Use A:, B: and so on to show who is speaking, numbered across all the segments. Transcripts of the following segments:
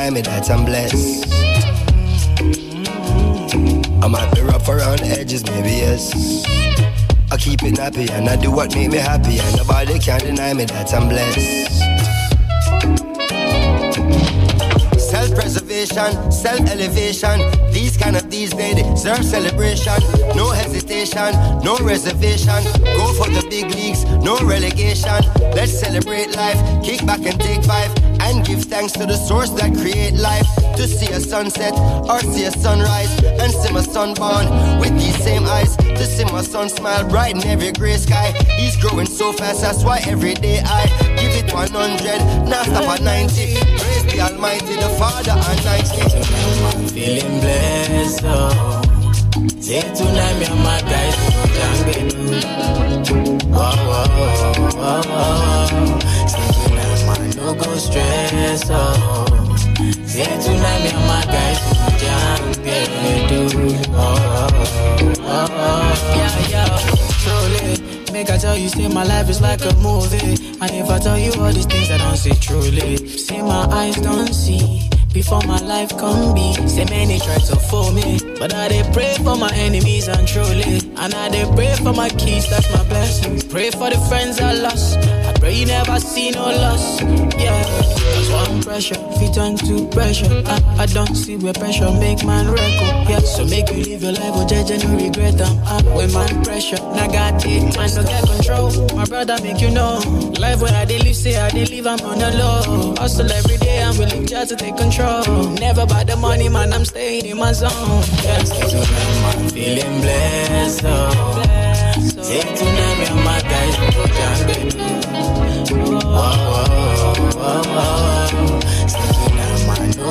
A: time that I'm blessed. I might be rough around edges, maybe yes. I keep it happy and I do what make me happy, and nobody can deny me that I'm blessed. self-preservation, self-elevation. These kind of these they deserve celebration. No hesitation, no reservation. Go for the big leagues, no relegation. Let's celebrate life, kick back and take five, and give thanks to the source that create life. To see a sunset or see a sunrise, and see a sunburn with these same eyes to see my son smile bright in every gray sky. He's growing so fast, that's why every day I give it 100, now stop at 90. Praise the Almighty, the Father and 90. I'm
B: feeling blessed, oh. Say tonight, me and my guys, oh, oh, oh, oh, oh. Say tonight, my no go stress, oh. Say tonight, yeah, yeah. Truly, make I tell you, see my life is like a movie. And if I tell you all these things, I don't see truly. See my eyes don't see. Before my life come be, say many try to fool me, but I they pray for my enemies and truly, and I they pray for my keys, that's my blessing. Pray for the friends I lost, I pray you never see no loss. Yeah, that's one pressure fit turn to pressure. I, I don't see where pressure make man record. Oh, yeah, so make you live your life, oh JJ, no regret them. I with man pressure, now got it. Man, no get control. My brother, make you know. Life where I they live, say I they live, I'm on the low. Hustle every day, I'm willing just to take control. Never buy the money, man, I'm staying in my zone. Yeah. I'm feeling blessed. Oh. Say to my guys, oh, oh, oh, oh, oh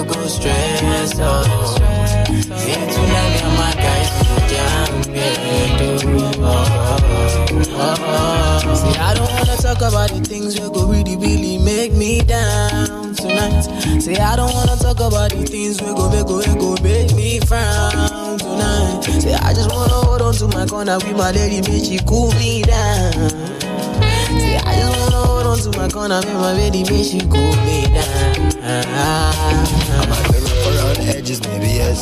B: go stress out. Yeah, tonight me and my guys See, I don't wanna talk about the things that go really, really make me down tonight. See, I don't wanna talk about the things that go, go, go make me frown tonight. See, I just wanna hold on to my corner with my lady, make she cool me down. See, I just wanna hold on to my corner, with my lady, make she cool me down
A: edges, maybe yes.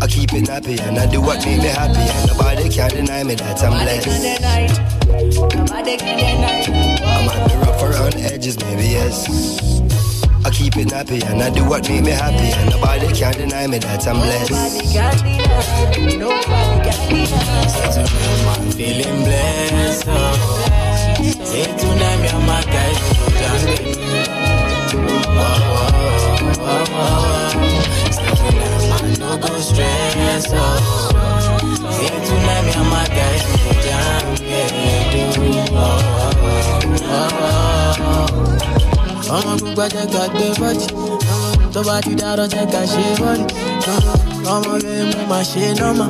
A: I keep it happy and I do what make me happy, and nobody can deny me that I'm
B: blessed. i
A: might be rough around edges, maybe yes. I keep it happy and I do what make me happy And nobody can deny me that I'm blessed Nobody
B: got me love, nobody got me love I'm feeling blessed Say to them you're my guy. go stress off. Ain't too many of my guys who go down, yeah, do. Ọmọ gbogbo ẹjẹ ká gbé bọ́dì, tó bá ti dárọ̀ jẹ́ ká ṣe bọ́dì. Ọmọ rẹ̀ mú máa ṣe nọ́mà,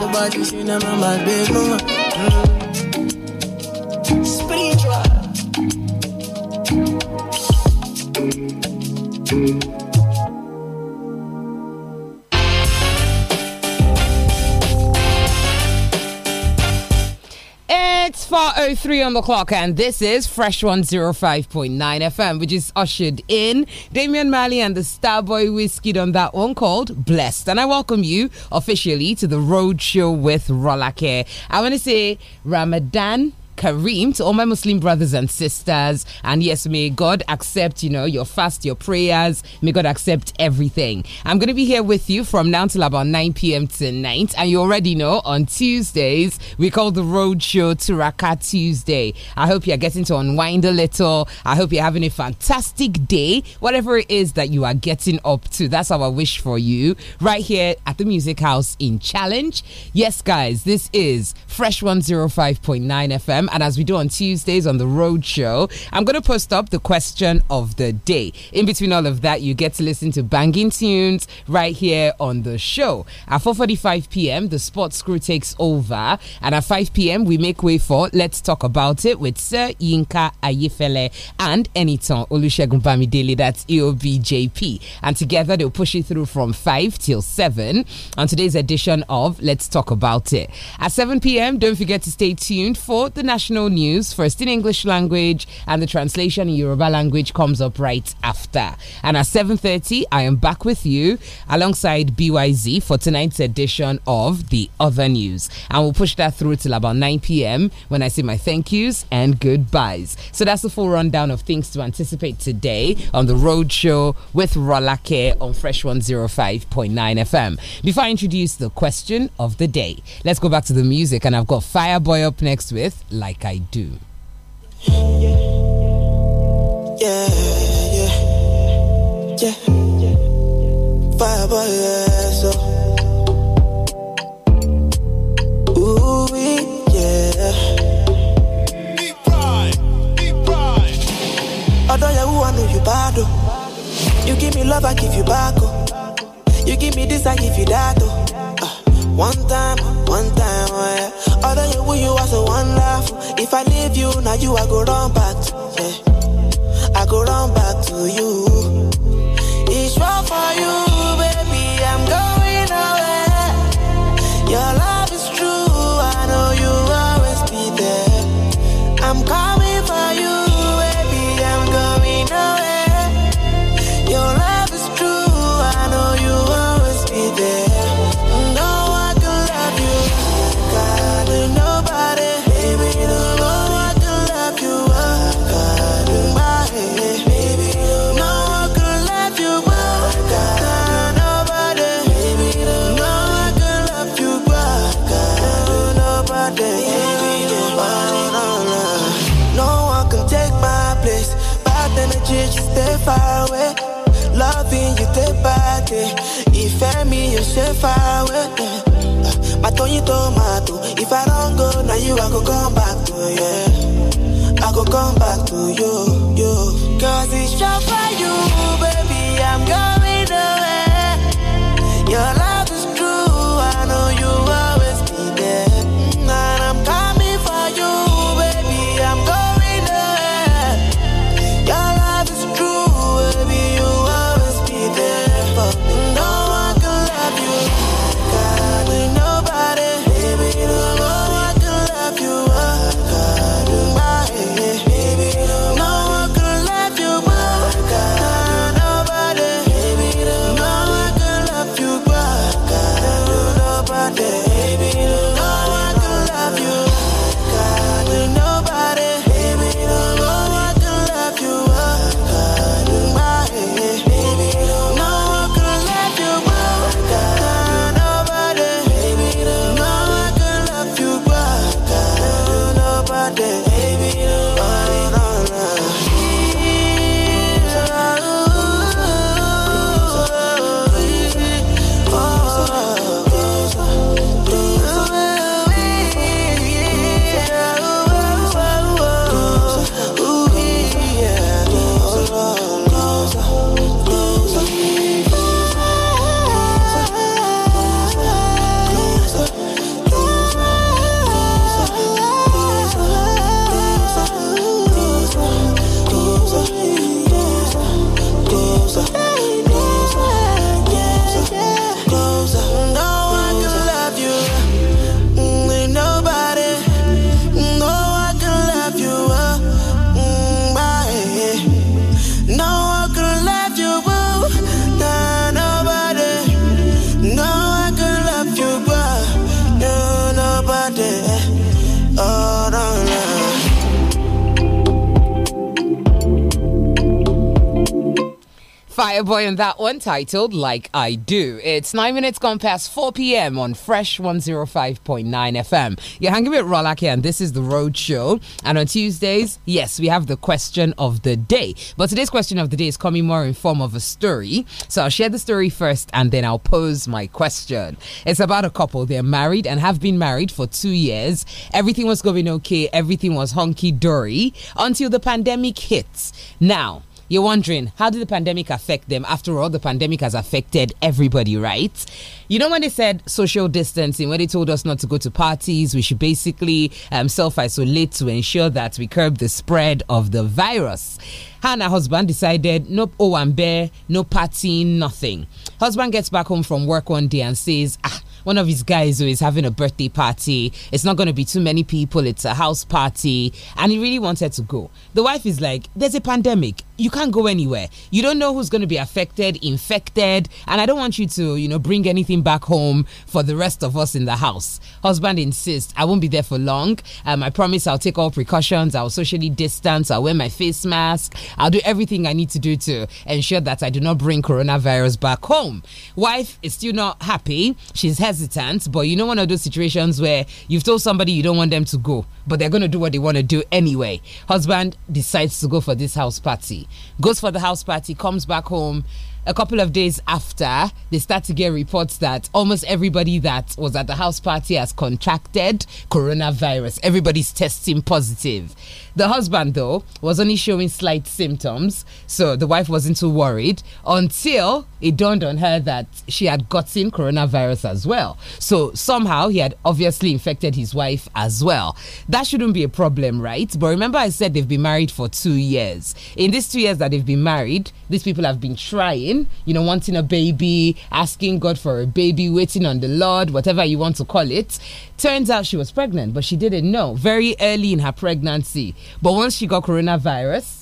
B: tó bá ti ṣe nọ́mà máa gbé nọ́mà.
C: Spiritual.
D: 4.03 on the clock, and this is Fresh 105.9 FM, which is ushered in Damian Malley and the Starboy Whiskey on that one called Blessed. And I welcome you officially to the Road Show with Rolake. I want to say Ramadan Kareem, to all my Muslim brothers and sisters. And yes, may God accept, you know, your fast, your prayers. May God accept everything. I'm going to be here with you from now till about 9 p.m. tonight. And you already know on Tuesdays, we call the road show Turaka Tuesday. I hope you're getting to unwind a little. I hope you're having a fantastic day, whatever it is that you are getting up to. That's our wish for you right here at the Music House in Challenge. Yes, guys, this is Fresh 105.9 FM and as we do on Tuesdays on the Road Show, I'm going to post up the question of the day. In between all of that, you get to listen to banging tunes right here on the show. At 4:45 p.m., the sports crew takes over, and at 5 p.m., we make way for Let's Talk About It with Sir Yinka Ayefele and Eniton Olusegun Bamidele. That's EOBJP, and together they'll push you through from 5 till 7 on today's edition of Let's Talk About It. At 7 p.m., don't forget to stay tuned for the national international news, first in English language, and the translation in Yoruba language comes up right after. And at 7.30, I am back with you alongside BYZ for tonight's edition of The Other News. And we'll push that through till about 9 p.m. when I say my thank yous and goodbyes. So that's the full rundown of things to anticipate today on the road show with Rolake on Fresh 105.9 FM. Before I introduce the question of the day, let's go back to the music. And I've got Fireboy up next with Light like I do. Yeah,
E: yeah, yeah. Fireboy, yeah, oh. so. Ooh, yeah. Deep pride, deep pride. Although you want me, you bad. Oh. You give me love, I give you back. Oh. You give me this, I give you that. Oh. Uh. One time, one time, oh yeah. Other you who you was a one laugh. If I leave you, now you I go run back to, yeah. I go run back to you. It's wrong for you, baby. I'm going away. Your love is true. I know you always be there. I'm coming. yeah. Ìfẹ́ mi ò ṣe fà wé. Mm. Mà tóyin tó mà tó. If I don go, na you I go come back to, yeah. I go come back to you, you. Cause it's your fault.
D: Boy, and that one titled Like I Do. It's nine minutes gone past 4 p.m. on Fresh 105.9 FM. You're hanging with Rolake and this is The Road Show. And on Tuesdays, yes, we have the question of the day. But today's question of the day is coming more in form of a story. So I'll share the story first and then I'll pose my question. It's about a couple. They're married and have been married for two years. Everything was going okay. Everything was honky dory until the pandemic hits. Now, you're wondering, how did the pandemic affect them? After all, the pandemic has affected everybody, right? You know, when they said social distancing, when they told us not to go to parties, we should basically um, self isolate to ensure that we curb the spread of the virus. Her and her husband decided nope, oh and bear, no partying, nothing. Husband gets back home from work one day and says, ah, one of his guys who is having a birthday party. It's not going to be too many people. It's a house party. And he really wanted to go. The wife is like, There's a pandemic you can't go anywhere. You don't know who's going to be affected, infected, and I don't want you to, you know, bring anything back home for the rest of us in the house. Husband insists, I won't be there for long. Um, I promise I'll take all precautions. I'll socially distance. I'll wear my face mask. I'll do everything I need to do to ensure that I do not bring coronavirus back home. Wife is still not happy. She's hesitant, but you know, one of those situations where you've told somebody you don't want them to go, but they're going to do what they want to do anyway. Husband decides to go for this house party goes for the house party, comes back home, a couple of days after, they start to get reports that almost everybody that was at the house party has contracted coronavirus. Everybody's testing positive. The husband, though, was only showing slight symptoms, so the wife wasn't too worried until it dawned on her that she had gotten coronavirus as well. So somehow he had obviously infected his wife as well. That shouldn't be a problem, right? But remember, I said they've been married for two years. In these two years that they've been married, these people have been trying you know, wanting a baby, asking God for a baby, waiting on the Lord, whatever you want to call it. Turns out she was pregnant, but she didn't know very early in her pregnancy. But once she got coronavirus,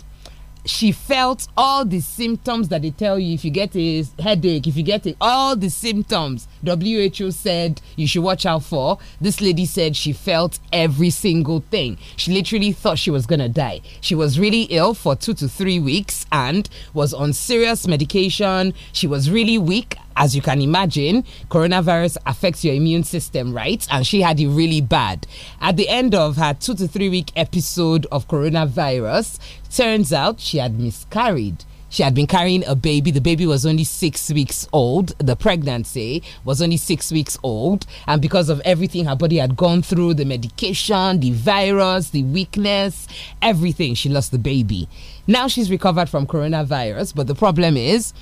D: she felt all the symptoms that they tell you if you get a headache if you get a, all the symptoms who said you should watch out for this lady said she felt every single thing she literally thought she was gonna die she was really ill for two to three weeks and was on serious medication she was really weak as you can imagine, coronavirus affects your immune system, right? And she had it really bad. At the end of her two to three week episode of coronavirus, turns out she had miscarried. She had been carrying a baby. The baby was only six weeks old. The pregnancy was only six weeks old. And because of everything her body had gone through the medication, the virus, the weakness, everything she lost the baby. Now she's recovered from coronavirus. But the problem is,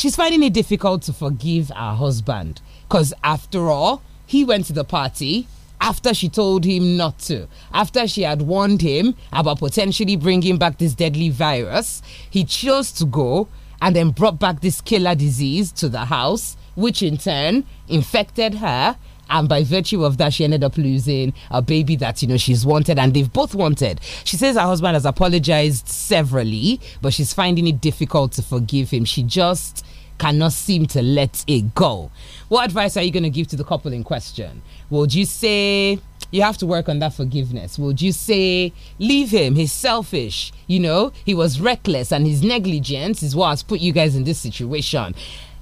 D: She's finding it difficult to forgive her husband because, after all, he went to the party after she told him not to. After she had warned him about potentially bringing back this deadly virus, he chose to go and then brought back this killer disease to the house, which in turn infected her. And by virtue of that, she ended up losing a baby that, you know, she's wanted and they've both wanted. She says her husband has apologized severally, but she's finding it difficult to forgive him. She just cannot seem to let it go. What advice are you going to give to the couple in question? Would you say you have to work on that forgiveness? Would you say leave him? He's selfish. You know, he was reckless and his negligence is what has put you guys in this situation.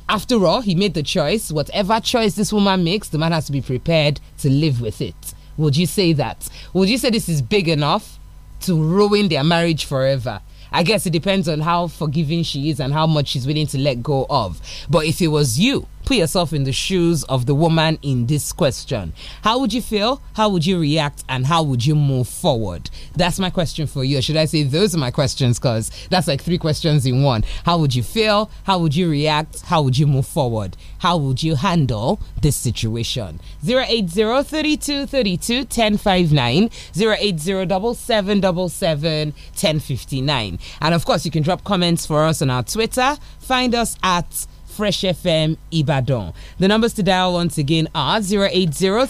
D: After all, he made the choice. Whatever choice this woman makes, the man has to be prepared to live with it. Would you say that? Would you say this is big enough to ruin their marriage forever? I guess it depends on how forgiving she is and how much she's willing to let go of. But if it was you, put yourself in the shoes of the woman in this question. How would you feel? How would you react? And how would you move forward? That's my question for you. Or should I say those are my questions? Because that's like three questions in one. How would you feel? How would you react? How would you move forward? How would you handle this situation? 080 32 32 1059 080 And of course, you can drop comments for us on our Twitter. Find us at Fresh FM Ibadan. The numbers to dial once again are 080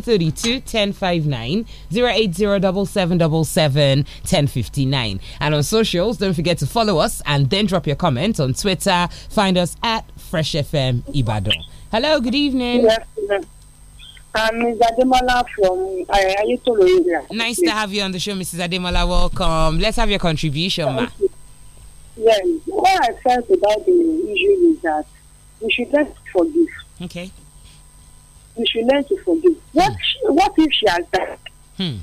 D: 32 1059, 1059. And on socials, don't forget to follow us and then drop your comments on Twitter. Find us at Fresh FM Ibadan. Hello, good evening. Yes, I'm Mrs Ademola from uh, Ayutolo area. Nice to have you on the show, Mrs. Ademola. Welcome. Let's have your contribution, ma. You.
F: Well, what I felt about the issue is that we should learn to forgive. Okay. We should learn to forgive. What hmm. what if she has died hmm.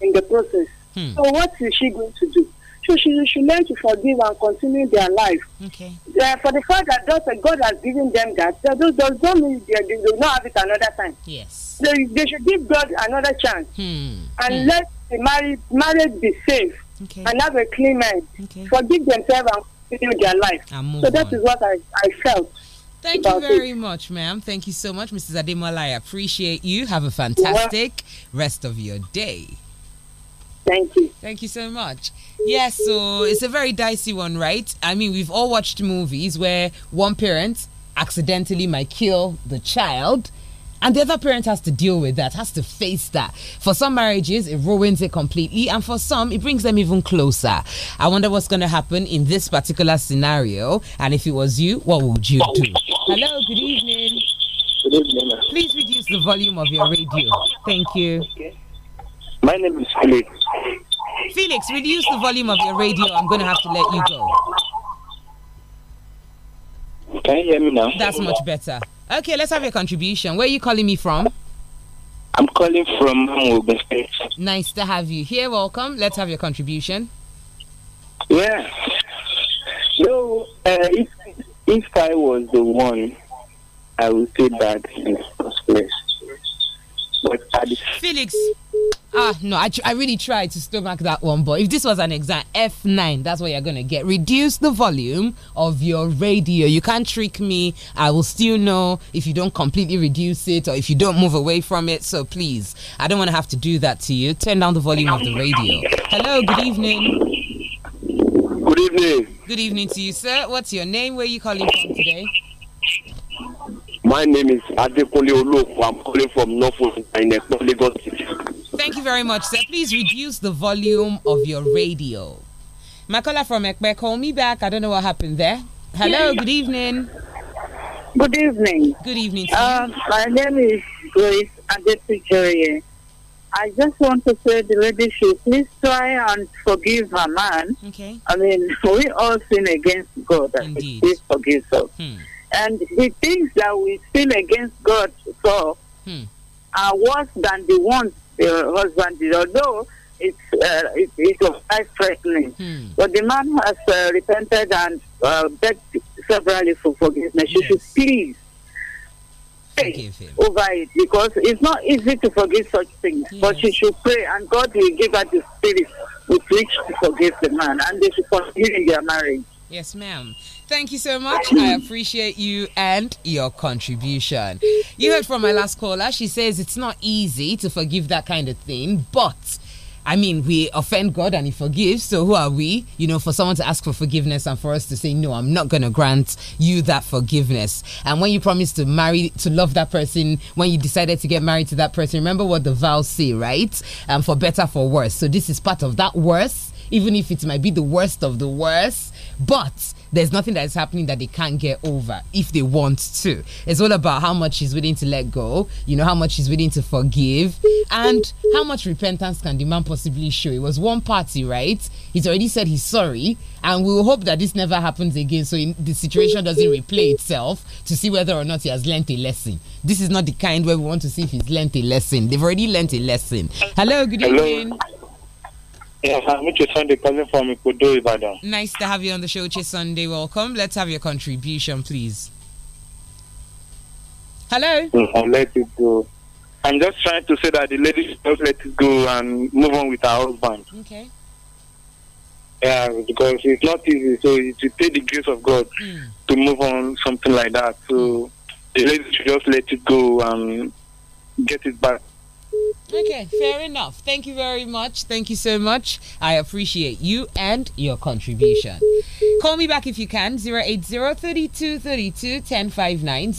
F: in the process? Hmm. So what is she going to do? So she should learn to forgive and continue their life. Okay. Uh, for the fact that God, God has given them that, that those, those don't mean they, they will not have it another time. Yes. They, they should give God another chance.
C: Hmm. And hmm. let
F: the marriage be safe okay. and have a clean mind. Okay. Forgive themselves and continue their life.
D: So that on. is
F: what I, I felt.
D: Thank you very it. much, ma'am. Thank you so much, Mrs. Ademola. I appreciate you. Have a fantastic yeah. rest of your day. Thank you. Thank you so much. Yes, yeah, so it's a very dicey one, right? I mean, we've all watched movies where one parent accidentally might kill the child and the other parent has to deal with that, has to face that. For some marriages, it ruins it completely. And for some, it brings them even closer. I wonder what's going to happen in this particular scenario. And if it was you, what would you do? Hello, good evening. Good evening. Please reduce the volume of your radio. Thank you. My name is Felix. Felix, reduce the volume of your radio. I'm going to have to let you go.
F: Can you hear me now?
C: That's much
D: better. Okay, let's have your contribution. Where are you calling me from? I'm calling from Ogun State. Nice to have you here. Welcome. Let's have your contribution.
G: Yeah. So, uh, if, if I was the one, I would say that in the first place.
D: Felix. Ah, no, I, I really tried to stomach that one, but if this was an exam, F9, that's what you're going to get. Reduce the volume of your radio. You can't trick me. I will still know if you don't completely reduce it or if you don't move away from it. So please, I don't want to have to do that to you. Turn down the volume of the radio. Hello, good evening. Good evening. Good evening to you, sir. What's your name? Where are you calling from today?
G: My name is Adekunle Oloku. I'm calling from Norfolk in Lagos City.
D: Thank you very much, sir. Please reduce the volume of your radio. My caller from Ekpe call me back. I don't know what happened there. Hello, good evening. Good evening. Good evening. Uh, my name is
F: Grace Adekunle. I just want to say the lady should please try and forgive her man. Okay. I mean, we all sin against God. Indeed. Please forgive us. Hmm and the things that we sin against God for hmm. are worse than the ones the husband did, although it's uh, it, it was life threatening. Hmm. But the man has uh, repented and uh, begged severally for forgiveness. Yes. should please pray over it because it's not easy to forgive such things. Yes. But you should pray, and God will give her the spirit with which to forgive the man, and they should continue in their marriage.
D: Yes, ma'am. Thank you so much. I appreciate you and your contribution. You heard from my last caller. She says it's not easy to forgive that kind of thing, but I mean, we offend God and He forgives. So who are we, you know, for someone to ask for forgiveness and for us to say, no, I'm not going to grant you that forgiveness. And when you promise to marry, to love that person, when you decided to get married to that person, remember what the vows say, right? Um, for better, for worse. So this is part of that worse, even if it might be the worst of the worst. But there's nothing that is happening that they can't get over if they want to. It's all about how much she's willing to let go, you know, how much she's willing to forgive, and how much repentance can the man possibly show. It was one party, right? He's already said he's sorry, and we will hope that this never happens again so the situation doesn't replay itself to see whether or not he has learnt a lesson. This is not the kind where we want to see if he's learnt a lesson. They've already learnt a lesson. Hello, good Hello. evening.
G: Yeah, I'm Sunday calling from Ikodo, Ibadan.
D: Nice to have you on the show, Uche Sunday. Welcome. Let's have your contribution, please. Hello.
G: Mm, I'll let it go. I'm just trying to say that the lady should just let it go and move on with her husband. Okay. Yeah, because it's not easy. So it will take the grace of God mm. to move on something like that. So mm. the lady should just let it go and
D: get it back Okay, fair enough. Thank you very much. Thank you so much. I appreciate you and your contribution. Call me back if you can 080 32 32 1059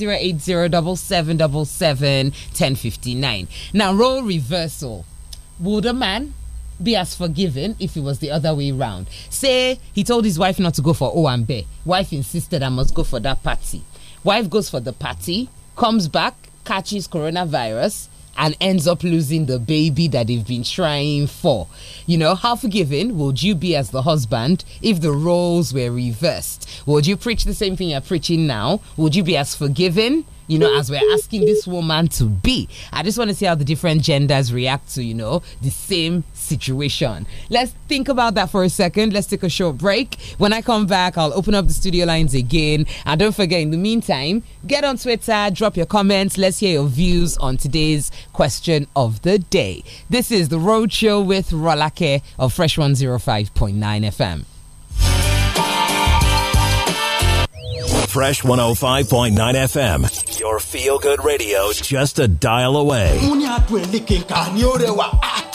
D: Now, role reversal. Would a man be as forgiving if it was the other way round? Say he told his wife not to go for O and B. Wife insisted I must go for that party. Wife goes for the party, comes back, catches coronavirus and ends up losing the baby that they've been trying for. You know, how forgiving would you be as the husband if the roles were reversed? Would you preach the same thing you're preaching now? Would you be as forgiving? you know, as we're asking this woman to be. I just want to see how the different genders react to, you know, the same situation. Let's think about that for a second. Let's take a short break. When I come back, I'll open up the studio lines again. And don't forget, in the meantime, get on Twitter, drop your comments. Let's hear your views on today's question of the day. This is The Road Show with Rolake of Fresh 105.9 FM. Fresh 105.9 FM
H: Your feel good radio
D: just a dial
H: away. Mo
I: ní adùn ẹ̀lẹ́kẹ̀ nǹkan ni ó rẹwà.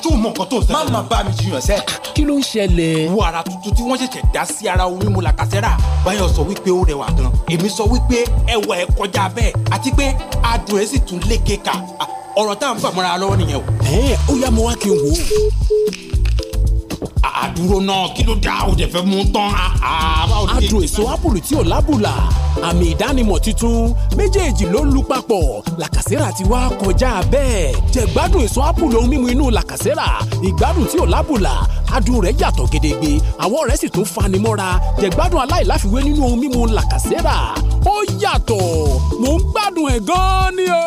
I: Tó mọ nǹkan tó sẹ́yìn. Má máa bá mi jiyàn sẹ́. Kí ló ń ṣẹlẹ̀? Wo tuntun tí wọ́n ṣẹ̀ṣẹ̀ dá sí ara omi mu làkàṣẹ́rà. Báyọ̀ sọ wípé ó rẹwà gan. Èmi sọ wípé ẹwà ẹ̀ kọjá bẹ́ẹ̀ àti pé adùn ẹ̀ sì tún lékeka. Ọ̀rọ̀ tá à ń fàmọ́ra lọ́wọ́ nìyẹn o. Ẹ ó yá mo wá kí n wò ó àdúró náà kí ló dá o jẹ fẹ́ mú tán. adùn èso apple tí ò lábùlà àmì ìdánimọ̀ tuntun méjèèjì ló lu papọ̀ làkàsẹ́rà ti wá kọjá
J: bẹ́ẹ̀ jẹ̀gbádùn èso apple ohun mímu inú làkàsẹ́rà ìgbádùn tí ò lábùlà adùn rẹ̀ yàtọ̀ gedegbe àwọ̀ rẹ̀ sì tún fani mọ́ra jẹ̀gbádùn aláìláfiwé nínú ohun mímu
I: làkàsẹ́rà ó yàtọ̀ mò ń gbádùn ẹ̀ gan-an ni o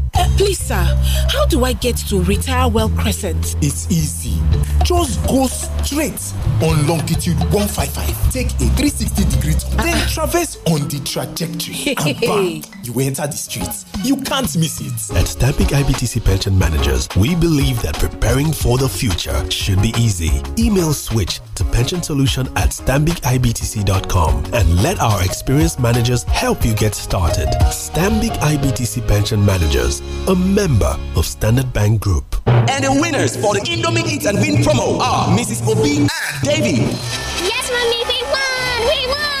I: Uh, please, sir, how do I get to Retire Well Crescent? It's easy. Just go straight on longitude 155. Take a 360 degree turn, uh -uh. then uh-uh. traverse on the trajectory. and bam,
H: you enter the streets.
I: You can't miss it.
H: At Stabic IBTC Pension Managers, we believe that preparing for the future should be easy. Email switch to pension solution at stambicibtc.com and let our experienced managers help you get started. Stambic IBTC Pension Managers, a member of Standard Bank Group. And the winners for the Indomie Eat and Win promo are Mrs. Obi and Davy.
C: Yes, Mommy, we won! We won!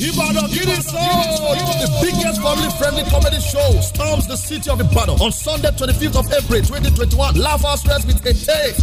K: Ibadan Kiri Soul. The biggest family friendly comedy show storms the city of Ibadan on Sunday,
J: 25th
L: of April 2021. Laugh our stress with a hey.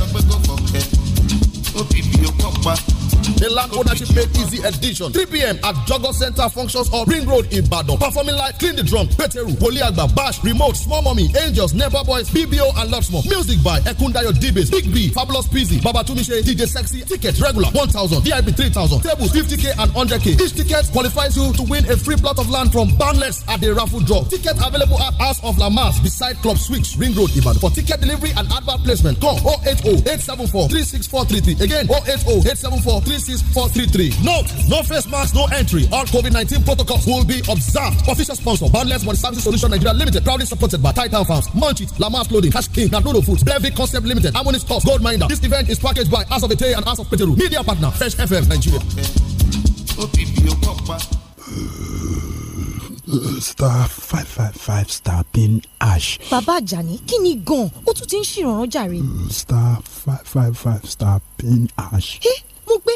L: The land ownership made easy addition. 3 p.m. at Jogger Center Functions on
J: Ring Road, in Badon. Performing live, clean the drum, Peteru, Poliagba, Bash, Remote, Small Mommy, Angels, Neighbor Boys, BBO, and lots more. Music by Ekundayo DBs, Big B, Fabulous PZ, Baba Tumishe, DJ Sexy. Tickets regular 1000, VIP 3000, tables 50k and 100k. Each ticket qualifies you to win a free
M: plot of land from Boundless at the raffle draw. Ticket available at House of Lamas beside Club Switch, Ring Road, Ibadan. For ticket delivery and advert placement, call 080 874 36433. Again, 080
I: 874 36433 six four three three. No, no face mask, no entry. All COVID nineteen protocols
M: will be observed. Official sponsor: Boundless Money Services Solution Nigeria Limited. Proudly supported by Titan Farms, Munchies, Lamar Clothing, Cash King, Naruto Foods, Brevi Concept Limited, Harmonic Stores, Gold Minder. This event is packaged by House of Ete and House of Peteru. Media partner: Fresh FM Nigeria.
I: star five five five star pin ash.
N: bàbá àjàní kí ni gan-an ó tún ti ń ṣèrànràn jàre.
H: star five five five star pin ash.
N: ẹ eh, mo gbé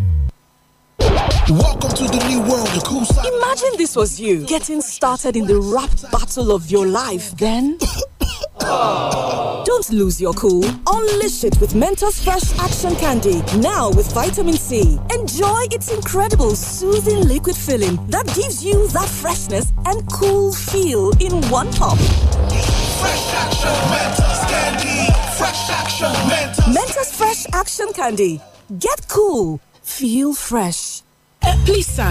K: Welcome to the new world cool side. Imagine this was you getting started in the rap battle of your life. Then. Don't lose your cool. Unleash it with Mentos Fresh Action Candy, now with vitamin C. Enjoy its incredible soothing liquid filling that gives you that freshness and cool feel in one pop. Fresh Action Mentos Candy. Fresh Action Mentos. Mentos Fresh Action Candy. Get cool. Feel fresh. Uh, please, sir,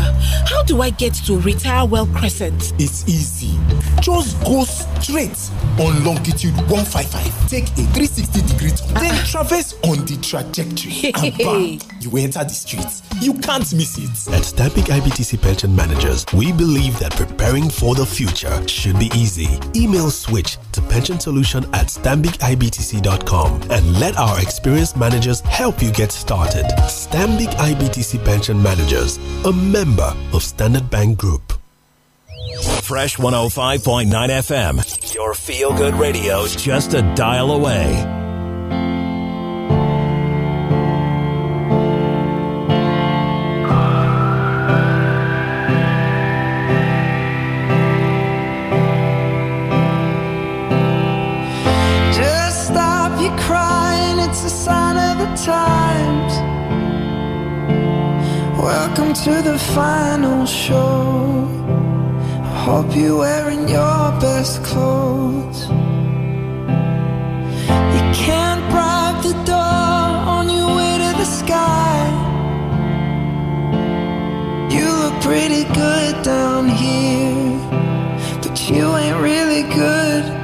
K: how do I get to Retire Well Crescent? It's
I: easy. Just go straight on longitude 155. Take a 360 degree turn, uh, then ah. traverse on the trajectory. and bam,
H: you enter the streets.
I: You can't miss it.
H: At Stambik IBTC Pension Managers, we believe that preparing for the future should be easy. Email switch to pensionsolution at stambicibtc.com and let our experienced managers help you get started. Stambic IBTC Pension Managers a member of Standard Bank Group. Fresh 105.9 FM, your feel good radio just a dial away.
O: time Welcome to the final show. I hope you're wearing your best clothes. You can't bribe the door on your way to the sky. You look pretty good down here, but you ain't really good.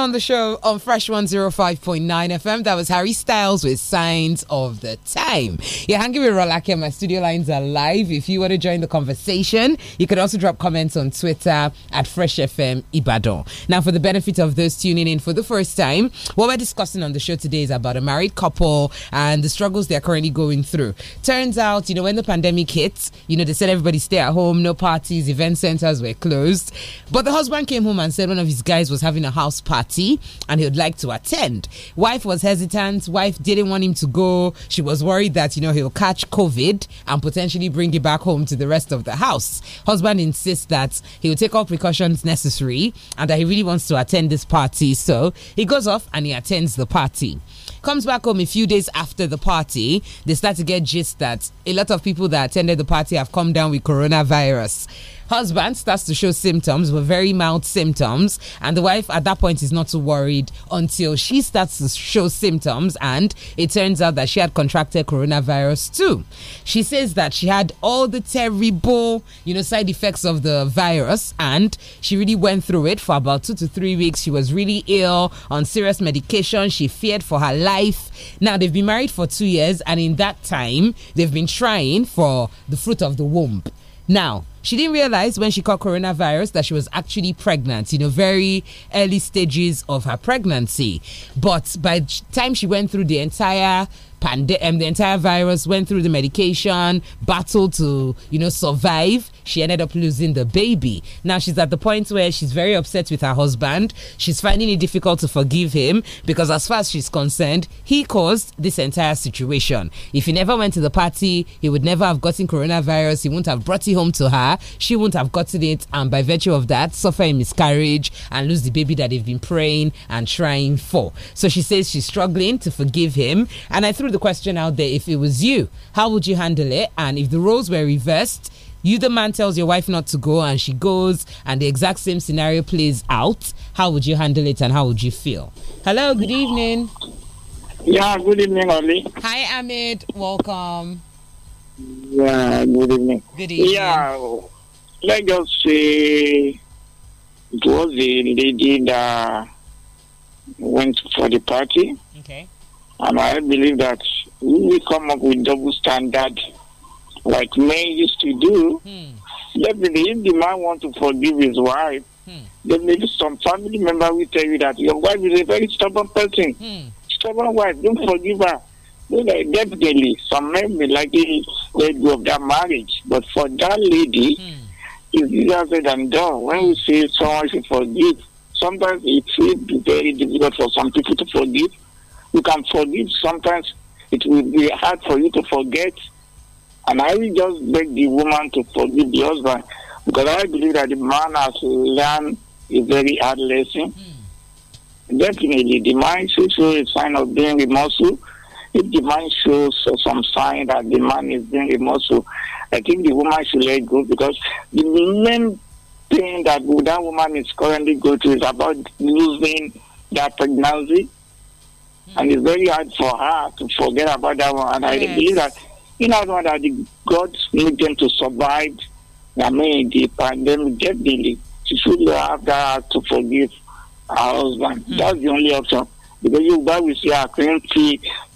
D: on the show on Fresh 105.9 FM. That was Harry Styles with Signs of the Times time. Yeah, hanging with Rolake, my studio lines are live. If you want to join the conversation, you could also drop comments on Twitter at Fresh FM Ibadan. Now, for the benefit of those tuning in for the first time, what we're discussing on the show today is about a married couple and the struggles they're currently going through. Turns out, you know, when the pandemic hit, you know, they said everybody stay at home, no parties, event centers were closed. But the husband came home and said one of his guys was having a house party and he would like to attend. Wife was hesitant, wife didn't want him to go, she was worried worried that, you know, he'll catch COVID and potentially bring it back home to the rest of the house. Husband insists that he'll take all precautions necessary and that he really wants to attend this party. So he goes off and he attends the party comes back home a few days after the party, they start to get gist that a lot of people that attended the party have come down with coronavirus. Husband starts to show symptoms, but very mild symptoms. And the wife at that point is not too worried until she starts to show symptoms. And it turns out that she had contracted coronavirus too. She says that she had all the terrible, you know, side effects of the virus. And she really went through it for about two to three weeks. She was really ill on serious medication. She feared for her life. Now, they've been married for two years. And in that time, they've been trying for the fruit of the womb. Now, she didn't realize when she caught coronavirus that she was actually pregnant, you know, very early stages of her pregnancy. But by the time she went through the entire pandemic, um, the entire virus, went through the medication, battled to, you know, survive. She ended up losing the baby. Now she's at the point where she's very upset with her husband. She's finding it difficult to forgive him because, as far as she's concerned, he caused this entire situation. If he never went to the party, he would never have gotten coronavirus. He wouldn't have brought it home to her. She wouldn't have gotten it. And by virtue of that, suffer a miscarriage and lose the baby that they've been praying and trying for. So she says she's struggling to forgive him. And I threw threw the question out there if it was you, how would you handle it? And if the roles were reversed, you the man tells your wife not to go and she goes and the exact same scenario plays out, how would you handle it and how would you feel? Hello, good evening. Yeah, good evening, Oli. Hi, Ahmed. Welcome. Yeah, good evening. Good evening.
G: Yeah, let us say it was the lady that went for the party. And I believe that we come up with double standard like men used to do. Mm. Definitely, if the man want to forgive his wife, hmm. then maybe some family member will tell you that your wife is a very stubborn person. Hmm. Stubborn wife, don't forgive her. You know, definitely, some men will likely let go of that marriage. But for that lady, you hmm. it's easier said than done. When we say someone should forgive, sometimes it will be very difficult for some people to forgive. You can forgive. Sometimes it will be hard for you to forget. And I will just beg the woman to forgive the husband because I believe that the man has learned a very hard lesson. Mm. Definitely, the man shows a sign of being remorseful. If the man shows some sign that the man is being remorseful, I think the woman should let go because the main thing that that woman is currently going through is about losing that pregnancy and it's very hard for her to forget about that one. And yes. I believe that in that one that God made them to survive, I mean, the pandemic definitely. She should have that to forgive her husband. Mm. That's the only option. Because you guys with your her claim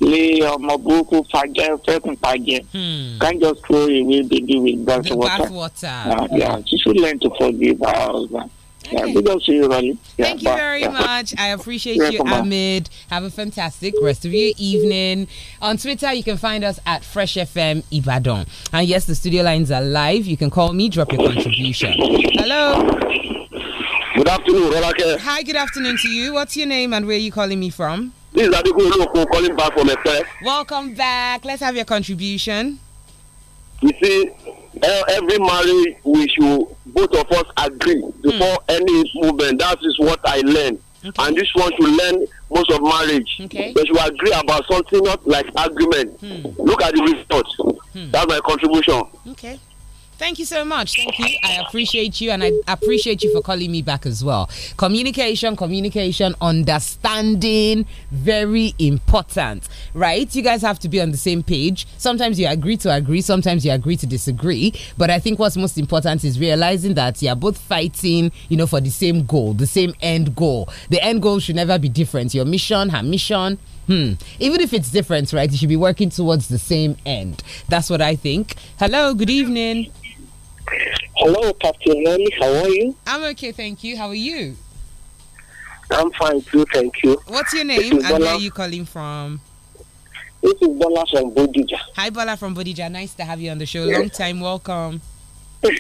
G: lay your mabuku, burúkú fàjẹ́ fẹ́kùn fàjẹ́. Hmm. Can't just throw away baby with bath water. Bath water. Uh, yeah, she should learn to forgive her husband. Okay. Yeah, you, Yeah, Thank you bye. very yeah. much.
D: I appreciate you, Ahmed. Have a fantastic rest of your evening. On Twitter, you can find us at Fresh FM Ibadan. And yes, the studio lines are live. You can call me, drop your contribution. Hello. Good afternoon, Rolake. Hi, good afternoon to you. What's your name and where are you calling me from? This is Abiku
F: calling back from Efe.
D: Welcome back. Let's have your contribution. You
F: see, every marriage we should both of us agree before mm. any movement that is what i learn okay. and this one should learn most of marriage okay. but you agree about something not like argument mm. look at the result mm. that's my contribution
D: okay Thank you so much. Thank you. I appreciate you and I appreciate you for calling me back as well. Communication, communication, understanding, very important, right? You guys have to be on the same page. Sometimes you agree to agree, sometimes you agree to disagree. But I think what's most important is realizing that you're both fighting, you know, for the same goal, the same end goal. The end goal should never be different. Your mission, her mission, Hmm. Even if it's different, right? You should be working towards the same end. That's what I think. Hello, good evening.
F: Hello, Captain Nani. How are you?
D: I'm okay, thank you. How are you?
F: I'm fine too, thank you. What's your name and Bola. where are you
D: calling from? This is Bola from Bodija. Hi, Bola from Bodija. Nice to have you on the show. Yes. Long time, welcome.
F: you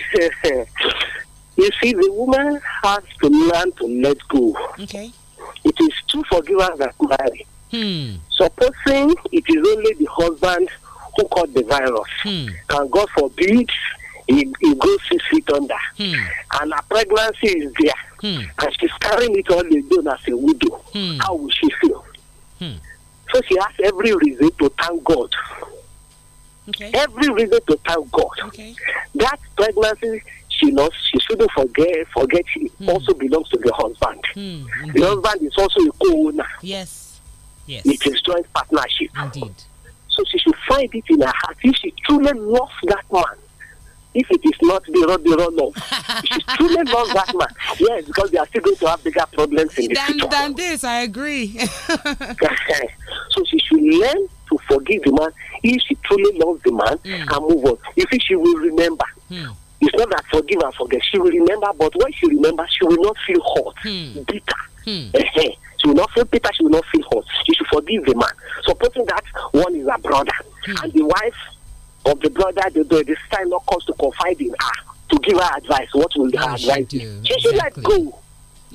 F: see, the woman has to learn to let go. Okay. It is two forgivers that marry. Hmm. Supposing it is only the husband who caught the virus, hmm. and God forbid he, goes six feet under. Mm. And her pregnancy is there. Mm. And she's carrying it all alone as a widow. Hmm. How will she feel? Hmm. So she has every reason to thank God. Okay. Every reason to thank God. Okay. That pregnancy she lost, she shouldn't forget forget she hmm. also belongs to the husband. The husband is also a co owner. Yes. Yes. It is joint partnership. Indeed. So she should find it in her heart. If she truly loves that man, if it is not the road, the road off. you truly love that man. Yes, because they are still going to have bigger problems in the than, future.
D: Than this, I agree.
F: so she should learn to forgive the man if she truly loves the man mm. and move on. You she will remember. Mm. It's not that forgive and forget. She will remember, but when she remembers, she will not feel hot, mm. bitter. Hmm. she will not feel bitter, she will not feel hot. She should forgive the man. Supposing that one is a brother hmm. and the wife of the brother, the, the, the comes to confide in her to give her advice. What will oh, her ah, advice She should exactly. let go.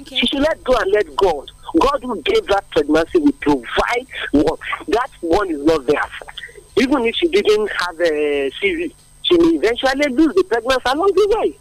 F: Okay. She should let go and let God. God who gave that pregnancy will provide what that one is not there. Even if she didn't have a CV, she will eventually lose the pregnancy along the way.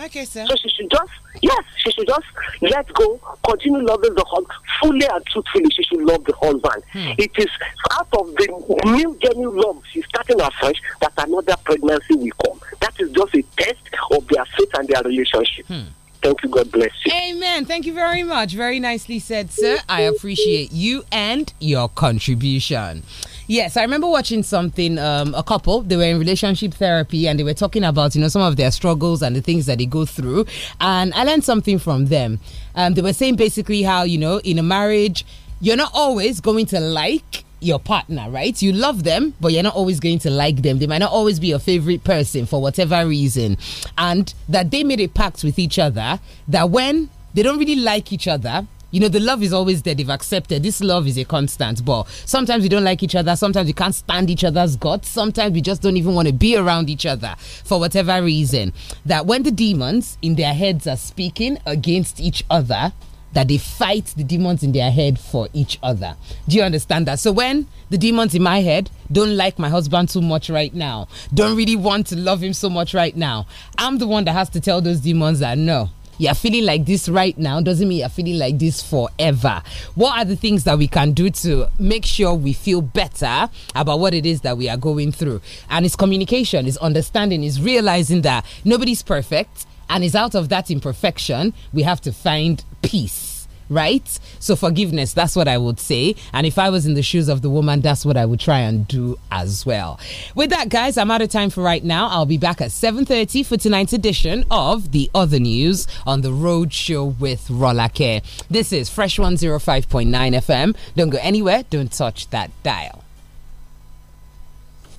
F: Okay, sir. So she should just, yes, she should just let go, continue loving the husband fully and truthfully. She should love the husband. Hmm. It is out of the new genuine love she's starting afresh that another pregnancy will come. That is just a test of their faith and their relationship. Hmm. Thank you. God bless
D: you. Amen. Thank you very much. Very nicely said, sir. I appreciate you and your contribution. Yes, I remember watching something. Um, a couple they were in relationship therapy and they were talking about you know some of their struggles and the things that they go through. And I learned something from them. Um, they were saying basically how you know in a marriage you're not always going to like your partner, right? You love them, but you're not always going to like them. They might not always be your favorite person for whatever reason. And that they made a pact with each other that when they don't really like each other, you know the love is always there they've accepted this love is a constant but sometimes we don't like each other sometimes we can't stand each other's guts sometimes we just don't even want to be around each other for whatever reason that when the demons in their heads are speaking against each other that they fight the demons in their head for each other. Do you understand that? So when the demons in my head don't like my husband too much right now, don't really want to love him so much right now, I'm the one that has to tell those demons that no, you're feeling like this right now doesn't mean you're feeling like this forever. What are the things that we can do to make sure we feel better about what it is that we are going through? And it's communication, it's understanding, it's realizing that nobody's perfect. And it's out of that imperfection we have to find peace right? So forgiveness, that's what I would say. And if I was in the shoes of the woman, that's what I would try and do as well. With that, guys, I'm out of time for right now. I'll be back at 7:30 for tonight's edition of the other news on the road show with Rolake. This is Fresh 105.9 FM. Don't go anywhere, don't touch that dial.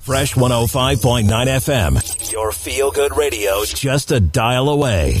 H: Fresh 105.9 FM, your feel good radio, just a dial away.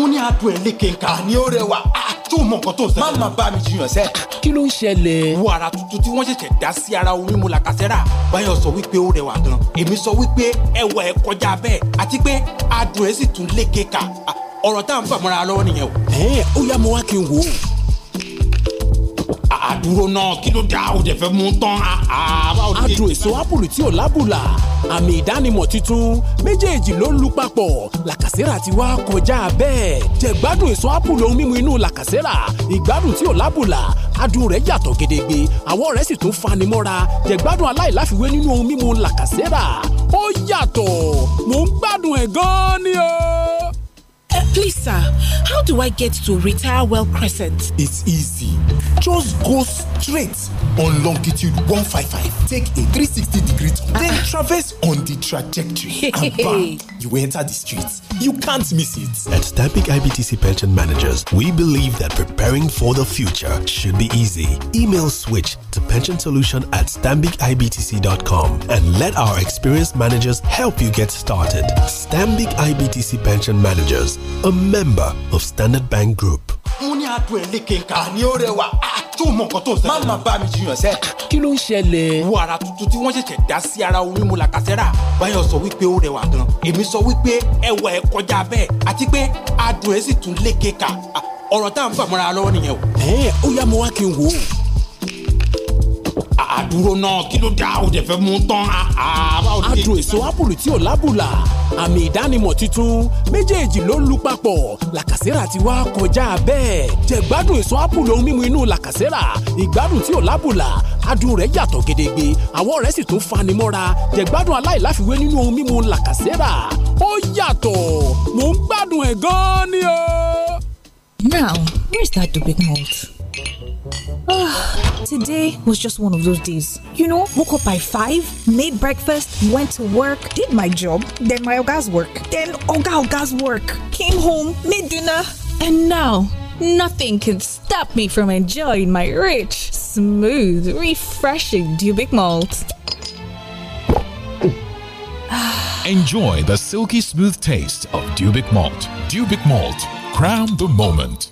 I: mo ní adùn ẹ̀ lékè nǹkan. àní ó rẹwà tó ah, mọ nǹkan tó ń ṣẹlẹ̀. má bá mi jiyàn sẹ́. kí ló ń ṣẹlẹ̀. wo ara tuntun tí wọ́n ṣẹ̀ṣẹ̀ dá sí ara orin mu làkàṣẹ́rà báyọ̀ sọ wípé ó rẹwà gan èmi sọ wípé ẹwà ẹ̀ kọjá bẹ́ẹ̀ àti pé adùn ẹ̀ sì tún lékè ká ah, ọ̀rọ̀ tá à ń fàmọ́ra lọ́wọ́ nìyẹn o. ẹ ó yá mo wá kí n wò ó àdúró náà kí ló dá o jẹ fẹ́ mú tán. adùn èso apple tí ò lábùlà àmì ìdánimọ̀ tuntun méjèèjì ló lu papọ̀ làkàsẹ́rà ti wá kọjá bẹ́ẹ̀ jẹ̀gbádùn èso apple ohun
J: mímu inú làkàsẹ́rà ìgbádùn tí ò lábùlà adùn rẹ̀ yàtọ̀ gedegbe àwọ̀ rẹ̀ sì tún
I: fani mọ́ra jẹ̀gbádùn aláìláfiwé nínú ohun mímu làkàsẹ́rà ó yàtọ̀ mò ń gbádùn ẹ̀ gan-an ni o. Please, sir, how do I get to Retire Well Crescent? It's easy. Just go straight on longitude
H: 155.
I: Take a 360 degree turn, uh, then traverse on the trajectory. and bam,
H: you enter the streets.
I: You can't miss it.
H: At Stabic IBTC Pension Managers, we believe that preparing for the future should be easy. Email switch to pension solution at stambicibtc.com and let our experienced managers help you get started. Stambic IBTC Pension Managers, a member of Standard Bank Group.
I: Ah, ah, bá mi jiyàn sẹ́. Ah, kí ló ń ṣẹlẹ̀. wo ara tuntun tí wọ́n ṣẹ̀ṣẹ̀ dá sí ara ẹ̀ kọjá bẹ́ẹ̀ àti pé adùn ẹ̀ sì tún léke kà. ọ̀rọ̀ tá à ń fàmọ́ra lọ́wọ́ nìyẹn o. ẹ ati pe adun e si tun oro ta an lowo niyen oeo ya mo wá kí n wò ó àdúró náà kí ló dá o jẹ mú tán. Ah, ah, adùn èso ápùlù tí ò lábùlà àmì ìdánimọ̀ tuntun méjèèjì ló lu papọ̀ làkàsẹ́rà ti wá kọjá
J: bẹ́ẹ̀ jẹ̀gbádùn èso ápùlù ohun mímu inú làkàsẹ́rà ìgbádùn tí ò lábùlà adùn rẹ̀ yàtọ̀ gedegbe àwọ̀ rẹ̀ sì tún fanimọ́ra jẹ̀gbádùn aláìláfiwé nínú ohun mímu làkàsẹ́rà ó yàtọ̀ mò ń gbádùn ẹ̀ gan-an ni o. Now,
O: where's that dubic malt? Ah, today was just one of those days. You know, woke up by 5, made breakfast, went to work, did my job, then my oga's work, then oga oga's work, came home, made dinner, and now
N: nothing can stop me from enjoying my rich, smooth, refreshing Dubic malt.
I: Enjoy the silky smooth taste of Dubic malt. Dubic malt, crown the moment.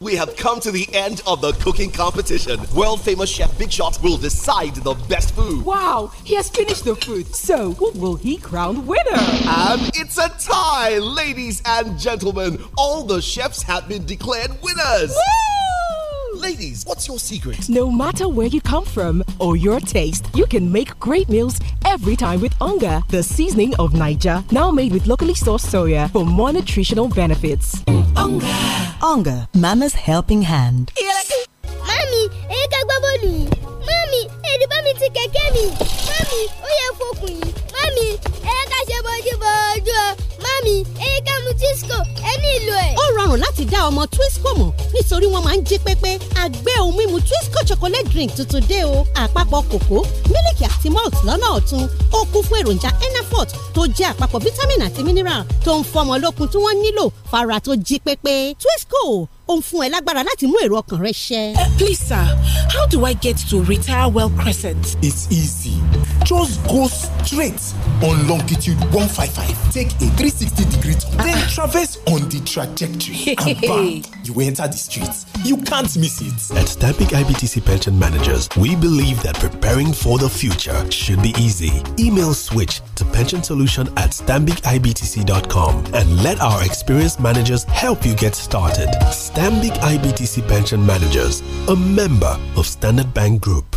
H: we have come to the end of the cooking competition. World famous chef Big
K: Shot will decide the best
D: food. Wow, he has finished the food. So, who will he crown
K: winner? And it's a tie, ladies and gentlemen. All the chefs have been declared winners. Woo! Ladies, what's your secret? No matter where you come
D: from or your taste, you can make great meals every time with Onga, the seasoning of Niger, now made with locally sourced soya for more nutritional benefits. Onga.
N: Onga, Mama's helping hand. Mommy, eka ká gbá bọ́ọ̀lù yìí. bá mi ti kẹ̀kẹ́ mi. Mommy, ó yẹ fokùn yìí. Mami, ẹ ṣe bójú bójú egamu Twisco ẹ nílò ẹ̀. ó rọrùn láti dá ọmọ Twisco mọ̀ nítorí wọ́n máa ń jí pépé àgbẹ̀ ohun mímu Twisco chocolate drink tuntun dé o àpapọ̀ kòkó mílìkì àti malt lọ́nà ọ̀tun ó kún fún èròjà enafort tó jẹ́ àpapọ̀ vitamin àti mineral tó ń fọmọ lókun tí wọ́n nílò fara tó jí pépé Twisco ó ń fún ẹ lágbára láti mú èrò ọkàn rẹ ṣẹ. Eh, please sir, how do I get to
I: Retire Well Crescent? It's easy. Just go straight on longitude
H: one five five.
I: Take a three sixty degree street, then traverse on the trajectory and
H: bam, you enter the streets.
I: You can't miss it.
H: At Stambik IBTC Pension Managers, we believe that preparing for the future should be easy. Email switch to pension solution at stambicibtc.com and let our experienced managers help you get started. Stambic IBTC Pension Managers, a member of Standard Bank Group.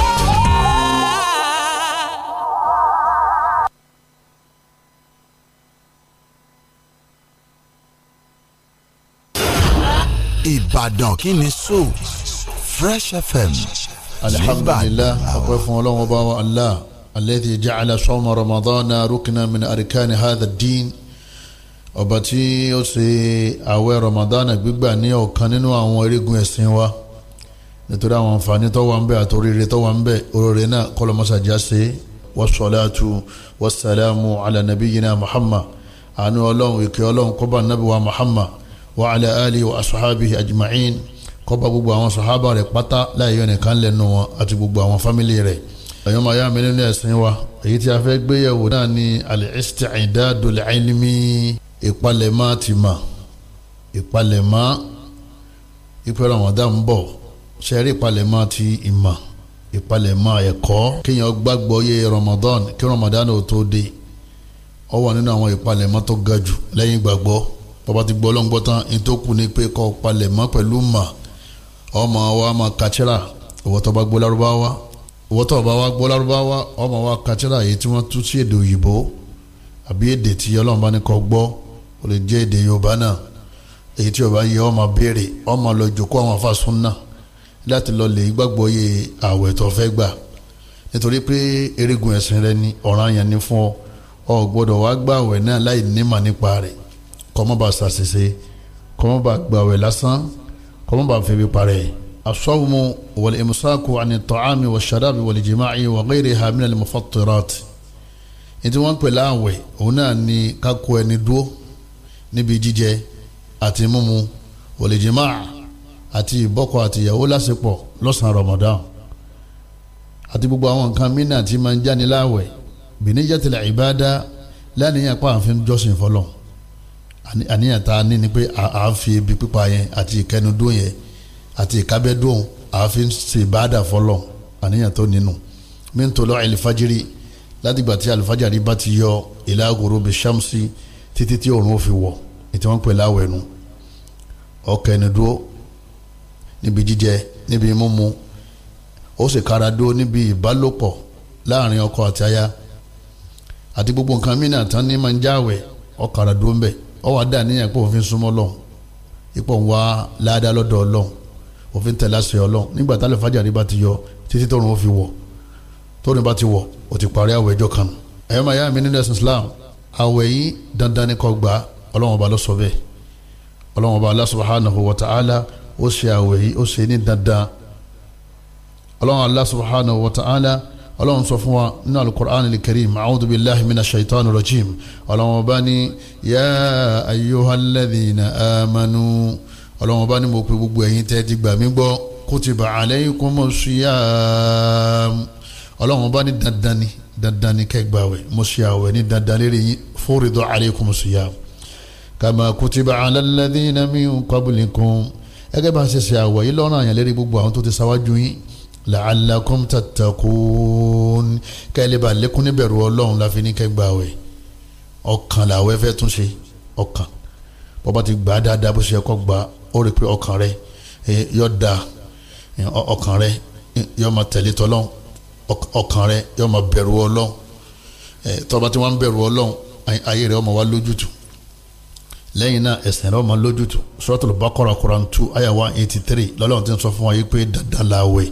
L: Ìbàdàn kí ni so Fresh FM. alhamdulilah ọpẹ́ fún Ọlọ́run ọba wa allah alladhi ja'ala sawma ramadana rukna min arkani hadha din ọba tí ó ṣe àwẹ̀ ramadana gbígbà ní ọ̀kan nínú àwọn orígun ẹ̀sìn wa nítorí àwọn àǹfààní tó wà ń bẹ àti oríire tó wà ń bẹ oríire náà kọlọmọsàjà ṣe wasalaatu wasalaamu ala nabiyina muhammad àánú Ọlọ́run ìkẹ́ Ọlọ́run kọba nabi muhammad wa ala ali wa asuhabihi ajma'in kọ́ba gbogbo àwọn sahaba rẹ̀ pátá láì yọ nìkan lẹ́nu wọn àti gbogbo àwọn fámìlì rẹ̀ ẹ̀yọ́n máa yá mi nínú ẹ̀sìn wa èyí tí a fẹ́ gbéyẹ̀wò náà ni al-isti'dadu lil-ilmi ìpalẹ̀mọ́ ti mà ìpalẹ̀mọ́ ìpẹ́ Ramadan ń bọ̀ ṣẹ́rí ìpalẹ̀mọ́ ti ìmọ̀ ìpalẹ̀mọ́ ẹ̀kọ́ kéèyàn gbàgbọ́ yé Ramadan kí Ramadan ò tó dé ó nínú àwọn ìpalẹ̀mọ́ tó ga jù lẹ́yìn ìgbàgbọ́ bàbá ti gbọ́ ọlọ́ngbọ́ tán ní tó kù ní pé kọ́ palẹ̀ mọ́ pẹ̀lú mà ọmọ wa ma kàtsẹ́rà ìwọ tó bá gbọ́ lárúbáwá ìwọ tó bá wa gbọ́ lárúbáwá ọmọ wa kàtsẹ́rà yìí tí wọ́n tún sí èdè òyìnbó àbí èdè tí ọlọ́run bá ní kọ́ gbọ́ ó lè jẹ́ èdè yorùbá náà èyí tí yorùbá yẹ ọmọ béèrè ọmọ lọ jòkó àwọn afásún náà láti lọ lè gbàgbọ́ yé àwẹ̀ tó fẹ́ gbà nítorí pé erigun ẹ̀sìn rẹ ni ọ̀ranyàn ni fún ọ ọ gbọ́dọ̀ wá gbàwẹ̀ náà láì nímọ̀ nípa rẹ̀ kọ́mọ́bà ṣàṣìṣe kọ́mọ́bà gbàwẹ̀ lásán kọ́mọ́bà fẹ́bi parẹ́ asọ́wọ́mu wal imsaku ani ta'ami wa sharabi wal jima'i wa ghayriha min al mufattirat ètò wọn pè láàwẹ̀ òun náà ni kákó ẹni dúó níbi jíjẹ àti mímu wal jima'a àti ìbọ́kọ àti ìyàwó lásìpọ̀ lọ́sàn-án Ramadan àti gbogbo àwọn nǹkan mìíràn tí máa ń jáni láàwẹ̀ bìnníjẹ́ tilẹ̀ ìbáadá lánìyàn pàǹfin àníyàn tá a ní ni pé à ń fi ibi pípa yẹn àti ìkẹnudó yẹn àti ìkábẹ́dùn àáfin ṣe ìbáàdà fọlọ́ àníyàn tó nínú mintolo alifajiri látìgbà tí alifajari bá ti yọ ìlàgòrò bíi shamsi títí tí òòrùn ó fi wọ̀ ètò wọn pè láwẹ̀nu ọkẹnudó níbi jíjẹ níbi mímu ó sì kára dúró níbi ìbálòpọ̀ láàrin ọkọ àti aya àti gbogbo nǹkan mìíràn tán ní máa ń jáwèé ọkàrà dúró ń bẹ̀ ọwọ́ adá níyàn pé òfin súnmọ́ Ọlọ́run ipò ń wá láàdá lọ́dọ̀ Ọlọ́run òfin tẹ̀lé àṣẹ Ọlọ́run nígbà tálẹ̀ fàjàrí bá ti yọ títí tó rùn ó fi wọ̀ tó rùn bá ti wọ̀ ó ti parí àwẹ̀ ẹjọ́ kan. ẹ̀yọ́ màá yá mi nínú ẹ̀sìn Islam àwẹ̀ yìí dandan ni kó gbà Ọlọ́run ọba ló bẹ́ẹ̀ Ọlọ́run ọba Allah subhanahu wa ta'ala ó ṣe àwẹ̀ yìí ó subhanahu wa ọlọ́run sọ fún wa nínú alukur'an al-karim a'udhu billahi mina shaitan rajim ọlọ́run ọba ní ya ayyuhalladhina amanu ọlọ́run ọba ní mo pe gbogbo ẹ̀yin tẹ́ ti gbà mí gbọ́ kutiba alaykumus siyam ọlọ́run ọba ní dandan ni dandan ni kẹgbàwẹ̀ mo ṣe àwẹ̀ ní dandan lérí yín furidu alaykumus siyam kama kutiba ala alladhina min qablikum bá ṣe ṣe àwẹ̀ yìí lọ́rùn àyàn gbogbo àwọn tó ti ṣáwájú yín la'allakum tattaqun kẹ́lẹ́ bá lékún níbẹ̀rù ọlọ́run la fi ní kẹgbà wẹ̀ ọkàn làwẹ̀ fẹ́ tún ṣe ọkàn bọ́bá ti gbà á dáadáa bó ṣe kọ́ gbà ó rí i pé ọkàn rẹ yọ da ọkàn rẹ yọ máa tẹ̀lé tọ́lọ́run ọkàn rẹ yọ máa bẹ̀rù ọlọ́run tọ́ba tí wọ́n ń bẹ̀rù ọlọ́run ayé rẹ ọmọ wa lójútu lẹ́yìn náà ẹ̀sìn rẹ ọmọ lójútu Suratul Baqara Quran two ayah eighty three lọ́lọ́run ti sọ fún wa yìí pé dandan la wẹ̀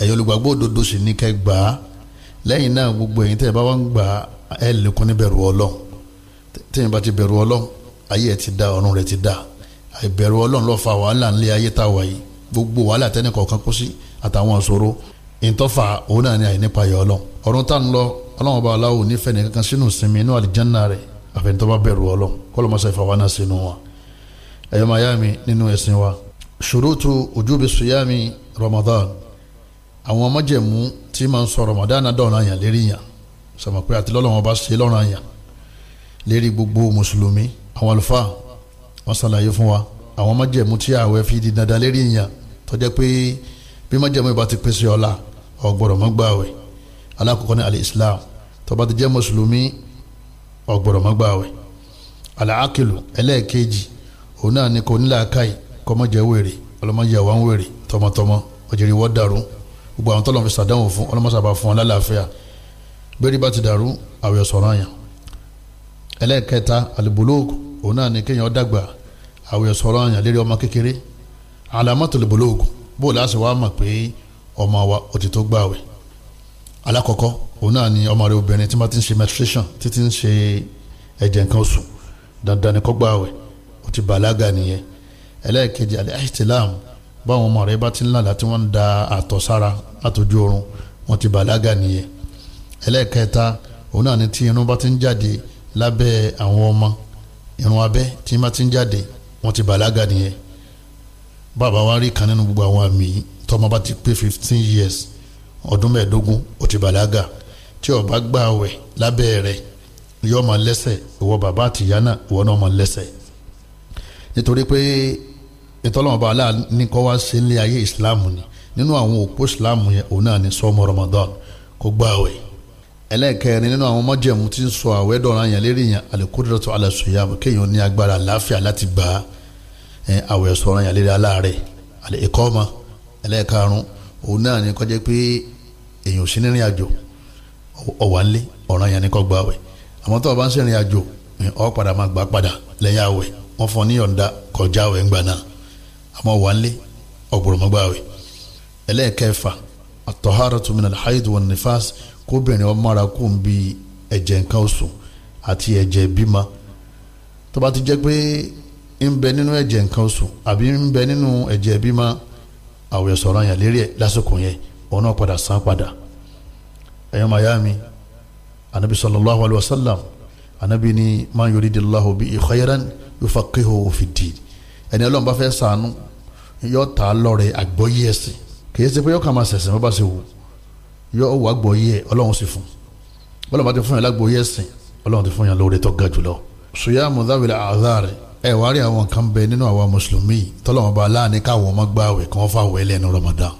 L: ẹ̀yin olùgbàgbọ́ òdodo sì ní kẹ́ gbà á lẹ́yìn náà gbogbo ẹ̀yin tẹ́ ẹ bá wá ń gbà á ẹ lékún ní bẹ̀rù ọlọ́run tẹ́yìn bá ti bẹ̀rù ọlọ́run ayé ẹ ti da ọ̀run rẹ ti da àìbẹ̀rù ọlọ́run ló fa wàhálà ńlẹ̀ ayé tá a wà yìí gbogbo wàhálà tẹ́ni kọ̀ọ̀kan kó sí àtàwọn ìṣòro ìtọ́fà òun náà ni àìnípa ayọ̀ ọlọ́run ọ̀run tá ń lọ ọlọ́run ọba aláwo nífẹ̀ẹ́ ní kankan sínú sinmi inú àlìjánná rẹ̀ àfẹnitọ́ba ẹ̀yọ́ mayami nínú Ramadan àwọn májẹ̀mú tí máa ń sọ Ramadan dọ̀ràn yàn lérí yàn sọmọ pé àti lọ́lọ́wọ́n bá ṣe lọ́ràn yàn lérí gbogbo mùsùlùmí àwọn àlùfáà wọ́n ṣàlàyé fún wa àwọn májẹ̀mú tí ààwẹ̀ fi di dandan lérí yàn tó jẹ́ pé bí májẹ̀mú ìbá ti pèsè ọ̀la ò gbọ́dọ̀ má gbààwẹ̀ alákọ̀ọ́kọ́ ní al-Islam tó ti jẹ́ mùsùlùmí ò gbọ́dọ̀ má gbààwẹ̀ òun náà ni kò nílà káyì kọ́mọ́jẹ́ wèrè ọlọ́mọdé àwọn wèrè tọmọtọmọ òjèrè wọ́n dàrú gbogbo àwọn tọ́lọ̀ fi sàdánwò fún ọlọ́mọsàbà fún wọn lálàáfíà bẹ́ẹ̀rí bá ti dàrú àwẹ̀ sọ̀rọ̀ àyàn ẹlẹ́ẹ̀kẹta alibulóògù òun náà ni kéèyàn dàgbà àwẹ̀ sọ̀rọ̀ àyàn lérí ọmọ kékeré alamọ́tò alibulóògù bó láti wá mọ̀ pé ọmọ wa ò ti tó gbà wẹ̀ alákọ̀ọ́kọ́ òun náà ni ọmọ rẹ obìnrin tí wọ́n ti ń báwọn ọmọ rẹ bá ti ń lálàá tí wọ́n ń da àtọ̀ sára látọjú oorun wọ́n ti bàlágà nìyẹn ẹlẹ́ẹ̀kẹta òun náà ni tí irun bá ti ń jáde lábẹ́ àwọn ọmọ irun abẹ́ tí wọ́n ti ń jáde wọ́n ti bàlágà nìyẹn bàbá wa rí kan nínú gbogbo àwọn àmì tọmọ bá ti pé fifteen years ọdún mẹ́ẹ̀ẹ́dógún ó ti bàlágà tí ó bá gbà wẹ̀ lábẹ́ rẹ̀ yóò máa lẹ́ṣẹ̀ ìwọ bàbá àtìyá náà ìwọ náà máa lẹ́ṣẹ̀ nítorí pé ìtọ́lọ́wọ́n bá aláà ní kọ́ wá sí ilé ayé ìsìláàmù ni nínú àwọn òpó ìsìláàmù yẹn òun náà ní sọmọ Ramadan kó gbà àwẹ̀ ẹlẹ́ẹ̀kẹrin nínú àwọn mọ́jẹ̀mú tí ń sọ àwẹ̀ dọ̀ràn yẹn lérí yẹn alikudratu ala siyam kéèyàn ní agbára àláfíà láti gba àwẹ̀ sọ̀rọ̀ yẹn lérí aláàrẹ̀ al-iqama ẹlẹ́ẹ̀karùn òun náà ní kó jẹ́ pé èèyàn ò sí nírìn àjò ọ̀wà ńlé ọ̀ràn yẹn ní kó gba àwẹ̀ àmọ́ tó o bá ń gbà náà àmọ́ wà ń lé ọ̀gbọ̀rọ̀ mọ́gbà wẹ̀ ẹlẹ́ẹ̀kẹfà àtọ̀háratu min al-hayd wa nifas kóbìnrin ọmọ ara kò ń bi ẹ̀jẹ̀ nǹkan oṣù àti ẹ̀jẹ̀ bímọ tó bá ti jẹ́ pé ń bẹ nínú ẹ̀jẹ̀ nǹkan oṣù àbí ń bẹ nínú ẹ̀jẹ̀ bímọ àwẹ̀ sọ̀rọ̀ yẹn lérí ẹ̀ lásìkò yẹn òun náà padà san padà ẹ̀yọ́ mayami anabi sallallahu alayhi wa sallam anabi ni man yuridillahu bihi khayran yufaqihuhu fid din ẹni ọlọ́run bá fẹ́ sànú yọ ta lọ́rẹ̀ àgbọ́yé ẹ̀sìn kìí ṣe pé yọ kàn máa ṣẹ̀ṣẹ̀ bá bá ṣe wù yọ wà gbọ́yé ẹ̀ ọlọ́run sì fún ọlọ́run bá ti fún yàn lágbọ́yé ẹ̀sìn ọlọ́run ti fún yàn lóore tó ga jùlọ. suyamu dawil azari ẹ wá rí àwọn kan bẹ nínú àwa mùsùlùmí tọ́lọ́wọ́n bá aláàní káwọn ọmọ gbààwẹ̀ kí wọ́n fàwẹ̀ lẹ́nu Ramadan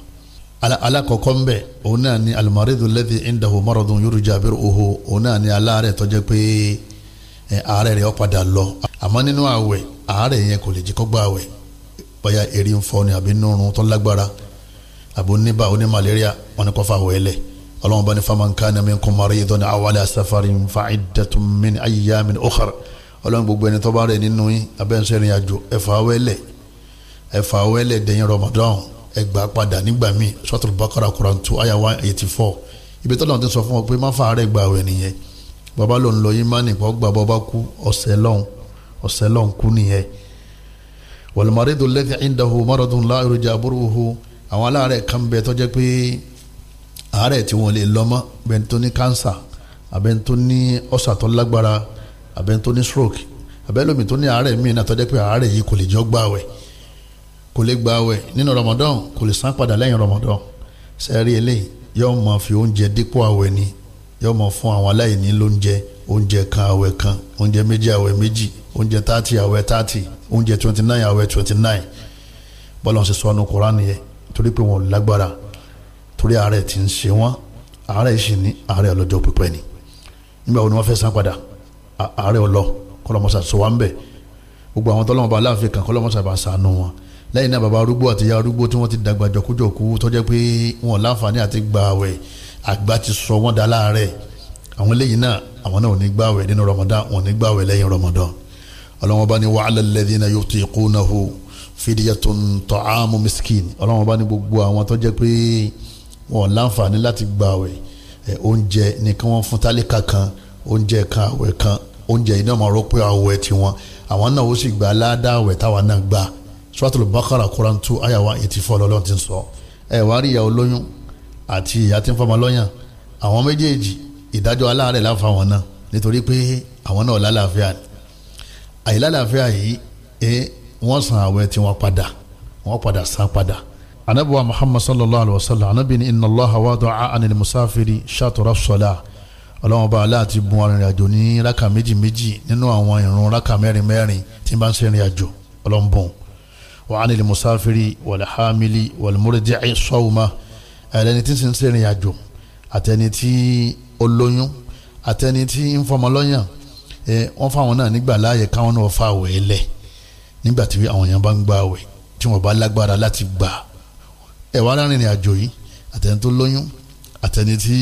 L: alakọkọ nbẹ òun náà ni alimaridu lẹ́dí indahu maradun yorùjá abiru oho òun náà ni aláàrẹ̀ tó pé àárẹ̀ rẹ̀ ó padà lọ àmọ́ nínú àwẹ̀ àárẹ̀ yẹn kò lè jí kọ́gbà àwẹ̀ bóyá eré ń fọ́ ni àbí nírun tó lágbára àbí oníbà oní malaria wọn ni kò fa àwẹ̀ lẹ̀ ọlọ́run bá ní faman kana minkum maridan aw ala safarin fa iddatun min ayyamin ukhar ọlọ́run gbogbo ẹni tó rẹ̀ nínú yín abẹ́nsẹ́ rìn àjò ẹ̀fà wẹ́lẹ̀ ẹ̀fà wẹ́lẹ̀ dẹ̀yìn Ramadan ẹgbà padà nígbà míì Suratul Baqara Quran two eighty four ibi tọ́lọ́run ti sọ fún ọ pé má fa àárẹ̀ gbà àwẹ̀ nìyẹn bàbá ló ń lọ ìmánì kọ́ gbà bàbá kú ọ̀sẹ̀ lọ́hùn ọ̀sẹ̀ lọ́hùn kú nìyẹn wàlùmọ́rẹ́dù lẹ́tì ìdáhù mọ́rọ̀dùn láìròjà burúhu àwọn aláàárẹ̀ kan bẹ tó jẹ́ pé àárẹ̀ tí wọ́n lè lọ́mọ́ bẹ́ẹ̀ tó ní kánsà àbẹ́ tó ní ọ̀sà tó lágbára àbẹ́ tó ní stroke àbẹ́ lómi tó ní àárẹ̀ míì náà tó pé àárẹ̀ yìí kò lè jọ gbààwẹ̀ kò lè gbààwẹ̀ nínú Ramadan kò lè san padà lẹ́yìn Ramadan sẹ́ẹ̀rí eléyìí yóò máa fi oúnjẹ dípò àwẹ̀ ni yóò mọ fún àwọn aláìní lóúnjẹ oúnjẹ kan àwẹ̀ kan oúnjẹ méjì àwẹ̀ méjì oúnjẹ thirty àwẹ̀ thirty oúnjẹ twenty nine àwẹ̀ twenty nine bọ́lá wọn ṣe sọ ọ́nù koran yẹn torí pé wọn ò lágbára torí àárẹ̀ ti ń ṣe wọ́n àárẹ̀ sì ní àárẹ̀ ọlọ́jọ́ pípẹ́ ni nígbà wo ni wọ́n fẹ́ san padà àárẹ̀ ọlọ kọlọmọsà sọ wá ń bẹ̀ gbogbo àwọn tọ́lọ́mọ bá láàfin kan kọlọmọsà bá sànù wọn lẹ́yìn náà bàbá arúgbó àti ìyá arúgbó tí wọ́n ti dàgbà jọkújọkú tọ́jẹ́ pé wọn láǹfààní àti gbààwẹ̀ àgbà ti sọ wọ́n da láàárẹ̀ àwọn eléyìí náà àwọn náà ò ní gbàwẹ̀ nínú Ramadan wọn ò ní gbàwẹ̀ lẹ́yìn Ramadan ọlọ́wọ́n bá ní wa ala alladhina yutiqunahu fidiyatun ta'amu miskin ọlọ́wọ́n bá ní gbogbo àwọn tó jẹ́ pé wọn láǹfààní láti gbàwẹ̀ oúnjẹ nìkan wọn fún tálíkà kan oúnjẹ kan àwẹ̀ kan oúnjẹ iná máa rọ pé àwẹ̀ tiwọn àwọn náà ó sì gba aládàáwẹ̀ táwa náà gbà Suratul Baqara Quran two ayah one eighty four lọ́lọ́run ti sọ ẹ̀ wá rí ìyàwó lóyún àti ìyá tí ń fọmọ lọ́yàn àwọn méjèèjì ìdájọ́ aláàárẹ̀ láfa wọn náà nítorí pé àwọn náà lálàáfíà ni àìlálàáfíà yìí ẹ wọ́n san àwẹ̀ tí wọ́n padà wọ́n padà san padà. anabuwa muhammad sallallahu alaihi wa sallam anabi ni inna allah wa du'a anil musafiri shatura sola ọlọ́wọ́n bá aláàtì bun arìnrìn àjò ní raka méjì méjì nínú àwọn ìrun raka mẹ́rin mẹ́rin tí n bá ń ṣe ìrìn àjò ọlọ́wọ́n bùn wa anil musafiri wàlhámili wàlmúrẹ́dẹ́ẹ́ sọ́wọ́mọ́ ẹni tí ń sin sẹ́rìn àjò àtẹni tí ó lóyún àtẹni tí ń fọmọ lọ́yàn wọ́n fáwọn náà nígbà láàyè káwọn náà fa àwẹ̀ lẹ̀ nígbà tí àwọn èèyàn bá ń gba àwẹ̀ tí wọ́n bá lágbára láti gbà ẹ̀wá rárìnrìn àjò yìí àtẹni tó lóyún àtẹni tí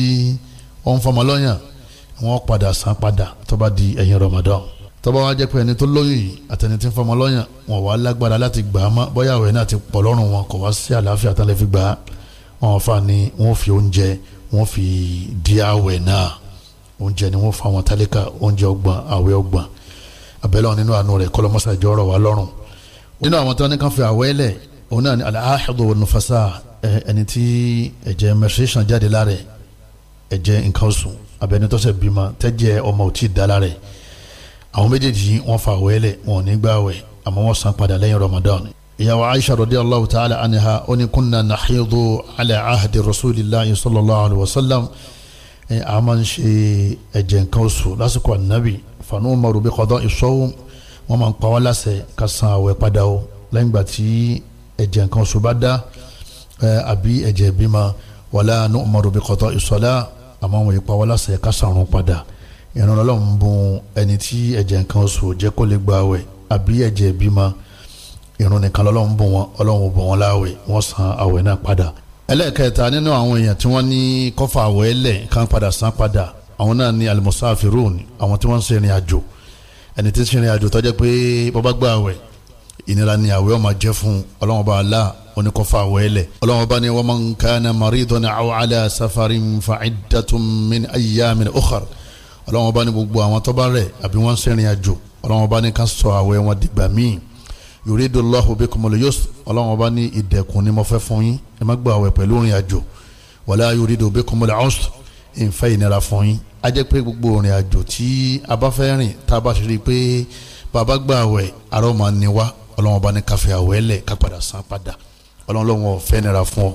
L: ó ń fọmọ lọ́yàn wọ́n padà san padà tó bá di ẹ̀yìn Ramadan tó bá wá jẹ́ pé ẹni tó lóyún yìí àtẹni tí ń fọmọ lọ́yàn wọ́n wá lágbára láti gbà á mọ́ bóyá àwẹ̀ náà ti pọ̀ lọ́rùn wọn kò wá sí àlàáfíà tán lè fi gbà á àwọn afa ni wọ́n fi oúnjẹ wọ́n fi di àwẹ̀ náà oúnjẹ ni wọ́n fa àwọn tálíkà oúnjẹ ọgbọ̀n àwẹ̀ ọgbọ̀n abẹ́lẹ́ wọn nínú àánú rẹ̀ kọ́lọ́mọ́sá ìjọ ọ̀rọ̀ wa lọ́rùn nínú àwọn tán ní kan fi àwẹ̀ lẹ̀ òun ni al nufasa ẹni tí ẹ̀jẹ̀ menstruation jáde lára ẹ̀jẹ̀ nǹkan oṣù abẹ́ni tọ́sẹ̀ bímọ tẹ́jẹ̀ ọmọ ò tí ì dá lára àwọn méjèèjì wọ́n fa àwẹ̀ wọn ò ní gbà àwẹ̀ àmọ́ wọ́n san padà lẹ́yìn Ramadan ìyàwó aisha radiyallahu ta'ala anha ó ní kunna nahidu ala ahdi rasulillahi sallallahu alayhi wa sallam ẹ a máa ń ṣe ẹ̀jẹ̀ nǹkan oṣù lásìkò ànábì fanu umaru bi qada'i sawm wọn máa ń pa wá láṣẹ ká san àwẹ̀ padà o lẹ́yìn ìgbà tí ẹ̀jẹ̀ nǹkan oṣù bá dá ẹ àbí ẹ̀jẹ̀ bímọ wala nu umaru bi qada'i sala àmọ́ wọn yìí pa wá láṣẹ ká sanrun padà ìrànlọ́lọ́ ń bùn ẹni tí ẹ̀jẹ̀ nǹkan oṣù jẹ́ kó lè gba àwẹ̀ àbí ẹ̀jẹ̀ bímọ irun nìkan lọ́lọ́run bùn wọn ọlọ́run bùn wọn láwẹ̀ wọ́n san àwẹ̀ náà padà ẹlẹ́ẹ̀kẹta nínú àwọn èèyàn tí wọ́n ní kọ́fà àwẹ̀ ẹlẹ̀ kan padà san padà àwọn náà ní alimusafirun àwọn tí wọ́n ń ṣe ìrìn àjò ẹni tí ń ṣe ìrìn àjò tó pé bọ́bá gbà àwẹ̀ ìnira ni àwẹ̀ ó máa jẹ́ fún ọlọ́run bá alá oníkọ́fà àwẹ̀ ẹlẹ̀ ọlọ́run bá ní wọ́n ń ṣe ìrìn yuridu Allahu bikumul yusr ọlọ́run ọba ní ìdẹ̀kùn ni mo fẹ́ fún yín ẹ má gba àwẹ̀ pẹ̀lú ìrìn àjò wala yuridu bikumul usr ìfẹ́ ìnira fún yín a jẹ́ pé gbogbo ìrìn àjò tí a bá fẹ́ rìn tá a bá ṣe rí i pé bàbá gba àwẹ̀ arọ́ máa ní wá ọlọ́run ọba ní káfí àwẹ̀ lẹ̀ ká padà san padà ọlọ́run ò fẹ́ nira fún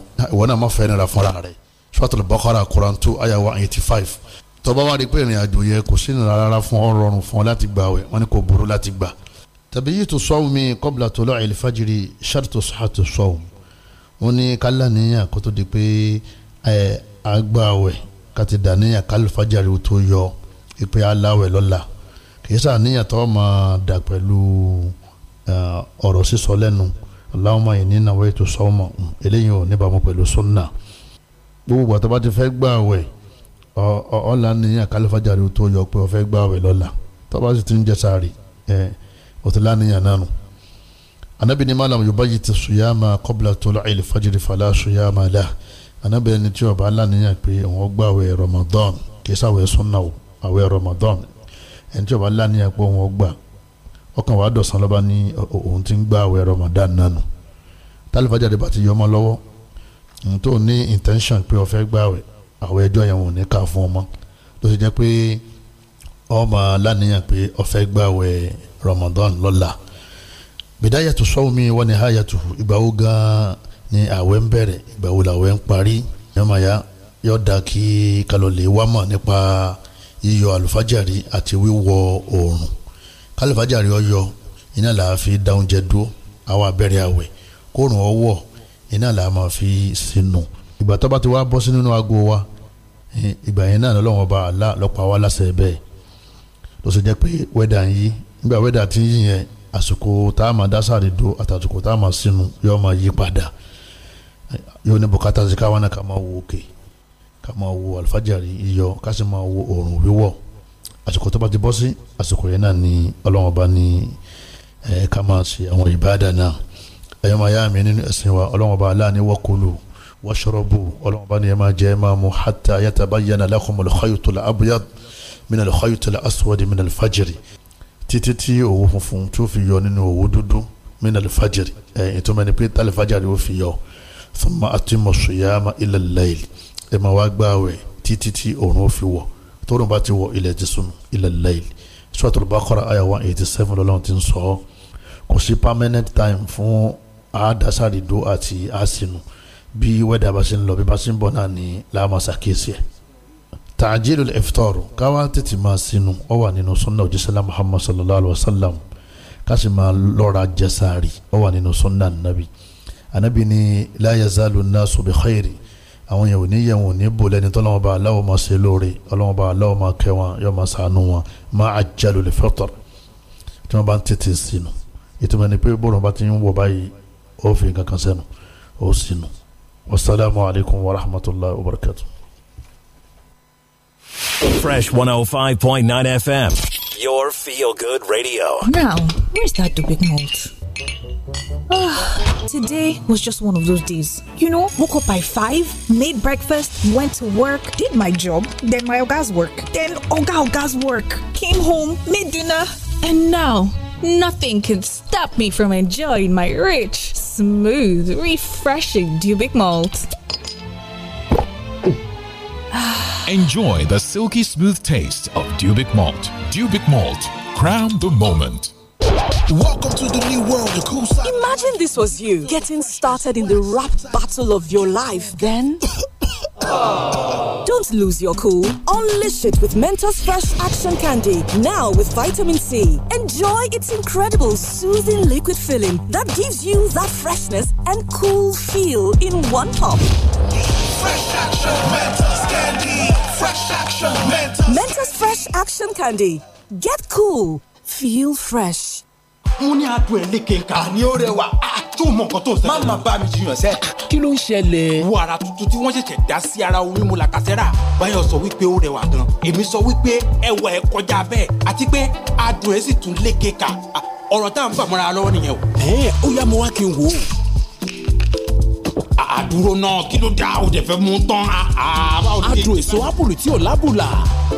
L: ọ ìwọ tabiyitu sawmi qabla tulu'il fajri shartu sihhatu sawm wọ́n ní kálá níyàn kó tó di pé agbáwẹ̀ kàti dàníyàn kálífàjárì tó yọ ìpè aláwẹ̀ lọ́la kì í sàníyàn tó máa dà pẹ̀lú ọ̀rọ̀ sísọ lẹ́nu Allahumma inni nawaitu sawma eléyìí ò níbàámu pẹ̀lú sunna gbogbo àtọ́ bá ti fẹ́ gbàwẹ̀ ọ̀ọ́lá níyàn kálífàjárì tó yọ pé tó bá sì ti òtítà níyàn náà nù anabi ni malam yubayi ti suyama kọbla tolo ayi fajiri fala suyama la anabi ni tí o bá lánìyàn pé òun gba àwẹ̀ ramadan kì í ṣàwẹ̀ sunna o àwẹ̀ ramadan ẹni tí o bá lánìyàn pé òun gba ọkàn wàá dọ̀sán lọ́ba ní òun ti ń gba àwẹ̀ ramadan náà nù tálífàjà dé bá ti yọ ọmọ lọ́wọ́ n tó ní intention pé o fẹ́ gba àwẹ̀ àwẹ̀ yẹn wọn ní ká fún ọmọ ló ti jẹ́ pé ọmọ lánìyàn pé o fẹ́ gba Ramadan lọ́la bidayatu sawmi wa nihayatuhu ìgbà wo gan ni àwẹ̀ ń bẹ̀rẹ̀ ìgbà wo làwẹ̀ ń parí yọmọya yọ da kí kalọ̀lẹ̀ wá mọ̀ nípa yíyọ àlùfájàrí àti wíwọ̀ oòrùn kálífájàrí ọyọ iná làá fi da oúnjẹ dúró àwọn abẹ́rẹ́ àwẹ̀ kóòrùn ọwọ́ iná làá máa fi sínú ìgbà tó bá ti wá bọ́ sí nínú aago wa ìgbà yẹn náà lọ́wọ́ bá a lá lọ́pàá wa láṣẹ bẹ́ẹ̀ ló jẹ́ pé wẹ́dà ń yí nígbà wẹ́dà tí ń yí yẹn àsìkò tá a máa dásáre do àtàsìkò tá a máa sínú yóò máa yí padà yóò ní bùkátà sí káwọn náà ká máa wo òkè ká máa wo àlùfájàrí yíyọ ká sì máa wo òòrùn wíwọ̀ àsìkò tó bá ti bọ́ sí àsìkò yẹn náà ni ọlọ́wọ́n bá ní ẹ ká máa ṣe àwọn ìbáàdà náà ẹ̀yọ́ máa yá mi nínú ẹ̀sìn wa ọlọ́wọ́n bá aláàánú wọ́kùlù washrabu ọlọ́run bá ní ẹ títí tí òwú funfun tó fi yọ nínú òwú dúdú min alifajiri ẹ̀ ìtumọ̀ ni pé alifajiri ó fi yọ thumma atimu siyama ila al-layl ẹ̀ máa wá gbààwẹ̀ títí tí òòrùn ó fi wọ̀ tóòrùn bá ti wọ̀ ilẹ̀ ti sùn ila al-layl Suratul Baqara àyà one eighty seven lọ́lọ́run ti ń sọ ọ́ kò sí permanent time fún àádásárìdó àti àsìnù bí wẹ́dà bá ṣe ń lọ bí bá ṣe ń bọ̀ náà ní láàmú àṣàkíyèsí ẹ̀ tààjìlù ìfitọ́rù káwá tètè máa sinú ọ wà nínú sunna òjísàlá muhammad sallallahu alayhi wa sallam kásì máa lọ́ra jẹsàárì ọ wà nínú sunna nàbì anabi ni la yazalu nasu bi khairi àwọn yẹn ò ní yẹn ò ní bò lẹ́ni tó lọ́wọ́ bá aláwọ̀ máa ṣe lóore ọlọ́wọ́ bá aláwọ̀ máa kẹ́ wọn yóò máa sànú wọn máa àjálù lè tí wọ́n bá ń tètè sínú ìtumọ̀ ni pé bọ́ọ̀rọ̀ bá ti ń wọ̀ báyìí ó fi nǹkan sẹ́nu ó sínú wasalaamualeykum wa rahmatulahi wa barakatuh.
H: Fresh 105.9 FM, your feel good
O: radio.
B: Now, where's that big malt?
O: Ah, today was just one of those days. You know, woke up by 5, made breakfast, went to work, did my job, then my oga's work, then oga oga's work, came home, made dinner,
N: and now nothing can stop me from enjoying my rich, smooth, refreshing Dubic malt.
I: Enjoy the silky smooth taste of Dubic Malt. Dubic Malt, crown the moment.
K: Welcome to the new world, the cool side. Imagine this was you getting started in the rap battle of your life, then. Don't lose your cool. Unleash it with Mentos Fresh Action Candy. Now with vitamin C. Enjoy its incredible soothing liquid filling that gives you that freshness and cool feel in one pop. Fresh Action Mentos. fresh action. Mentos. Mentos fresh action candy. Get cool. Feel
I: fresh. mo ní adùn ẹ̀ léke nǹkan. àní ó rẹwà ah, tó mọ nǹkan tó ń má má bá mi jiyàn sẹ́. kí ló ń ṣẹlẹ̀. wo ara tuntun tí wọ́n ṣẹ̀ṣẹ̀ dá sí ara omi mu làkàṣẹ́rà. báyọ̀ sọ wípé ó rẹwà gan. èmi sọ wípé ẹwà ẹ̀ kọjá bẹ́ẹ̀ àti pé adùn ẹ̀ sì tún léke kà. Ah, ọ̀rọ̀ tá à ń fàmọ́ra lọ́wọ́ nìyẹn o. ẹ ó yá mo wá kí n wò ó àdúró náà kí ló dá o jẹ fẹ́ mú tán. adùn èso ápùlù tí ò lábùlà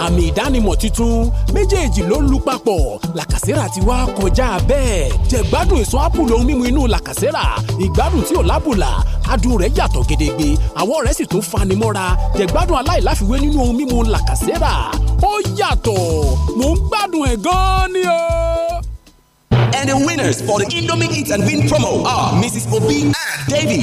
I: àmì ìdánimọ̀ tuntun méjèèjì ló lu papọ̀ làkàsẹ́rà
J: ti wá kọjá bẹ́ẹ̀ jẹ̀gbádùn èso ápùlù ohun mímu inú làkàsẹ́rà ìgbádùn tí ò lábùlà adùn rẹ̀ yàtọ̀ gedegbe àwọ̀ rẹ̀ sì tún fanimọ́ra jẹ̀gbádùn aláìláfiwé nínú
K: ohun mímu làkàsẹ́rà ó yàtọ̀ mò ń gbádùn ẹ̀ gan-an ni o. And the winners for the Indomie Eat and Win promo are Mrs. Obi and
H: Davy.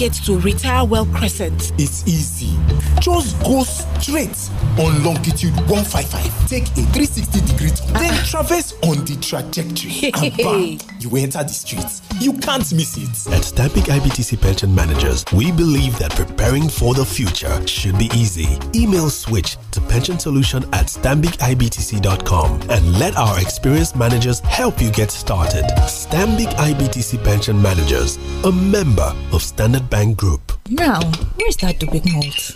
I: get to Retire Well Crescent? It's easy. Just go straight on longitude 155. Take a 360 degree turn, uh -uh. then ah. traverse on the
H: trajectory.
I: and bam,
H: you enter the streets.
I: You can't miss it.
H: At Tapic IBTC Pension Managers, we believe that preparing for the future should be easy. Email switch to pension solution at stambicibtc.com and let our experienced managers help you get started. Stambic IBTC Pension Managers, a member of Standard Bank Group.
O: Now, where's that big malt?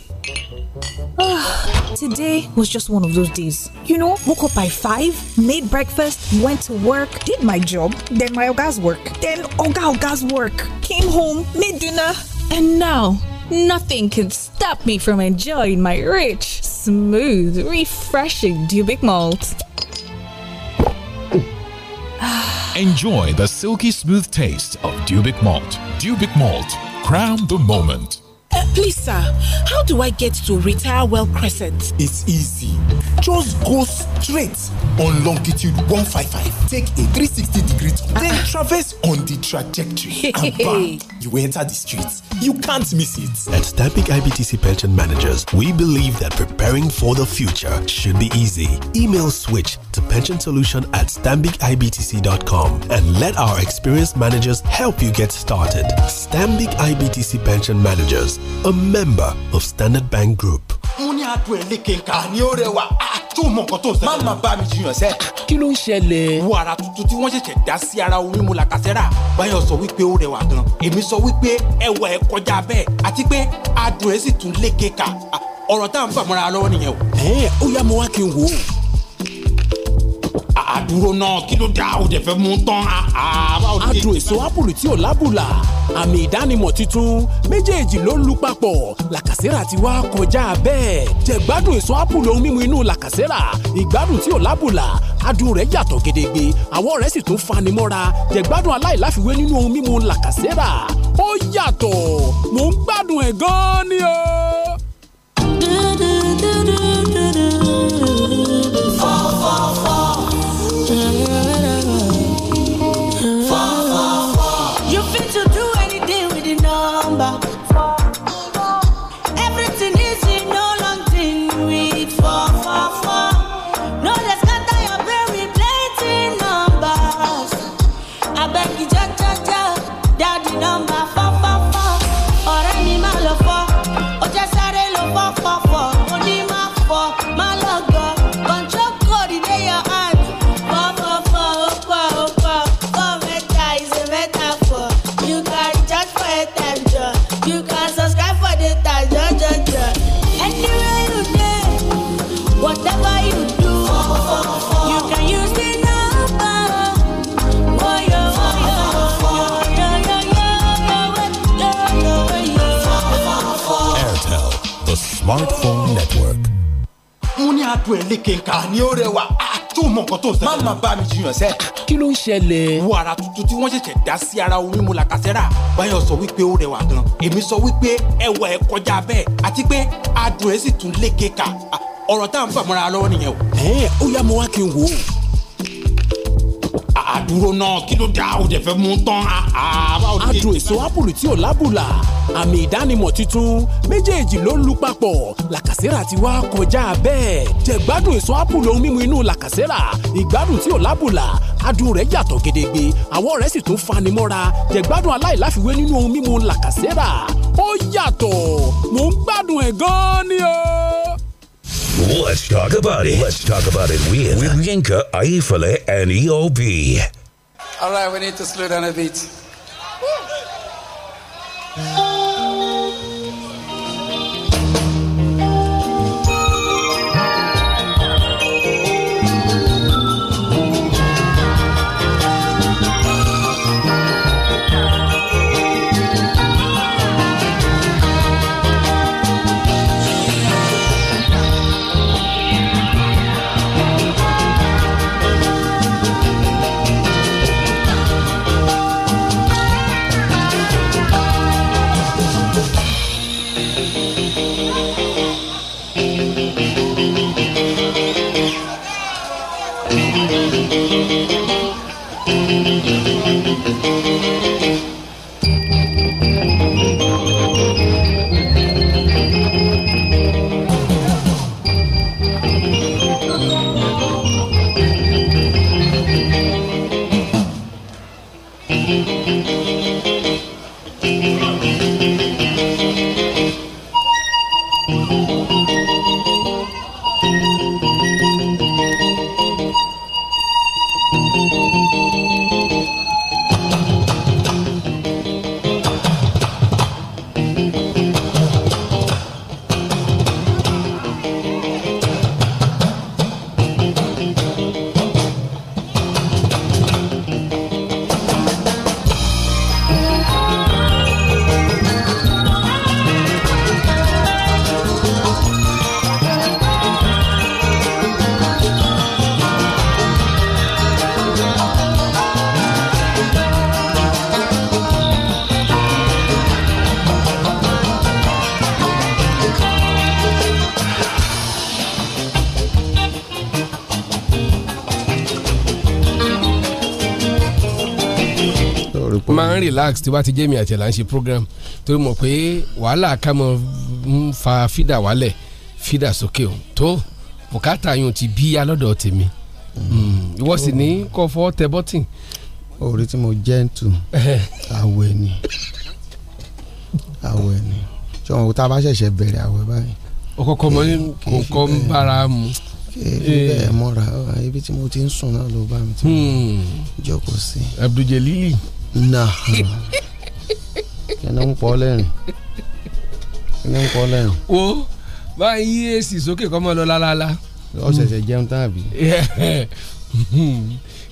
O: Ah, today was just one of those days. You know, woke up by 5, made breakfast, went to work, did my job, then my oga's work, then oga oga's work, came home, made dinner,
N: and now nothing can stop me from enjoying my rich smooth, refreshing Dubic malt.
I: Enjoy the silky smooth taste of Dubic malt. Dubic malt, crown the moment. Uh, please, sir, how do I get to Retire Well Crescent? It's easy. Just go straight on longitude 155. Take a 360 degree turn, uh -uh. then traverse on the trajectory. and bam,
H: you enter the streets.
I: You can't miss it.
H: At Stabic IBTC Pension Managers, we believe that preparing for the future should be easy. Email switch to pensionsolution at stambicibtc.com and let our experienced managers help you get started. Stambic IBTC Pension Managers a member of Standard Bank Group.
I: mo ní adùn ẹ̀ nǹkan ní ó rẹwà tó mọ nǹkan tó ń sẹ́yìn. má má bá mi jiyàn sẹ́. kí ló ń ṣẹlẹ̀. wo ara tuntun tí wọ́n ṣẹ̀ṣẹ̀ dá sí ara omi mu làkàṣẹ́rà báyọ̀ sọ wípé ó rẹwà gan èmi sọ wípé ẹwà ẹ̀ kọjá bẹ́ẹ̀ àti pé adùn ẹ̀ sì tún lékè ká ọ̀rọ̀ tá à ń fàmọ́ra lọ́wọ́ nìyẹn o. ẹ ó yá mo wá kí n wò ó àdúró náà kí ló dá o dẹ̀ fẹ́ mú tán. adùn èso apple tí ò lábùlà àmì ìdánimọ̀ tuntun méjèèjì ló lu papọ̀ làkàsẹ́rà ti wá kọjá bẹ́ẹ̀ jẹ̀gbádùn èso
J: apple ohun mímu inú làkàsẹ́rà ìgbádùn tí ò lábùlà adùn rẹ̀ yàtọ̀ gedegbe àwọ̀ rẹ̀ sì tún fani mọ́ra jẹ̀gbádùn aláìláfiwé nínú ohun mímu làkàsẹ́rà ó yàtọ̀ mò ń gbádùn ẹ̀ gan-an ni o.
C: fọ́fọ́fọ́.
I: adùn eléke nǹkan. àní ó rẹwà tó mọ nǹkan tó ń má má bá mi jiyàn sẹ́. kí ló ń ṣẹlẹ̀. wo ara tuntun tí wọ́n ṣẹ̀ṣẹ̀ dá sí ara omi mu làkàṣẹ́rà báyọ̀ sọ wípé ó rẹwà gan. èmi sọ wípé ẹwà ẹ kọjá bẹ́ẹ̀ àti pé adùn ẹ sì tún léke kà ọ̀rọ̀ tá à ń fà mọ́ra lọ́wọ́ nìyẹn o. ẹ ó yá mo wá kí n wò ó. àdúró náà kí ló dá o jẹ fẹ́ mú tán. adùn èso ápùlù tí ò lábùlà àmì ìdánimọ̀ tuntun méjèèjì ló lu papọ̀ làkàsẹ́rà ti wá kọjá
J: bẹ́ẹ̀ jẹ̀gbádùn ìsọ ápùlù ohun mímu inú làkàsẹ́rà ìgbádùn tí ò lábùlà adùn rẹ̀ yàtọ̀ gedegbe àwọ̀ rẹ̀ sì tún fani mọ́ra jẹ̀gbádùn aláìláfiwé nínú ohun mímu làkàsẹ́rà ó yàtọ̀ mò ń gbádùn ẹ̀ gan-an ni o.
H: Let's talk about it. Let's talk about it with, with Yinka Aifale and EOB.
J: All right, we need to slow down a bit. Gracias. relax tí wá ti jẹ́ mi àti ẹ̀ là ń ṣe program torí mọ̀ pé wàhálà kámọ́ ń fa fídà wálẹ̀ fídà sókè o tó bùkátà yóò ti bí alọ́dọ̀ tèmi
C: hmm,
J: ìwọ sì ní kọfọ tẹ bọ́tì. orí tí mo jẹ́ ń tù àwẹ̀ ni àwẹ̀ ni sọ̀rọ̀ tá a bá ṣẹ̀ṣẹ̀ bẹ̀rẹ̀ àwẹ̀ báyìí. ọkọ̀ọ̀kọ̀ mọ ní kò kọ́ ń bára mu.
L: Eh. bẹ́ẹ̀ mọ́ra ibi tí mo ti ń sùn náà ló bá mi
J: ti hmm. jókòó sí. Abdul Jelili nà kíni ń pọ lẹ́rìn kíni ń pọ lẹ́rìn. wo báyìí yí èsì sókè kọ́ mọ́ lọ lálálá. ó ṣẹ̀ṣẹ̀ jẹun tán àbí.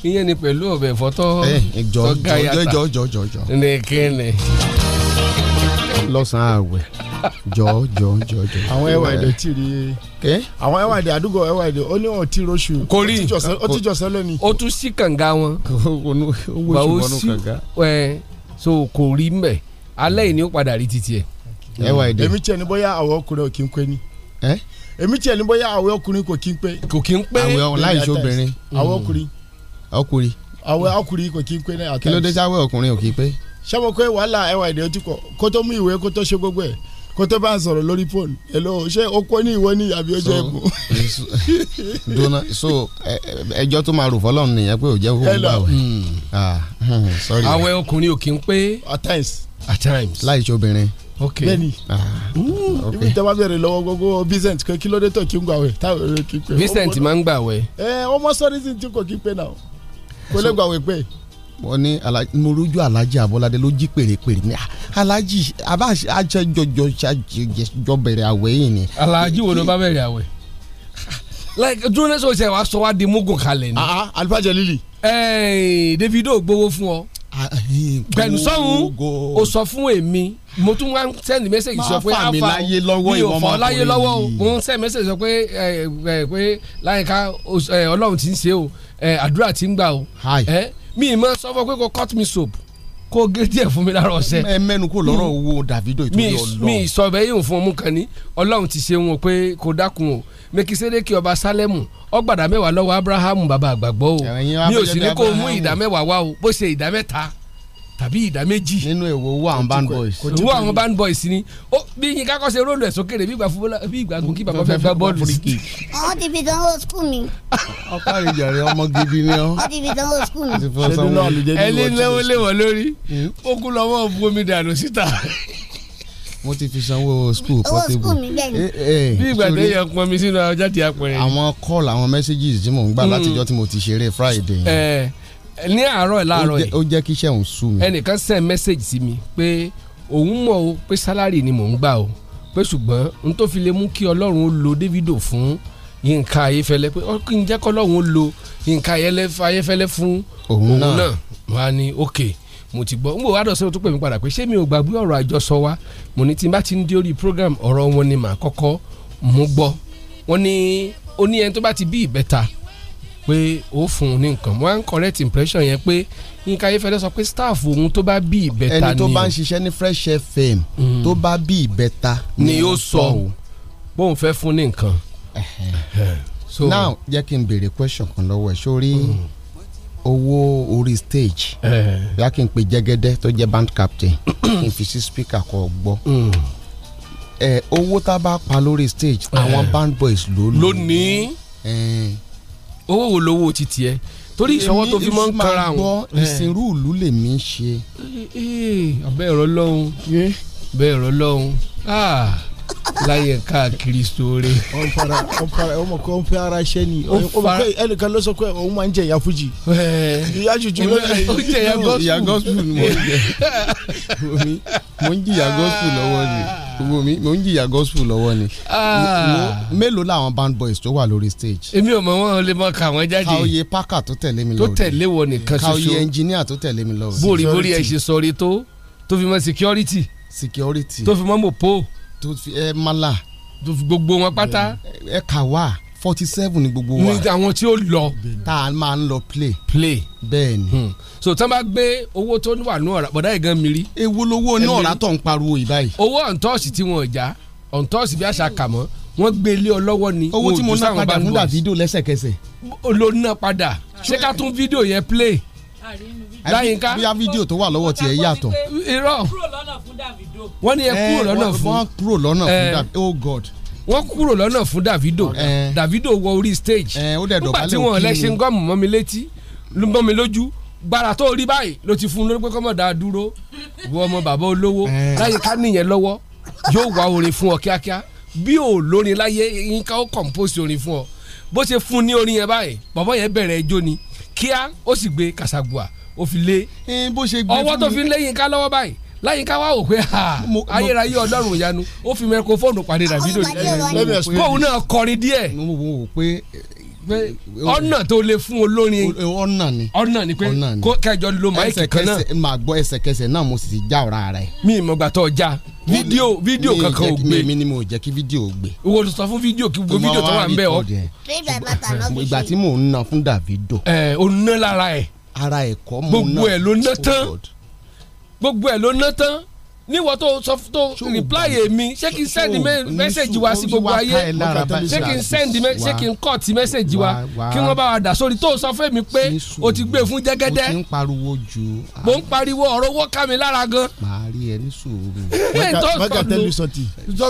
J: ìyẹn ni pẹ̀lú ọbẹ̀ fọ́tọ́ tó eh, eh, gáyàtà nìkíni. lọ́sàn-án àwẹ̀. jọ jọ jọ jọ. àwọn ẹwà èdè tiri rí àwọn ẹwà èdè àdúgbò ẹwà èdè ó ní wọn tí roṣù. kò rí ó ti jọ ni. ó tún sí kànga wọn. owó ìṣubọnú kànga. ẹ so kò rí mbẹ alẹ́ yìí ni ó padà rí títí ẹ. ẹwà èdè. èmi tiẹ̀ ní bóyá àwọn ọkùnrin ò kí ń pé ni. èmi tiẹ̀ ní bóyá àwọn ọkùnrin kò kí ń pé. kò kí pé. àwọn ọkùnrin. wàhálà mú ìwé ṣe gbogbo ẹ̀ kó tó bá ń sọ̀rọ̀ lórí fóònù hello ṣé o kó ní ìwọ ní àbí ojú ẹ̀kún. dona so ẹjọ́ tó máa rò fọlọ́run nìyẹn pé ò jẹ́ kó gbà wẹ̀. àwẹ̀ ọkùnrin ò kí ń pé. at times. at times. láì ṣe obìnrin okay bẹ́ẹ̀ni ah,
L: hmm, ibi ìjọba bẹ̀rẹ̀ lọ́wọ́ gbogbo Vincent kò kí ló dé tó kí ń gbàwẹ̀ táwọn èrè kí pé. Vincent máa ń gbàwẹ̀. ẹ eh, ọmọ sọ́ọ́rì sì ti kò kí pé náà kò lè gbàwẹ̀
J: pé wọ́n ní mo rójú alájì abọ́ládé ló jí pèrèpèrè ní alájì abá àjọjọjọ jọ bẹ̀rẹ̀ àwẹ̀ yìí ni. alájì wo ló bá bẹ̀rẹ̀ àwẹ̀ like dúró sọ ṣe wàá sọ wá di mugun kalẹ̀ ni. alifa ah, ah, jalili. Davido gbowó fún ọ. pẹ̀lú ah, eh, eh, sọ́hun o sọ fún èmi mo tún wá send message sọ pé afa mi ò fọ láyé lọ́wọ́ o mo send message sọ pé eh, pé láyìnká ọlọ́run ti ń ṣe o àdúrà ti ń gbà o mi ì máa sọ fún ọ pé kò cut me soap kó gé díẹ̀ fún mi lára ọ̀sẹ̀. ẹ mẹ́nu kó lọ́rọ̀ wo Davido ìtòlú ọlọ́run. mi sọ bẹ́ẹ̀ yóò fún ọmú kan ní ọlọ́run ti ṣe wọn pé kò dákun o mekisedeki ọba Sálẹ́mù ọgbàdá mẹ́wàá lọ́wọ́ Abrahamu bàbá àgbàgbọ́ o mi ò sì ní kó mú ìdá mẹ́wàá wá o bó ṣe ìdá mẹ́ta tàbí ìdá méjì. nínú èwo owó àwọn band boys. owó àwọn band boys ni ó bí yín kakọ́ ṣe róòlù ẹ̀ sókèrè bí ìgbà fúbọ́lá bí ìgbà gùn bàbá fẹ́ gbá bọ́ọ̀lù sí. ọ ti fi
N: sanwó skul mi.
J: ọkọ ìjàre ọmọ
L: gidi ni ọ.
N: ọ ti fi sanwó skul
J: mi. ẹni lẹ́wọ́ lẹ́wọ́ lórí hmm? ó kú lọ́wọ́ bomi dànù síta mo ti fi sanwó owó school mi bẹ́ẹ̀ eh, eh, bí ìgbà tó yẹ pọnmi sínú ọjà tí a pọ̀ àwọn call àwọn ní àárọ̀ ẹ̀ láàárọ̀ yìí ó jẹ́ kí iṣẹ́ òun sú mi. ẹnìkan send message sí mi pé òun mọ̀ o pé sálárì ni mò ń gbà o pé ṣùgbọ́n n tó fi lè mú kí ọlọ́run ó lo Davido fún Yínká Ayéfẹ́lẹ́ pé ó kí n jẹ́ kọ́lọ́run ó lo Yínká Ayéfẹ́lẹ́ fún òun náà wá ní òkè mo ti gbọ́ n bò wá dọ̀sẹ́ o tó pè mí padà pé ṣé mi ò gbàgbé ọ̀rọ̀ àjọsọ wa mo ní tí n bá ti ń dé orí program ọ̀rọ̀ wọn ni màá kọ́kọ́ mú gbọ́ wọn ni ó ní ẹni tó bá ti bí ìbẹ́ta pé ó fún un ní nǹkan mo correct impression yẹn pé Yínká Ayéfẹ́lẹ́ sọ pé staff òun tó bá bí ìbẹ́ta ni ẹni tó bá ń ṣiṣẹ́ ní Fresh FM mm. tó bá bí ìbẹ́ta ni ó sọ o bóun fẹ́ fún ní nǹkan. so now jẹ́ kí n béèrè question kan lọ́wọ́ ẹ̀ sórí mm. owó orí stage bí a kì í pe jẹ́gẹ́dẹ́ tó jẹ́ band captain kì í fi sí speaker kọ́ gbọ́ mm. owó tá a bá pa lórí stage àwọn band boys ló ní owó wo lówó ti tiẹ̀ torí ìṣọwọ́ tó fi mọ́ ń kanra àwọn. ìsìnrú
L: ìlú lèmi ń ṣe.
J: Eh, eh, eh. ọbẹ̀ ẹ̀rọ lọ́hùn ọbẹ̀ ẹ̀rọ lọ́hùn ah, láyé káàkiri sóore. ọ̀npara ọ̀npara ọmọ kan ń fẹ́ ara iṣẹ́ ni ẹnìkan ló sọ pé òun máa ń jẹ ìyá fújì. ìyá jùjú ló ń jẹ ìyá gọ́sùn. ìyá gọ́sùn ni mo ń jẹ mo ń jẹ ìyá gọ́sùn lọ́wọ́ ni wo mi mo ń jìyà gospel lọ́wọ́ ni ah. mélòó làwọn band boys tó wà lórí stage. èmi ò mọ wọn lè mọ kà wọn jáde. káwọye parker tó tẹ̀lé mi lọ rí tó tẹ̀lé wọn nìkan ṣoṣo káwọye engineer tó tẹ̀lé mi lọ rí. bórí bórí ẹ ṣe sọrí tó tó fi mọ security. security tó fi mọ mọ po. tó fi ẹ mala. tó fi gbogbo wọn pátá. ẹ kà wá forty seven ni gbogbo wa. ní àwọn tí ó lọ. tá a máa ń lọ play. play bẹ́ẹ̀ ni. Hmm. so tí wọ́n bá gbé owó tó wà ní ọ̀rá bọ̀dá ìgan mi rí. ewu lowó ní ọ̀rá tó ń pariwo yìí báyìí. owó ọ̀ǹtọ́ọ̀sì tí wọ́n já ọ̀ǹtọ́ọ̀sì bí àṣà kà mọ́ wọ́n gbé ilé ọlọ́wọ́ ni. owó tí mo ná padà fún Davido lẹ́sẹ̀kẹsẹ̀. ló ná padà ṣé ká tún fídíò yẹn play láyínká bóyá fídíò tó wà lọ́wọ́ tiẹ̀ yàtọ̀.
M: wọ́n ní ẹ kúrò lọ́nà fún Davido.
J: wọ́n ní ẹ kúrò eh, lọ́nà fún eh. Davido. oh God wọ́n kúrò lọ́nà fún Davido Davido wọ orí stage nígbà tí wọ́n lẹ́sìn gọ́ọ̀mù mọ́ mi létí mọ́ mi lójú gbàrà tó rí báyìí ló ti fún un lórí pé kọ́mọ̀ dá dúró wọ ọmọ bàbá olówó láyé ká nìyẹn lọ́wọ́ yóò wá orin fún ọ kíákíá bí ò lórin láyé yín ká ó compose orin fún ọ bó ṣe fún un ní orin yẹn báyìí bàbá yẹn bẹ̀rẹ̀ ẹjọ́ ni kíá ó sì gbé kàṣàgùà ó fi lé ọwọ́ tó fi ń lé Yínká lọ́wọ́ báyìí láyìíká wa ò pé ayérayé ọlọ́run ìyanu ó fi mẹkọfóònù pàdé Davido yìí kóun náà kọrin díẹ̀ ọ̀nà tó lè fún olórin ọ̀nà ni ọ̀nà ni pé kẹjọ ló máìkì kan náà ẹsẹ̀kẹsẹ̀ máa gbọ́ ẹsẹ̀kẹsẹ̀ náà mo sì já ọ̀rá rẹ̀. mi ì mọ̀gbà tó já fídíò fídíò kankan ò gbé mi ni mo jẹ́ kí fídíò gbé. owó tó sọ fún fídíò kí gbogbo fídíò tó wà ń bẹ̀ ọ́. ìgbà tí mò ń ná fún Davido. ẹ o ná lára ẹ. ara ẹ̀ kọ́ mo ná gbogbo ẹ̀ ló ná tán gbogbo ẹ̀ ló ná tán níwọ tó sọ tó reply èmi ṣé kí n send message wa sí gbogbo ayé ṣé kí n send ṣé kí n cut message wa kí wọ́n bá wa dà sórí tó sọ fún mi pé o ti gbé e fún jẹ́gẹ́dẹ́ mo ń pariwo ọ̀rọ̀ owó ká mi lára gan. màá rí ẹ ní sùúrù. mẹ́ta tẹ́lẹ̀ sọ̀tì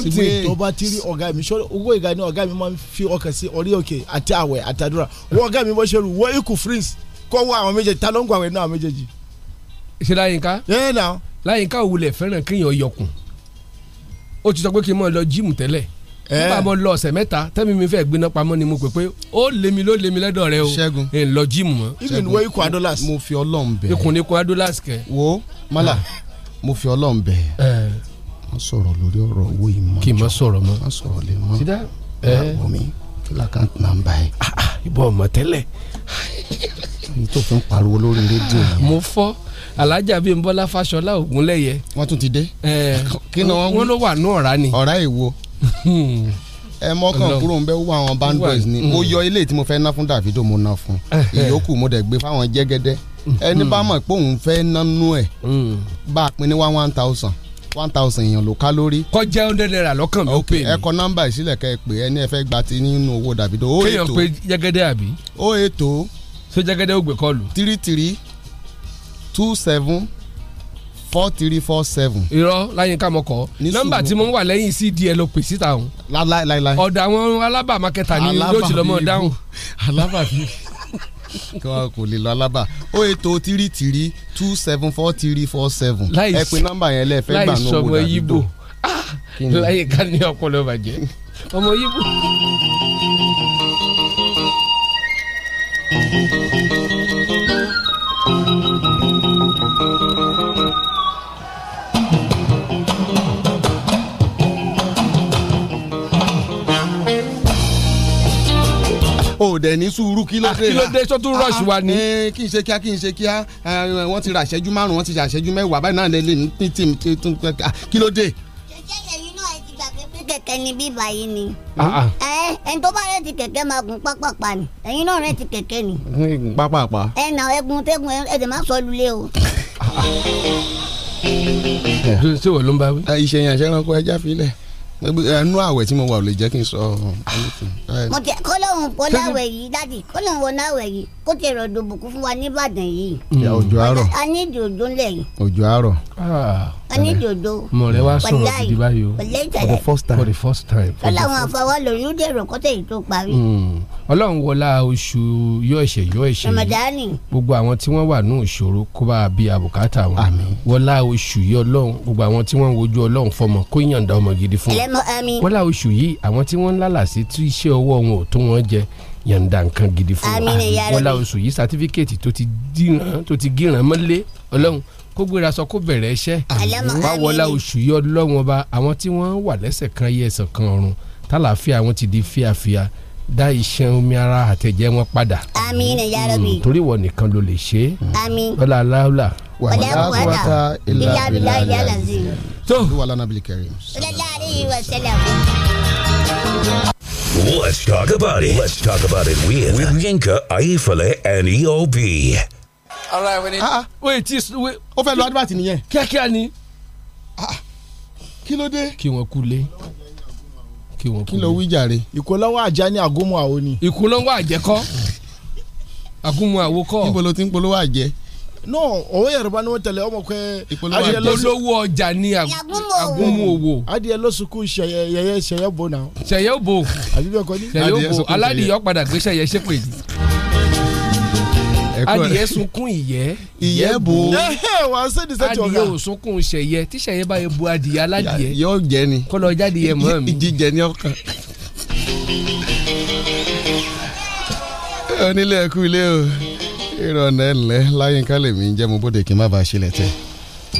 C: síbi ìjọba
J: ti rí ọ̀gá mi sọ owó ìgbà ni ọ̀gá mi máa ń fi ọkàn sí orí òkè àti àwẹ̀ àtàdúrà wọ́n ọ̀gá mi bọ́ ṣe rú wọ́n ikú freeze kọ́ wọ àwọn méjèèjì ta ṣe láyínká. ẹ nà. láyínká òwúlẹ̀ fẹ́ràn kéèyàn yọkùn ó ti sọ pé kí n mọ̀ lọ jíìmù tẹ́lẹ̀ nígbà mo lọ ọ̀sẹ̀ mẹ́ta tẹ́mi mi fẹ́ gbiná pamọ́ ni mo pè pé ó lémi ló lémi lẹ́dọ̀ rẹ o ṣẹ́gun ẹ̀ ń lọ jíìmù mọ́. even wọ ikọ̀ adolas. mo fi ọlọ́run bẹ̀. ikùn ni ikọ̀ adolas kẹ. wo mala mo fi ọlọ́run bẹ̀. mo sọ̀rọ̀ lórí ọ̀rọ̀ owó yìí mọ́. kì í mọ sọ̀rọ̀ mọ́. mo sọ̀rọ̀ lè mọ́. sida ẹ wọ mi kila kan tún náà ń bá yẹ. ìbọn ọmọ tẹ́lẹ̀. mo fọ́ alájà bíi nbọ́lá fàṣọlá ògúnlẹ̀yẹ. wọ́n tún ti dé. kí ni wọ́n wí wọ́n ló wà ní ọ̀rá ni. ọ̀rá èwo ẹ mọ́kàn kúrò ń bẹ́ wọ àwọn band ni mo mm. yọ ilé tí mo fẹ́ ná fún Davido mo ná fún ìyókù mo dẹ̀ gbé fáwọn jẹ́gẹ́dẹ́ ẹni bá mm. mọ̀ pé òun fẹ́ nánú ẹ̀ mm. bá a pín ní one one thousand one thousand èèyàn ló ká lórí. kọjá hundred naira lọ́kàn ló pè mí. ẹ kọ nọ́mbà ìsílẹ̀ kẹ́ ẹ pè ẹni ẹ fẹ́ gba ti nínú owó Davido. kéèyàn pé jẹ́gẹ́dẹ́ àbí. ó ètò. so jẹ́gẹ́dẹ́ ó gbé kọ́ọ̀lù. tírí two seven four three four seven. irọ́ láyínká mo kọ́ nọ́mbà tí mo ń wà lẹ́yìn sí díẹ̀ ló pèsè ta òun. láíláí. ọ̀dọ̀ àwọn alábàámakẹta ni yóò ti lọ́ mọ́ dáhùn. alábà bíi kò lè lọ alábà o ètò tìrì tìrì two seven four three four seven ẹ pe nọ́mbà yẹn lẹ́ẹ̀fẹ́ gbà náà wò dájú tó láyínká ah, ni ọpọlọ bàjẹ́
F: ọmọ yíbo.
J: dẹ̀ ní sùúrù kí ló ah, dé kí ló dé sọ́tù ah, rush ah, wa ni. Eh, kí n ṣe kíá kí n ṣe kíá eh, wọ́n ti ra àṣẹjú márùn wọ́n ti ra àṣẹjú mẹ́wàá báyìí náà lè lè ní tìmù tuntun kí ló dé. ṣẹ̀ṣẹ̀
N: ni bíbá ni. Eh, ẹni tó bá rẹ̀ ti kẹ̀kẹ́ máa gùn pápápá ni ẹ nà ẹgùn
J: ló ń bá wí. iṣẹ́ yẹn àṣẹ ẹranko ẹja filẹ̀ ẹnu àwẹ̀ tí mo wà lè jẹ́ kí n sọ. mo
N: kó lóun kó láwẹ̀ yìí dáàdì kó lóun wọ láwẹ̀ yìí kó tẹ rọ̀ dòbùkún fún wa ní Ìbàdàn yìí. òjò àárọ̀ a ah. ní ìdí òjò ńlẹ̀ àárọ̀ onídòdó mọ̀rẹ́ wa sọ̀rọ̀ gidi báyìí for the first
J: time for the first time. tọ́lá
N: wọn lórí ó dèrò kọ́tẹ́ yìí tó parí. Hmm.
J: ọlọ́run wọlá oṣù yọ ẹ̀ṣẹ̀ yọ ẹ̀ṣẹ̀ ramadani gbogbo àwọn tí wọ́n wà ní òṣòro kó bá bí àbùkátà wọn wọlá oṣù yìí ọlọ́run gbogbo àwọn tí wọ́n wojú ọlọ́run fọmọ kó yànda ọmọ gidi fún wọlá oṣù yìí àwọn tí wọ́n ń lálàsí tí iṣẹ́ ọwọ́ wọn ò tó wọn jẹ yànda nǹkan gidi fún wọn wọlá oṣù yìí sátífíkẹ́ẹ̀tì kó gbéra sọ kó bẹ̀rẹ̀ iṣẹ́ wáwọlá oṣù yọ lọ́wọ́n ba àwọn tí wọ́n wà lẹ́sẹ̀ kan yẹ ẹ̀sán kan ọ̀run tálàáfíà wọn ti di fíafíà dá iṣan omi ara àtẹ̀jẹ́ wọn padà. Hmm, torí wọ nìkan ló lè ṣe ọlá aláwùlà. wàhálà wàhálà ilà ilà ilà lazi.
H: Let's talk about it. Let's talk about it with, with Yinka Aifale and EOB
N: ara ẹ̀wẹ̀ ni.
J: wait ti o fẹ́ lọ advert nìyẹn. kíákíá ni. Ah, ah. kí ló dé. kí wọ́n kú lé kí wọ́n kú lé. kí ló wí jàre. ìkólọ́wọ́ àjá ní àgómọ àwo ni. ìkólọ́wọ́ àjẹkọ́ àgómọ àwo kọ́. níbo ló ti ń polówó àjẹ no owó yorùbá ni wọn tẹlẹ ọmọ pé adìẹ lọsọwọ ọjà ni agunmu owó adìẹ lọsọkù sẹyẹ sẹyẹ bo náà. sẹyẹ bo àbí bẹ́ẹ̀ kọ́ ni. sẹyẹ bo aládìyẹ padà gbé sẹyẹ ṣépè adìyẹ sunkún ìyẹ́ ìyẹ́ bo adìyẹ ò sunkún ṣẹ̀yẹ tí ṣẹ̀yẹ bá yẹ bo adìyẹ aládìyẹ yóò jẹ ni kọlọ jáde yẹ mọ́ mi jíjẹ ní ọkàn. onílé ẹkú ilé o ìrọ̀nà ẹ̀lẹ́ láyínká lèmi ń jẹ́ mo bóde kí n má bàa ṣe lẹ́tẹ̀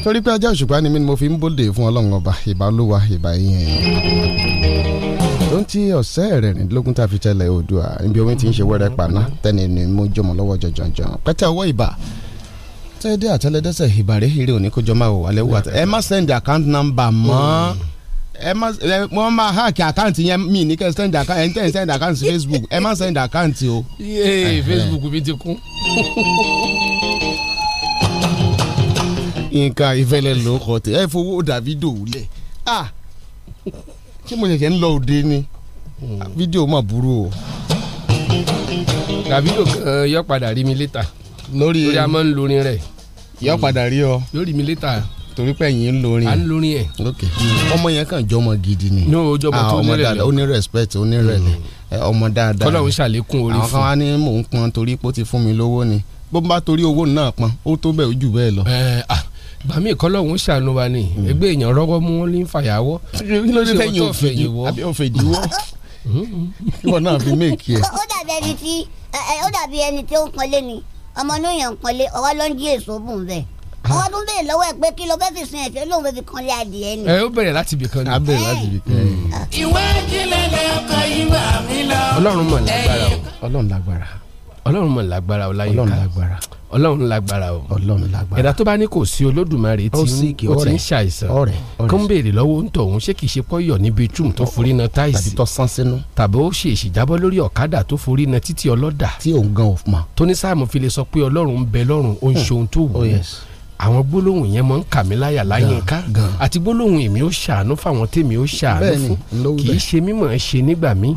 J: torí pé ajá òṣùpá ni mí ni mo fi ń bóde fún ọlọ́run ọba ìbálòwà ìbáyín
C: ẹ̀yìn
J: ló ń ti ọ̀sẹ́ ẹ̀rẹ̀rìndínlógún tá a fi tẹ́lẹ̀ oòdùà níbi omi ti ń ṣe wẹ́rẹ́ paná tẹ́ni ni mo jọmọ lọ́wọ́ jọjọjọ pẹ́tẹ́ ọwọ́ ìbà tẹ́dẹ́ àtẹlẹdẹ́sẹ̀ ìbàrẹ́ eré òní kójọ máa wò wálé wà ẹ má send account number mọ́ ẹ má wọ́n máa hack account yẹn mi ní kẹ́ send account ẹ̀ ń tẹ̀ send account Facebook ẹ má send account o. yéé Facebook mi ti kún nǹkan ìfẹ́lẹ́ ló kọ́ tẹ ẹ fowó dàbí dòwúlẹ̀ ah tí mo ṣẹ̀ṣẹ̀ ń lọ òde ni fídíò mà burú o. Davido kan yọ padà rí mi létà lórí a máa ń lorin rẹ̀. yọ padà rí ọ. lórí mi létà. torí pé ẹ̀yin ń lorin. à ń lorin ẹ̀. ọmọ yẹn kàn jọmọ gidi ni. ní o jọmọ ah, tó nírẹ̀lẹ̀ ó ní respect ó ní rẹ̀lẹ̀ mm. eh, ọmọ dáadáa. kọ́lá òun ṣàlékún orí fún. àwọn kan wá ní mò ń pọn torí pé ó ti fún mi lówó ni bó bá torí owó náà pọn ó tó bẹ́ẹ̀ ojú bẹ́ẹ̀ lọ. ẹ eh, ah bàmí ìkọlọ́hún ṣàánú wa ni hmm. ẹgbẹ́ èèyàn rọ́wọ́ mú wọn ní fàyàwọ́ kí ló dé tẹ́yìn òfèdí àbí òfèdí wọ́ hmm. ìwọ náà fi méèkì ẹ̀.
N: ó dàbí ẹni tí ó dàbí ẹni tí ó ń pọnlé ni ọmọ inú yẹn ń pọnlé ọwọ́ ló ń jí èso bùn bẹ́ẹ̀ ah. ọwọ́ tó ń lọ́wọ́ ẹ̀ pé kí ló fẹ́ fi sin ẹ̀fẹ́ lóun fẹ́ fi kan lé adìẹ ni. ẹ ó
J: bẹ̀rẹ̀ láti ibì kan ni. a bẹ̀rẹ̀ láti ibì kan ni. Hmm. Ah.
L: ìwé ìjìnlẹ̀ lẹ́kọ̀ọ́ yìí bá mi lọ. ọlọ́run mọ̀ lágbára
J: ọlọ́run lágbára ọlọ́run mọ̀ lágbára ọláyíká ọlọ́run ọlọ́run lágbára o ọlọ́run lágbára ẹ̀dá tó bá ní kò sí olódùmarè tí ó ti ń ṣàìsàn kó ń béèrè lọ́wọ́ ń tọ̀hún ṣé kìí ṣe pọ́yọ̀ níbi túm tó forí na táìsì tàbí tó sán sínú tàbí ó ṣe ìṣìjábọ́ lórí ọ̀kadà tó forí na títí ọlọ́dà tí òun gan ò mọ̀ tó ní sáàmù fi lè sọ pé ọlọ́run ń bẹ lọ́run ó ń ṣe tó wù ú oh, àwọn gbólóhùn yẹn mọ ń kà mí láyà láyínká àti gbólóhùn èmi ó ṣàánú fáwọn tèmi ó ṣàánú fún kì í ṣe mímọ̀ ṣe nígbà míì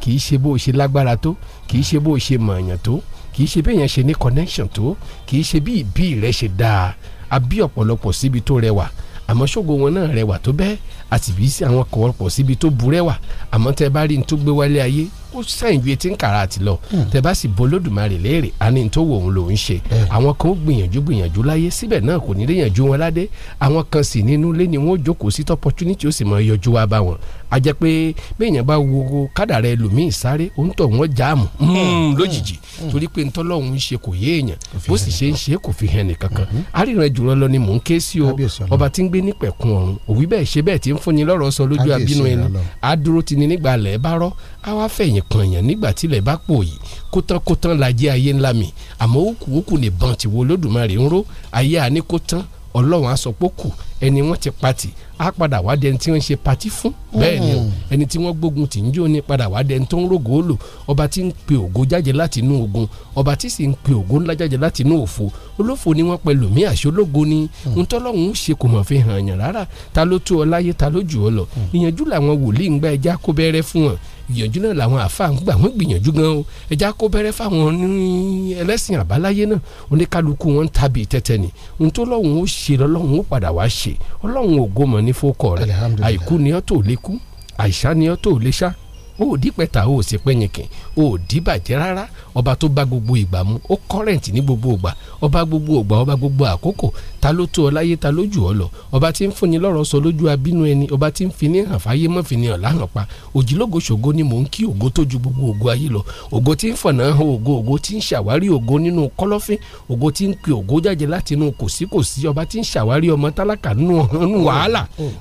J: kì í ṣe bó ṣe lágbára tó kì í ṣe bó ṣe mọ̀ọ̀yàn tó kì í ṣe bí èèyàn ṣe ní connection tó kì í ṣe bí ìbí rẹ ṣe dáa àbí ọ̀pọ̀lọpọ̀ síbi tó rẹwà àmọ́ ṣògo wọn náà rẹwà tó bẹ́ẹ̀ a sì bí sí àwọn kọ̀ọ̀pọ̀ síbi tó burẹ́wà àmọ́ tẹ́ bá rí ní tó gbé wálé ayé ó sàn ju etí ń kàrà àti lọ hmm. tẹ́ bá sì bolódùmarè léèrè àní tó wò òun lòún ṣe eh. àwọn kan ó gbìyànjú gbìyànjú láyé síbẹ̀ náà kò ní lè yànjú wọn ládé àwọn kan sì nínú ilé ni wọ́n jókòó sí opportunity ó sì mọ yọjú wa bá wọn a jẹ́ pé béèyàn bá wo kádàrá ẹlòmíì sáré òun tọ̀ wọ́n jáàmù hmm. Hmm. lójijì torí pé ntọ́lọ́hún ń ṣe kò yé èèyàn bó sì ṣe ń ṣe kò fi hàn nìkankan àríran jùlọ lọ ni mò ń ké sí o ọba tí ń gbé nípẹ̀kun ọ̀run òwí bẹ́ẹ̀ ṣe bẹ́ẹ̀ tí ń fúnni lọ́rọ̀ sọ lójú abínú ẹni á dúró ti ni nígbà lẹ̀ bá rọ́ á wá fẹ̀yìn pọ̀nyàn nígbà tílẹ̀ bá pò yìí kótán kótán la jẹ́ ayé ńlá mi àmọ́ òkú òkú nìbọn tìwọ́ Olódùmarè ń ró ayé àní ọlọ́run á sọ pé kù ẹni wọ́n ti patì á padà wá dẹni tí wọ́n ń ṣe patí fún bẹ́ẹ̀ ni o mm-hmm. ẹni tí wọ́n gbógun tì ń jó ni padà wá dẹni tó ń rògó lò ọba tí ń pe ògo jáde láti inú ogun ọba tí sì ń pe ògo ńlá jáde láti inú òfo olófo ni wọ́n pẹ̀lú mí àṣọlógo ni mm-hmm. ntọ́lọ́hún ṣe kò mọ̀ fi hàn yàn rárá ta ló tó ọ láyé ta ló jù ọ lọ mm-hmm. ìyànjú làwọn wòlíì ń gbá ẹja kó bẹ́rẹ́ fún wọn ìyànjú náà làwọn àáfàá ń gbà wọ́n gbìyànjú gan o ẹja kó bẹ̀rẹ̀ fáwọn ẹlẹ́sìn àbáláyé náà oníkálukú wọn ń tàbí tẹ́tẹ́ ni ohun tó lọ́hùn ó ṣe lọ́lọ́hùn ó padà wá ṣe ọlọ́hùn ògo mọ̀ ní fókọ̀ rẹ̀ àìkú ni ọ́ tó lékú àìsá ni ọ́ tó léṣá o ò dípẹ̀ta o ò sì pẹ́yìnkìn o ò díbàjẹ́ rárá ọba tó bá gbogbo ìgbà mu ó kọ́rẹ̀ǹtì ní gbogbo ìgbà ọba gbogbo ìgbà ọba gbogbo àkókò ta ló tó ọ láyé ta ló jù ọ lọ ọba tí ń fúnni lọ́rọ̀ sọ lójú abínú ẹni ọba tí ń fini hàn fáyé mọ́ fini hàn láhàn pa òjìlógo ṣògo ni mò ń kí ògo tó ju gbogbo ògo ayé lọ ògo tí ń fọ̀nà hàn ògo ògo tí ń ṣàwárí ògo nínú kọ́lọ́fín ògo tí ń pe ògo jáde láti inú kòsíkòsí ọba tí ń ṣàwárí ọmọ tálákà nínú wàhálà mm.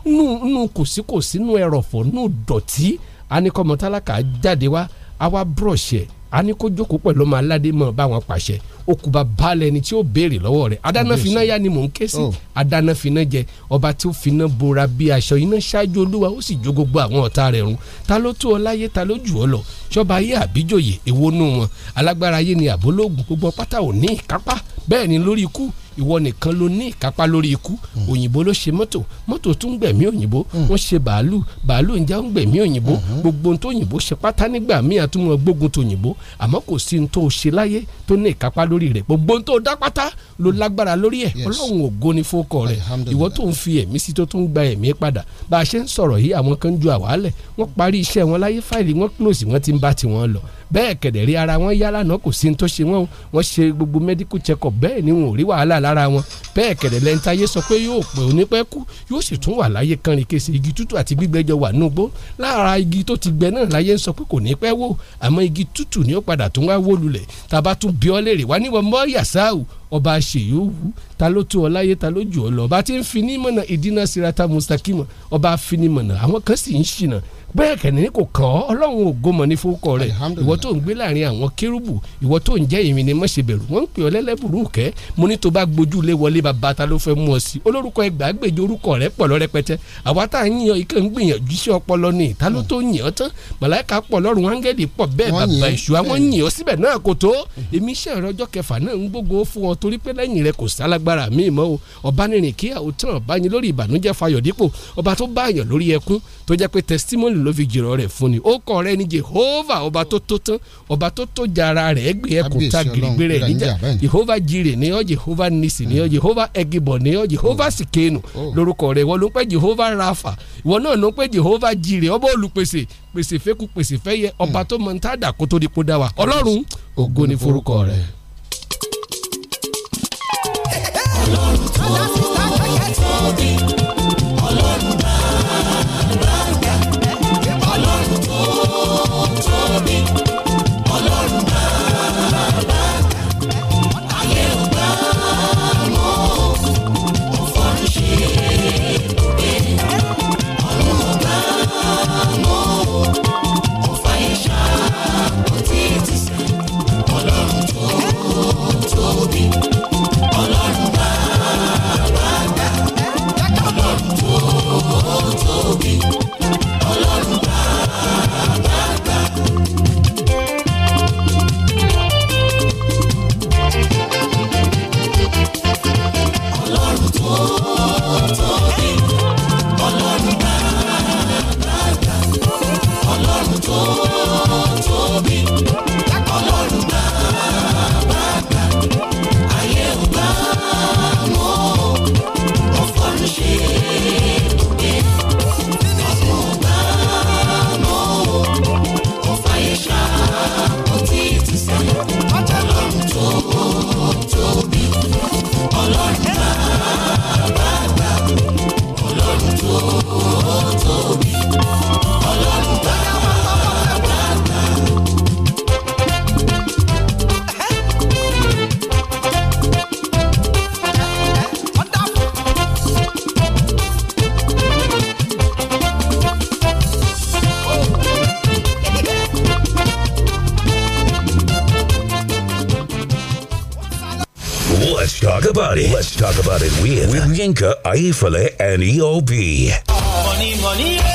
J: nínú kòsíkòsí nínú ẹrọ̀fọ̀ nínú dọ̀tí anikọ́mọ tálákà jáde wá àwa búrọ̀ṣẹ̀ anikójókòó pẹ̀lú ọmọ aládé mọ̀ bá wọn pàṣẹ okuba baálẹ̀ ni tí ó béèrè lọ́wọ́ rẹ̀ adánáfiná yá ni mò ń ké sí oh. adánáfiná jẹ ọba tí ó finá bora bí aṣọ iná ṣáájú olúwa ó sì jó gbogbo àwọn ọ̀tá rẹ̀ run ta ló tó ọ láyé ta ló jù ọ lọ ṣọba ayé àbíjòyè èwo nù wọn alágbára ayé ni àbólógùn gbogbo pátá ò ní ìkápá bẹ́ẹ̀ ni lórí ikú ìwọ nìkan ló ní ìkápá lórí ikú hmm. òyìnbó ló ṣe mọ́tò mọ́tò tún gbẹ̀mí òyìnbó hmm. wọ́n ṣe bàálù bàálù ń jẹ́ ń gbẹ̀mí òyìnbó hmm. gbogbo ohun tó òyìnbó ṣe pátá nígbà míì àtúmọ̀ gbógun tó òyìnbó àmọ́ kò sí ohun tó ṣe láyé tó ní ìkápá lórí rẹ̀ gbogbo ohun tó dá pátá ló lágbára lórí ẹ̀ ọlọ́run ògo ni fókọ rẹ̀ ìwọ tó ń fi ẹ̀mí sí tó tún gba ẹ̀mí padà bá a ṣe ń sọ̀rọ̀ yìí àwọn kan ju àwálẹ̀ wọ́n parí iṣẹ́ wọn láyé fáìlì wọ́n close wọ́n ti ń bá tiwọn lọ bẹ́ẹ̀ kẹ̀dẹ̀ rí ara wọn yá lánàá kò sí ní tó ṣe wọn o wọ́n ṣe gbogbo medical check up bẹ́ẹ̀ ni wọn ò rí wàhálà lára wọn bẹ́ẹ̀ kẹ̀dẹ̀ lẹ́ńtayé sọ pé yóò pẹ́ onípẹ́ kú yóò sì tún wà láyé kánrin kése igi tútù àti gbígbẹ jọ wà núgbó lára igi tó ti gbẹ náà láyé ń sọ pé kò ní pẹ́ wò àmọ́ igi tútù ni ó padà tún wá wó lulẹ̀ tàbá tún bí ọ léèrè wá níwọ̀n mọ́ yàsáù ọba ṣèyówù ta ló tó ọ láyé ta ló jù ọ lọ ọba tí ń fi ní mọ̀nà ìdínà sirata mustaqim ọba fi ní mọ̀nà àwọn kan sì ń ṣìnà bẹ́ẹ̀ kẹ́ni kò kàn ọ́ ọlọ́run ògo mọ̀ ní fowókọ rẹ̀ ìwọ tó ń gbé láàrin àwọn kérúbù ìwọ tó ń jẹ́ ìrìn ni má ṣe bẹ̀rù wọ́n ń pè ọ́ lẹ́lẹ́bùrú kẹ́ mo ní tó bá gbójú lé wọlé bàbá ta ló fẹ́ mú ọ sí olórúkọ ẹgbàágbèjì orúkọ rẹ̀ pọ̀ lọ rẹpẹtẹ àwa tá a yìn ọ́ ikẹ́ ń gbìyànjú sí ọpọlọ ni ta ló tó yìn ọ́ tán màláìka pọ̀ lọ́rùn torí pé lẹ́yìn rẹ kò sálágbára míì mọ́ o ọ̀bánirin kí àwòtán báyìí lórí ìbànújẹ́ fayọ̀ dípò ọba tó báyàn lórí ẹkún tó jẹ́ pé testimony ló fi jìrọ̀ rẹ̀ fún ni ó kọ́ rẹ ní Jehovah ọba tó tó tán ọba tó tó jara rẹ̀ gbé ẹkùn ta gírígbé rẹ̀ níjà Jehovah jire ni ọ́ Jehovah nisi mm. ni ọ́ Jehovah egibọ̀ ni ọ́ Jehovah sikenu lórúkọ rẹ̀ wọ́n ló ń pẹ́ Jehovah rafa ìwọ náà ló ń pẹ́ Jehovah jire ọba olùpèsè pèsè fẹ́kù pèsè fẹ́ yẹ ọba mm. tó mọ̀ ń tàdà kó tó dá wa ọlọ́run ògo ni forúkọ rẹ̀. ọlọ́run tó
C: tóbi.
H: talk about it. Let's talk about it with, with Yinka, Aifale, and EOB.
J: Money, money, yeah.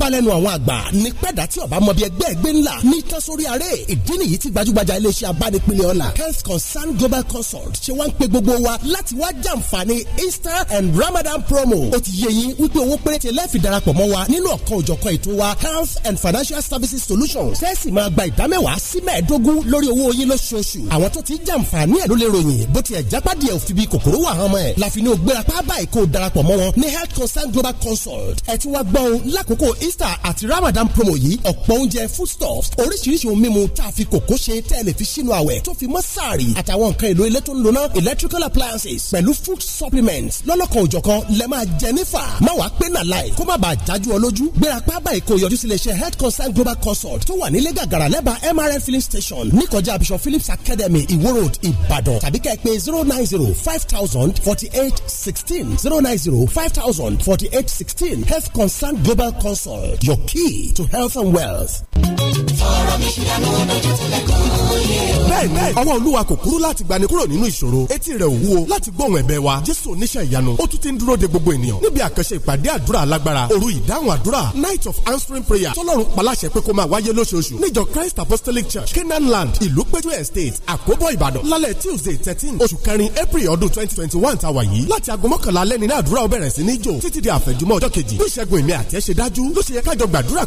H: a àwọn àgbà
J: ní pẹ́ẹ́dá tí ọba mọ bí ẹgbẹ́ ẹgbẹ́
M: ńlá ní tán aré ìdí nìyí tí gbajúgbajà iléeṣẹ́ abánipínlẹ̀ ọ̀la health concern global consult ṣe wá ń pe gbogbo wa láti wá jàǹfààní easter and ramadan promo ó ti yẹ
J: yín wípé owó péréte lẹ́ẹ̀fì darapọ̀ mọ́ wa nínú ọ̀kan òjọ̀kan ètò wa health and financial services solutions tẹ́sí máa gba ìdámẹ́wàá sí mẹ́ẹ̀ẹ́dógún lórí owó yín lóṣooṣù àwọn tó ti jàǹfààní ẹ̀ ló lè ròyìn bó ti ẹ̀ jápàdé ẹ̀ òfin bíi kòkòrò wà hàn mọ́ ẹ̀ láfi ní o gbéra pábáyé kó darapọ̀ mọ́ wọn ní health concern
I: global consult ẹ̀ ti wá gbọ́n lákòókò easter àti ramadan promo yìí ọ̀pọ̀ oúnjẹ foodstuffs oríṣiríṣi ohun mímu tá a fi kòkó ṣe tẹ́lẹ̀ fi sínú àwẹ̀ tó fi mọ́ sáàrì àtàwọn nǹkan èlò ilé
J: tó ń lona electrical appliances pẹ̀lú food supplements lọ́lọ́kan òjọ̀kan lẹ máa jẹ nífà má wàá pé nà láì kó má bàa jájú ọ lójú gbéra pábà èkó yọjú sílé iṣẹ́ health concern global consult tó wà nílé gàgàrà lẹ́bàá mrn filling station níkọjá bishop phillips academy iwo road ìbàdàn tàbí kẹ́ ẹ pé zero nine zero five thousand forty eight sixteen zero nine zero five thousand forty eight sixteen health concern global consult Consult, your key to health and wealth.
C: fọ̀rọ̀ mi ṣìyànú dojú tilẹ̀ kún oyè o.
J: bẹ́ẹ̀ni ọwọ́ olúwa kò kúrú láti gbani kúrò nínú ìṣòro etí rẹ̀ ò wúwo láti gbóhùn ẹ̀bẹ̀ wa jésù oníṣẹ́ ìyanu ó tún ti ń dúró de gbogbo ènìyàn níbi àkànṣe ìpàdé àdúrà alágbára òru ìdáhùn àdúrà
I: night of answering prayer tọ́lọ́run
J: paláṣẹ pé kó máa wáyé lóṣooṣù níjọ christ apostolic church canaan land ìlú péjú estate àkóbọ̀ ìbàdàn lálẹ́ tuesday thirteen oṣù kẹrin april ọdún twenty twenty one tàwa yìí láti aago mọ́kànlá alẹ́ ní àdúrà ó bẹ̀rẹ̀ sí ní jò títí di àfẹ̀jùmọ́ ọjọ́ kejì bí ìṣẹ́gun ìmí àti ẹ̀ ṣe dájú ló ṣe yẹ kájọ gbàdúrà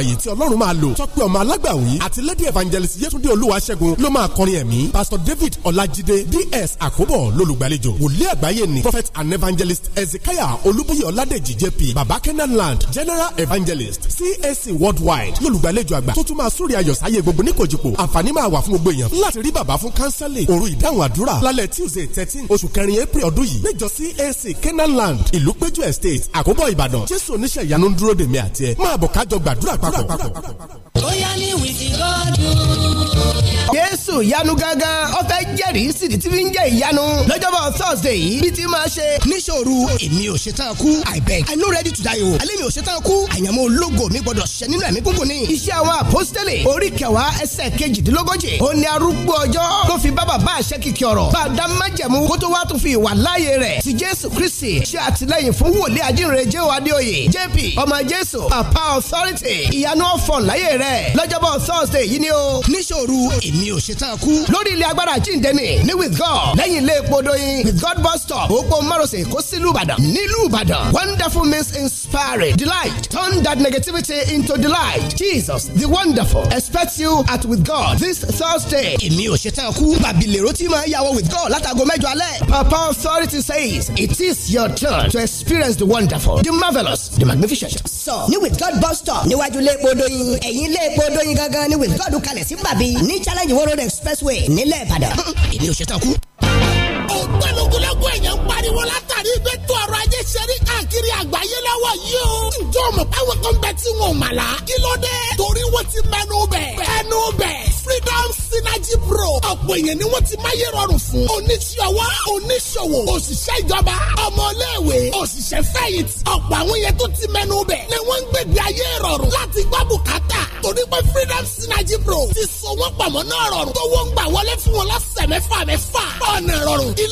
J: àlàyé tí ọlọ́run máa lò tọ́pẹ́ ọmọ alágbàwí àti lady evangelist yétúndé olúwaṣẹ́gun ló máa kọrin ẹ̀mí pastor david ọlájídé ds àkóbọ̀ lólùgbàlejò wòlíì àgbáyé ni prophet and evangelist ezekiah olúbóyè ọládèjì jp baba kenan land general evangelist cac worldwide lólùgbàlejò àgbà tó tún máa súre ayọ̀ sáyé gbogbo níkojúpò àǹfààní máa wà fún gbogbo èèyàn láti rí bàbá fún kánsẹ́lì òru ìdáhùn àdúrà lálẹ́ tuesday thirteen oṣù kẹrin april ọdún yìí níjọ cac kenan land ìlúpéjú estate àkóbọ̀ ìbàdàn jésù oníṣẹ́ ìyanu ń dúró dèmi àti ẹ máa bọ̀ kájọ lápapọ̀.
E: bóyá ní wìkì gọ́dù
M: jésù ìyanu gangan ó fẹ́ jẹ́rìí sídi tí fi ń jẹ́ ìyanu lọ́jọ́bọ̀ thursday yìí bí ti máa ṣe níṣòro èmi ò ṣetán kú i beg i no ready to die o alẹ́ mi ò ṣetán kú àyànmọ́ ológo mi gbọ́dọ̀ ṣẹ nínú ẹ̀mí gúngùn ni iṣẹ́ àwọn àpọ́sítẹ́lẹ̀ orí kẹwàá ẹsẹ̀ kejìdínlógójì ó ní arúgbó ọjọ́ tó fi bá bàbá àṣẹ kìkì ọ̀rọ̀ bá a dá májẹ̀mú kó tó wá tó fi ìwà láàyè rẹ̀ ti jésù kristi ṣe àtìlẹ́yìn fún wòlíì ajínrere jẹ́ adéoyè jp ọmọ jésù papa authority ìyanu ọ̀fọ̀n láyè rẹ̀ lọ́jọ́bọ̀ thursday yìí ni o níṣòro èmi ò ṣet ìtàn kú lórí ilé agbára jíǹdẹ́nì ní with God lẹ́yìn ilé epo doyin with God bus stop òpó márosẹ̀ kó sílùú ìbàdàn nílùú ìbàdàn wonderful means inspiring delight turn that negativity into delight Jesus the wonderful expect you at with God this Thursday. èmi ò ṣe tán kú bàbí lèrò tí màá yàwó with God látago mẹ́jọ alẹ́. Papa authority says it is your turn to experience the wonderful the marvellous the magnificent. sọ ní with God bus stop níwájú ilé epo doyin ẹ̀yìn ilé epo doyin gangan ní with God kalẹ̀ sí bàbí ní challenge wọ́rọ́ expressway nílẹ̀ ìbàdàn.
K: èmi ò ṣe tán kú gbẹ̀lógúnlógún èèyàn pariwo látàrí ibi tó ọrọ̀ ajé ṣẹ́rí káàkiri àgbáyé lọ́wọ́ yìí o. ǹjọ́ mọ̀ báwọn kan bẹ tí wọn ò mà la. kí ló dé? torí wọ́n ti mẹ́nu bẹ̀. mẹ́nu bẹ̀. freedom synergy pro. ọ̀pọ̀ èèyàn ni wọ́n ti máyé rọrùn fún. oníṣòwò oníṣòwò òṣìṣẹ́ ìjọba ọmọléèwé òṣìṣẹ́ fẹ̀yìntì. ọ̀pọ̀ àwọn yẹn tó ti mẹ́nu bẹ̀. ni wọ́n ń gbègbè ayé rọrùn láti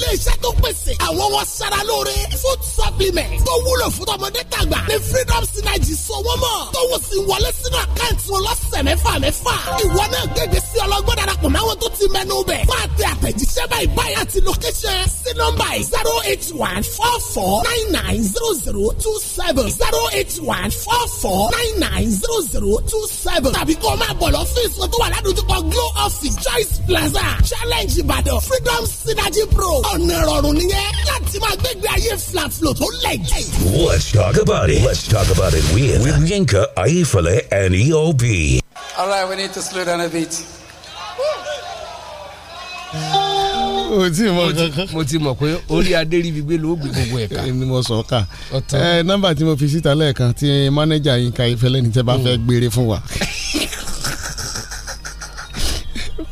K: ilé tó pèsè àwọn wọn sara lóore food supplement tó wúlò fún tọmọdé tàgbà ní freedom synergy sọ mọ̀ tó wò sí wọlé sínú àkáǹtì wọn lọ́sẹ̀ mẹ́fà mẹ́fà ìwọ náà gègé sí ọlọ́gbọ́n darapọ̀ máwọn tó ti mẹ́nu bẹ̀ fún àtẹ àtẹ̀jíṣẹ́ báyìí báyìí àti location sí nọ́mbà zero eight one four four nine nine zero zero two seven zero eight one four four nine nine zero zero two seven tàbí kó o máa bọ̀ lọ́fíìsì tó wà ládùúgbò glow office choice plaza challenge Ìbàdàn freedom synergy pro ọ̀nà ìrọ̀rùn nìyẹn láti máa gbégbé ayé flaflo tó lẹ́jẹ̀.
H: Let's talk about it. Let's talk about it with, with Yinka Ayefele and EOB.
J: All right, we need to slow down a bit. o ti mọ kankan. mo ti mọ pé orí adéríbigbé ló gbé gbogbo ẹ̀ ká. ni mo sọ ká ẹ nọ́mbà tí mo fi síta lẹ́ẹ̀kan tí mánéjà Yinka Ayefele ní tẹ́ bá fẹ́ gbére fún wa.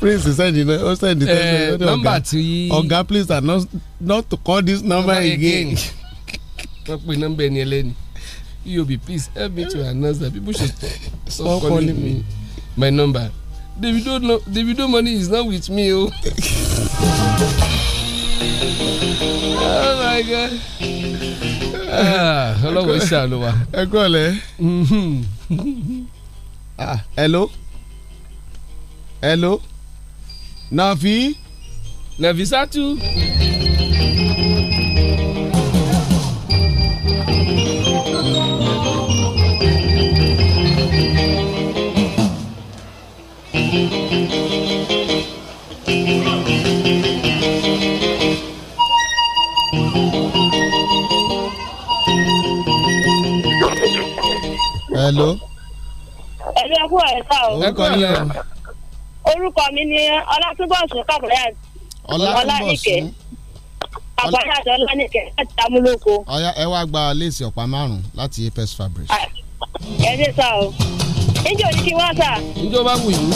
J: prince send it ó oh, send it ẹ nọ́mbà tí ọ̀gá please are not not to call this number again. wọ́n pe nọ́mbà ẹni ẹlẹ́ni eob please help me to announce that people should stop calling me my number davido no davido money is not with me o. Oh. oh my god ah, ọlọ́wọ́ ṣàlù wa. ẹ kọ́ lẹ. Mm-hmm. Ah, hello hello. Nafi. Nafisatu.
C: hello.
F: ẹ bí ẹ kú ẹ sá o. ẹ kọ́ ni ẹ. orúkọ mi ni ọlátúbọ̀sùn kàbọ̀yàd ọlánìkẹ́ kàbọ̀yàd ọlánìkẹ́ láti amúlòkó.
C: ọ̀ya
J: ẹ wá gba léèsì ọ̀pá márùn-ún láti apes fabric.
F: ẹ ṣe sá o níjẹ́ òní kí wọ́n sà. níjẹ́ bá wù yín.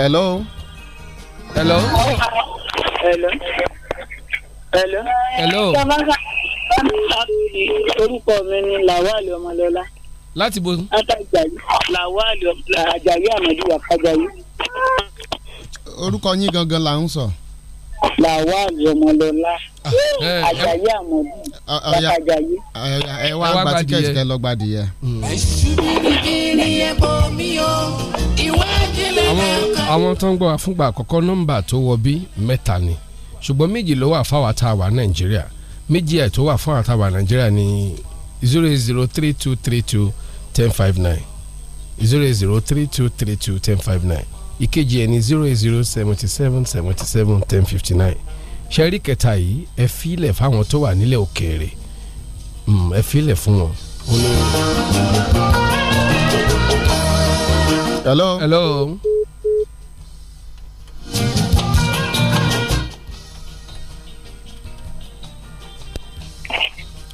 F: hello. hello. hello. hello. hello. hello. orúkọ mi ni lawali ọmọlọlá. láti bo. látàjàyí lawali àjàyí àmọ̀dí àkàjàyí.
J: orúkọ yín gangan là ń sọ.
F: lawali ọmọlọlá ah, eh,
J: eh, eh. àjàyí àmọ̀dí àkàjàyí. ẹ wá gba tíkẹ́tì lọ gba adìyẹ. Hmm. àwọn tó ń gbọ́ wa fúngbà àkọ́kọ́ nọ́mbà tó wọ bí mẹ́ta ni ṣùgbọ́n méjì ló wà fáwọn tá Nàìjíríà méjì ẹ̀ tó wà fún àtàwà nàìjíríà ní zero eight zero three two three two ten five nine zero eight zero three two three two ten five nine ìkejì ẹ̀ ní zero eight zero seventy seven seventy seven ten fifty nine ṣẹ́rí kẹta yìí ẹ fílẹ̀ fáwọn tó wà nílẹ̀ òkèèrè hmm, ẹ fílẹ̀ fún wọn. hello. hello.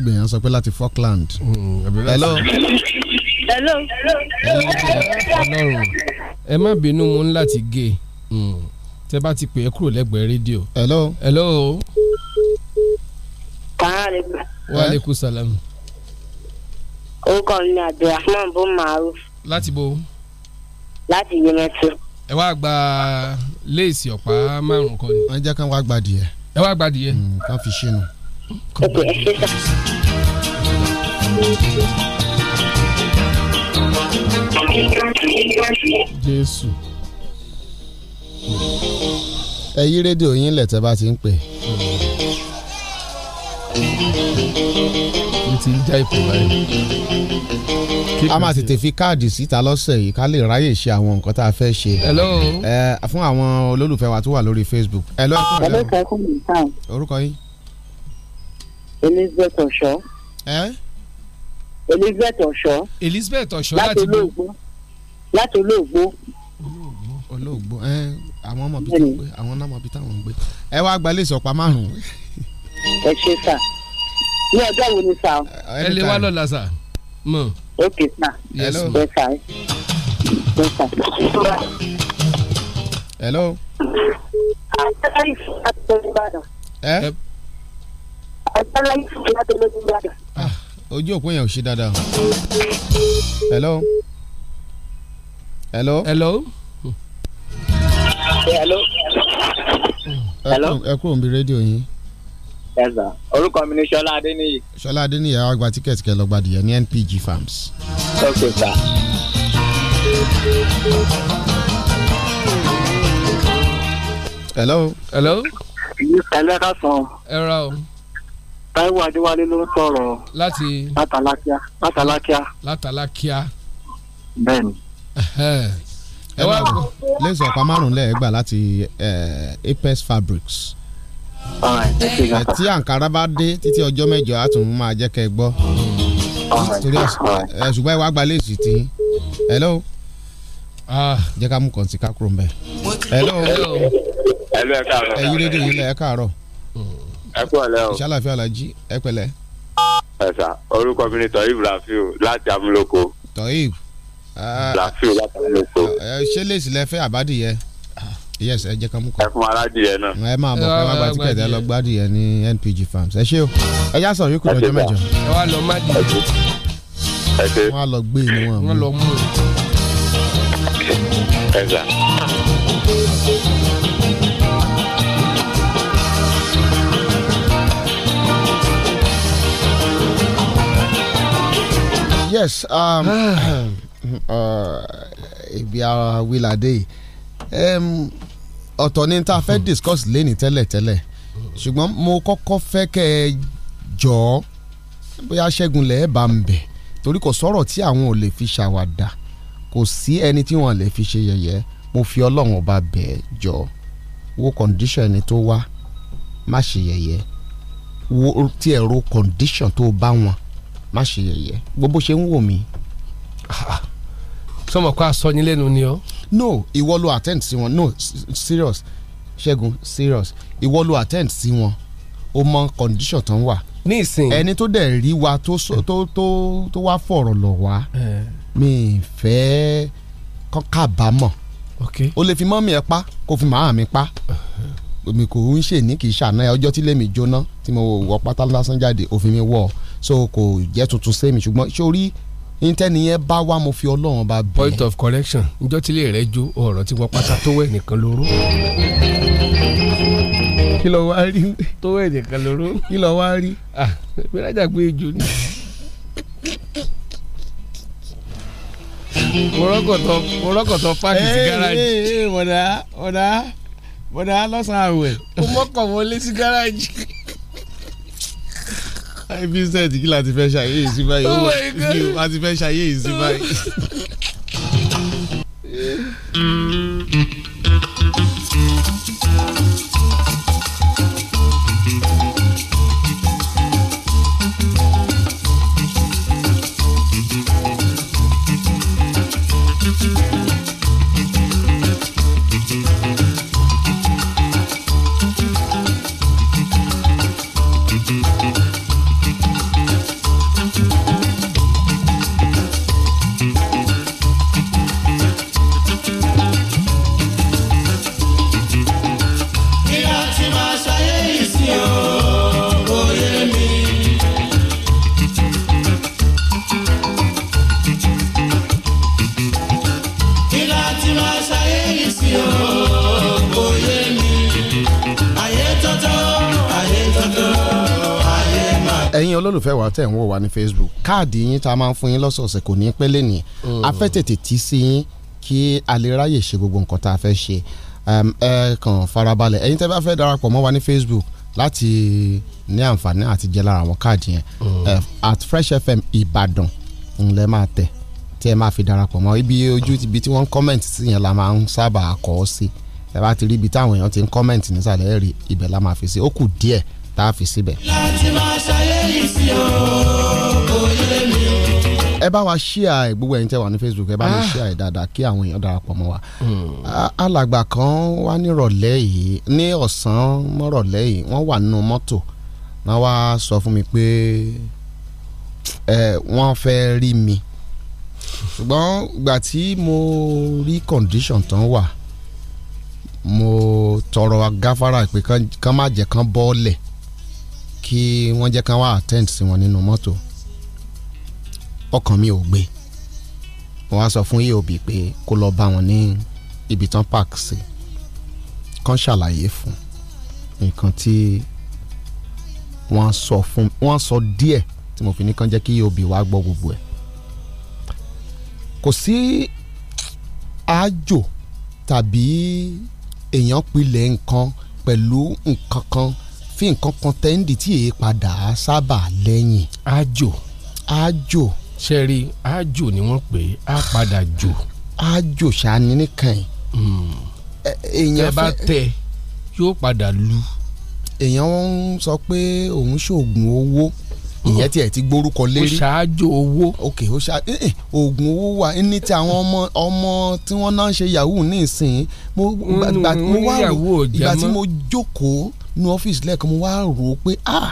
J: gbìyànjú sọ pé láti Falkland. Mm, hello. hello.
F: ọlọ́run
J: ẹ má bínú mu láti gé e. mm. tẹ bá ti pè é kúrò lẹ́gbẹ̀ẹ́ rédíò. hello. hello. wa eh? aleykum salam.
F: orúkọ mi ni abdulrahman bó maruf. láti bo. láti yemẹtu.
J: ẹ wá gba léèsì ọ̀pá márùn-ún kan ni. wọ́n jẹ́ kán wá gba adìyẹ. ẹ wá gba adìyẹ. Mm, kán fi ṣe nù.
C: Ok, así está. Jésù.
J: Ẹ yí rédíò yín lẹ̀ tẹ́ bá ti ń pè. Mo ti ń já ìpè
C: báyìí. A máa tètè
J: fi káàdì síta lọ́sẹ̀ yìí ká lè ráyè ṣe àwọn nǹkan tá a fẹ́ ṣe. Hello. Ẹ fún àwọn olólùfẹ́ wa tó wà lórí Facebook. Hello. Hello, sir. Orúkọ yín
F: elizabeth ọ̀ṣọ́.
J: elizabeth ọ̀ṣọ́. elizabeth ọ̀ṣọ́ láti olóògbó. láti olóògbó. olóògbó ẹ àwọn ọmọ bíi táwọn gbé àwọn ọmọ bíi táwọn gbé ẹ wá gba ilé ìsọ̀pá márùn-ún.
F: ẹ ṣe sà ní ọjọ́ wo ni sà. ẹ lè wá lọ́la sà. ok sà. ẹ sà ẹ sà. hello. ẹ Ah,
J: ojú òpó yẹn ò ṣe dáadáa. hello. hello. hello. hello. hello. ẹ kúrò níbi rédíò yín.
G: ẹ zà orúkọ mi ni ṣọlá adéníyì.
J: ṣọlá adéníyì àwọn àgbà tíkẹ́ẹ̀tì kẹ́ lọ́gbàdì yẹn ní NPG Farms. ok sir. hello. hello. ẹ lẹ́ka sàn.
F: ẹ ra o. Táíwò Adéwálé ló ń sọ̀rọ̀. láti látàlákíá látàlákíá.
J: látàlákíá. bẹ́ẹ̀ni. ẹ wá wò. lẹ́sọ̀ ọ̀pá márùn-ún lẹ́ẹ̀gbà láti eh, Apex Fabrics. Eh, tí àǹkárá bá dé títí ọjọ́ mẹ́jọ á tún máa jẹ́ kẹ́ ẹ gbọ́. Eh, ṣùgbọ́n ẹ wá gba léèsì tí. hello. Ah. jẹ́ ká mú kọ̀ǹtì ká
G: kúrò ń hello. hello ẹ káàárọ̀. ẹ̀yin rédíò yìí lẹ̀ ẹ káàárọ̀ ẹ kú ọ̀lẹ́ o.
J: ìṣàlàfẹ́ alájí ẹ pẹ̀lẹ́.
G: ẹ sà orúkọ mi ni tohib rafiu láti amúlòkó.
J: tohib. rafiu láti amúlòkó. ṣé lèsì lẹ fẹ́ àbádìyẹ yes ẹ jẹ́ ká mú kọ.
G: ẹ fún aládìyẹ náà. ẹ máa bọ̀ kí wọ́n gba tíkẹ̀tì lọ
J: gbádìyẹ ní NPG Farms ẹ ṣé o ẹ já sọ̀rọ̀ yìí kù lọ́jọ́ mẹ́jọ. ẹ wá lọ má di. ẹ ṣe. wọ́n á lọ gbé ni wọ́n. wọ́n lọ mú un. ẹ gbà. yes um, uh, ibi ara wíìlà dé yìí um, ọ̀tọ̀ ni tá a fẹ́ discuss lẹ́ni tẹ́lẹ̀tẹ́lẹ̀ ṣùgbọ́n mo kọ́kọ́ fẹ́ kẹ́ ẹ jọ̀ọ́ bóyá ṣẹ́gun lẹ́ẹ̀ bá ń bẹ̀ torí kò sọ̀rọ̀ tí àwọn ò lè fi ṣàwàdà kò sí ẹni tí wọ́n lè fi ṣe yẹ̀yẹ́ mo fi ọlọ́run ọba bẹ̀ ẹ́ jọ̀ọ́ wo condition ẹni tó wá má ṣe yẹ̀yẹ́ wo tiẹ̀ ro condition tó bá wọn má ṣe yẹ̀yẹ́ gbogbo ṣe ń wò mí. Ah, sọmọ kó aṣọ yín lẹ́nu ni ọ. no ìwọ ló attend sí wọn no serious ṣẹ́gun serious ìwọ ló attend sí wọn o mọ condition tán wà ní ìsìn ẹni tó dẹ̀ rí wa tó tó tó tó wá fọ̀rọ̀ lọ̀ wá mi fẹ́ kọ́ kábàámọ̀ ó lè fi mọ́mí ẹ pa kó fi màá mi pa mi kò ń ṣe ní kì í ṣàná ọjọ́ tí lèmi jóná tí mo wọ pátá lásán jáde òfin mi wọ̀ so kò jẹ́ tuntun sẹ́mi ṣùgbọ́n sórí intẹni yẹn bá wá mo fi ọlọ́run bá bẹ́ẹ̀. point of correction njọ́ tí ilé rẹ̀ jó ọ̀rọ̀ tí wọ́n pátá tó wẹ̀ nìkan lóró. kí ló wá rí tó wẹ̀ nìkan lóró kí ló wá rí ah gbẹ́dájà pé ejò ni. mo rọ́kọ̀tọ̀ mo rọ́kọ̀tọ̀ páàkì sí gáràjì. ọ̀dà ọ̀dà bọ̀dà lọ́sàn-án àwẹ̀.
G: mo mọ́kàn wọlé sí gáràjì.
J: ibi sẹ́ẹ̀tì kí la ti fẹ́ ṣàyè ìsìn báyìí oh ó wà ti fẹ́ ṣàyè ìsìn báyìí. Facebook káàdì yín tá a máa ń fún yín lọ́sọ̀ọ̀sẹ̀ kò ní pẹ́ lẹ́nìí a fẹ́ mm. tètè tí sí yín kí a lè ráyè ṣe gbogbo nǹkan tá a fẹ́ ṣe ẹ kàn farabalẹ̀ ẹ̀yin tẹ́ bá fẹ́ darapọ̀ mọ́ wa ní Facebook láti ní àǹfààní àti jẹ́ lára àwọn káàdì yẹn mm. at Fresh FM Ìbàdàn ńlẹ́ máa tẹ̀ tí ẹ máa fi darapọ̀ mọ́ ibi ojú ibi tí wọ́n ń kọ́mẹ̀ntì sí yẹn la máa ń sábà kọ́ sí ẹ bá ti rí ibi táwọn èèyàn ti ń kọ́mẹ̀ntì nísàlẹ̀ ẹ̀rí ibẹ̀ la máa fi sí ó kù díẹ̀ tá a fi síbẹ̀.
C: láti máa ṣayé yìí sí o kò yé mi.
J: ẹ bá wa ṣíà ẹ gbogbo ẹ̀yin tẹ́ wà ní Facebook ẹ bá mi ṣíà ah. ẹ dáadáa kí àwọn èèyàn darapọ̀ mọ́ wa. Hmm. alàgbà kan wá nírọ̀lẹ́ yìí ní ọ̀sán mọ́rọ̀lẹ́ yìí wọ́n wà nínú mọ́tò náà wá sọ fún mi pé wọ́n fẹ́ rí mi ṣùgbọ́n ìgbà tí mo rí condition tán wà mo tọrọ gáfárà pé kán má jẹ́ kán bọ́ọ̀lẹ̀ kí wọ́n jẹ́ ká wá attend sí wọn nínú mọ́tò ọkàn mi ò gbé mo wá sọ fún eob pé kó lọ bá wọn ní ibi tán park sí kán ṣàlàyé fún nǹkan tí wọ́n sọ fún wọ́n sọ díẹ̀ tí mo fi ní kán jẹ́ kí eob wá gbọ́ gbogbo ẹ̀ kò sí àjò tàbí èèyàn pilẹ̀ nǹkan pẹ̀lú nǹkan kan fi nǹkan kan tẹ́ǹdì tí èyí padà sábà lẹ́yìn. ajo àjò. sẹ́ẹ̀rì àjò ni wọ́n pè é á padà jò. àjò ṣàní nìkan yìí. Hmm.
L: èèyàn fẹ́ bá tẹ
J: yóò padà lu. èèyàn ń sọ pé òun ṣoògùn owó ìyẹn tiẹ̀ ti gbórúkọ lérí. ó ṣáájú owó. ok ó ṣáájú ẹ oògùn owó wà ní ti àwọn ọmọ ọmọ tí wọ́n náà ń ṣe yahoo ní ìsìn mo wá rò ìgbà tí mo jókòó ní ọ́fíìsì lẹ́ẹ̀kan mo wá rò ó pé ah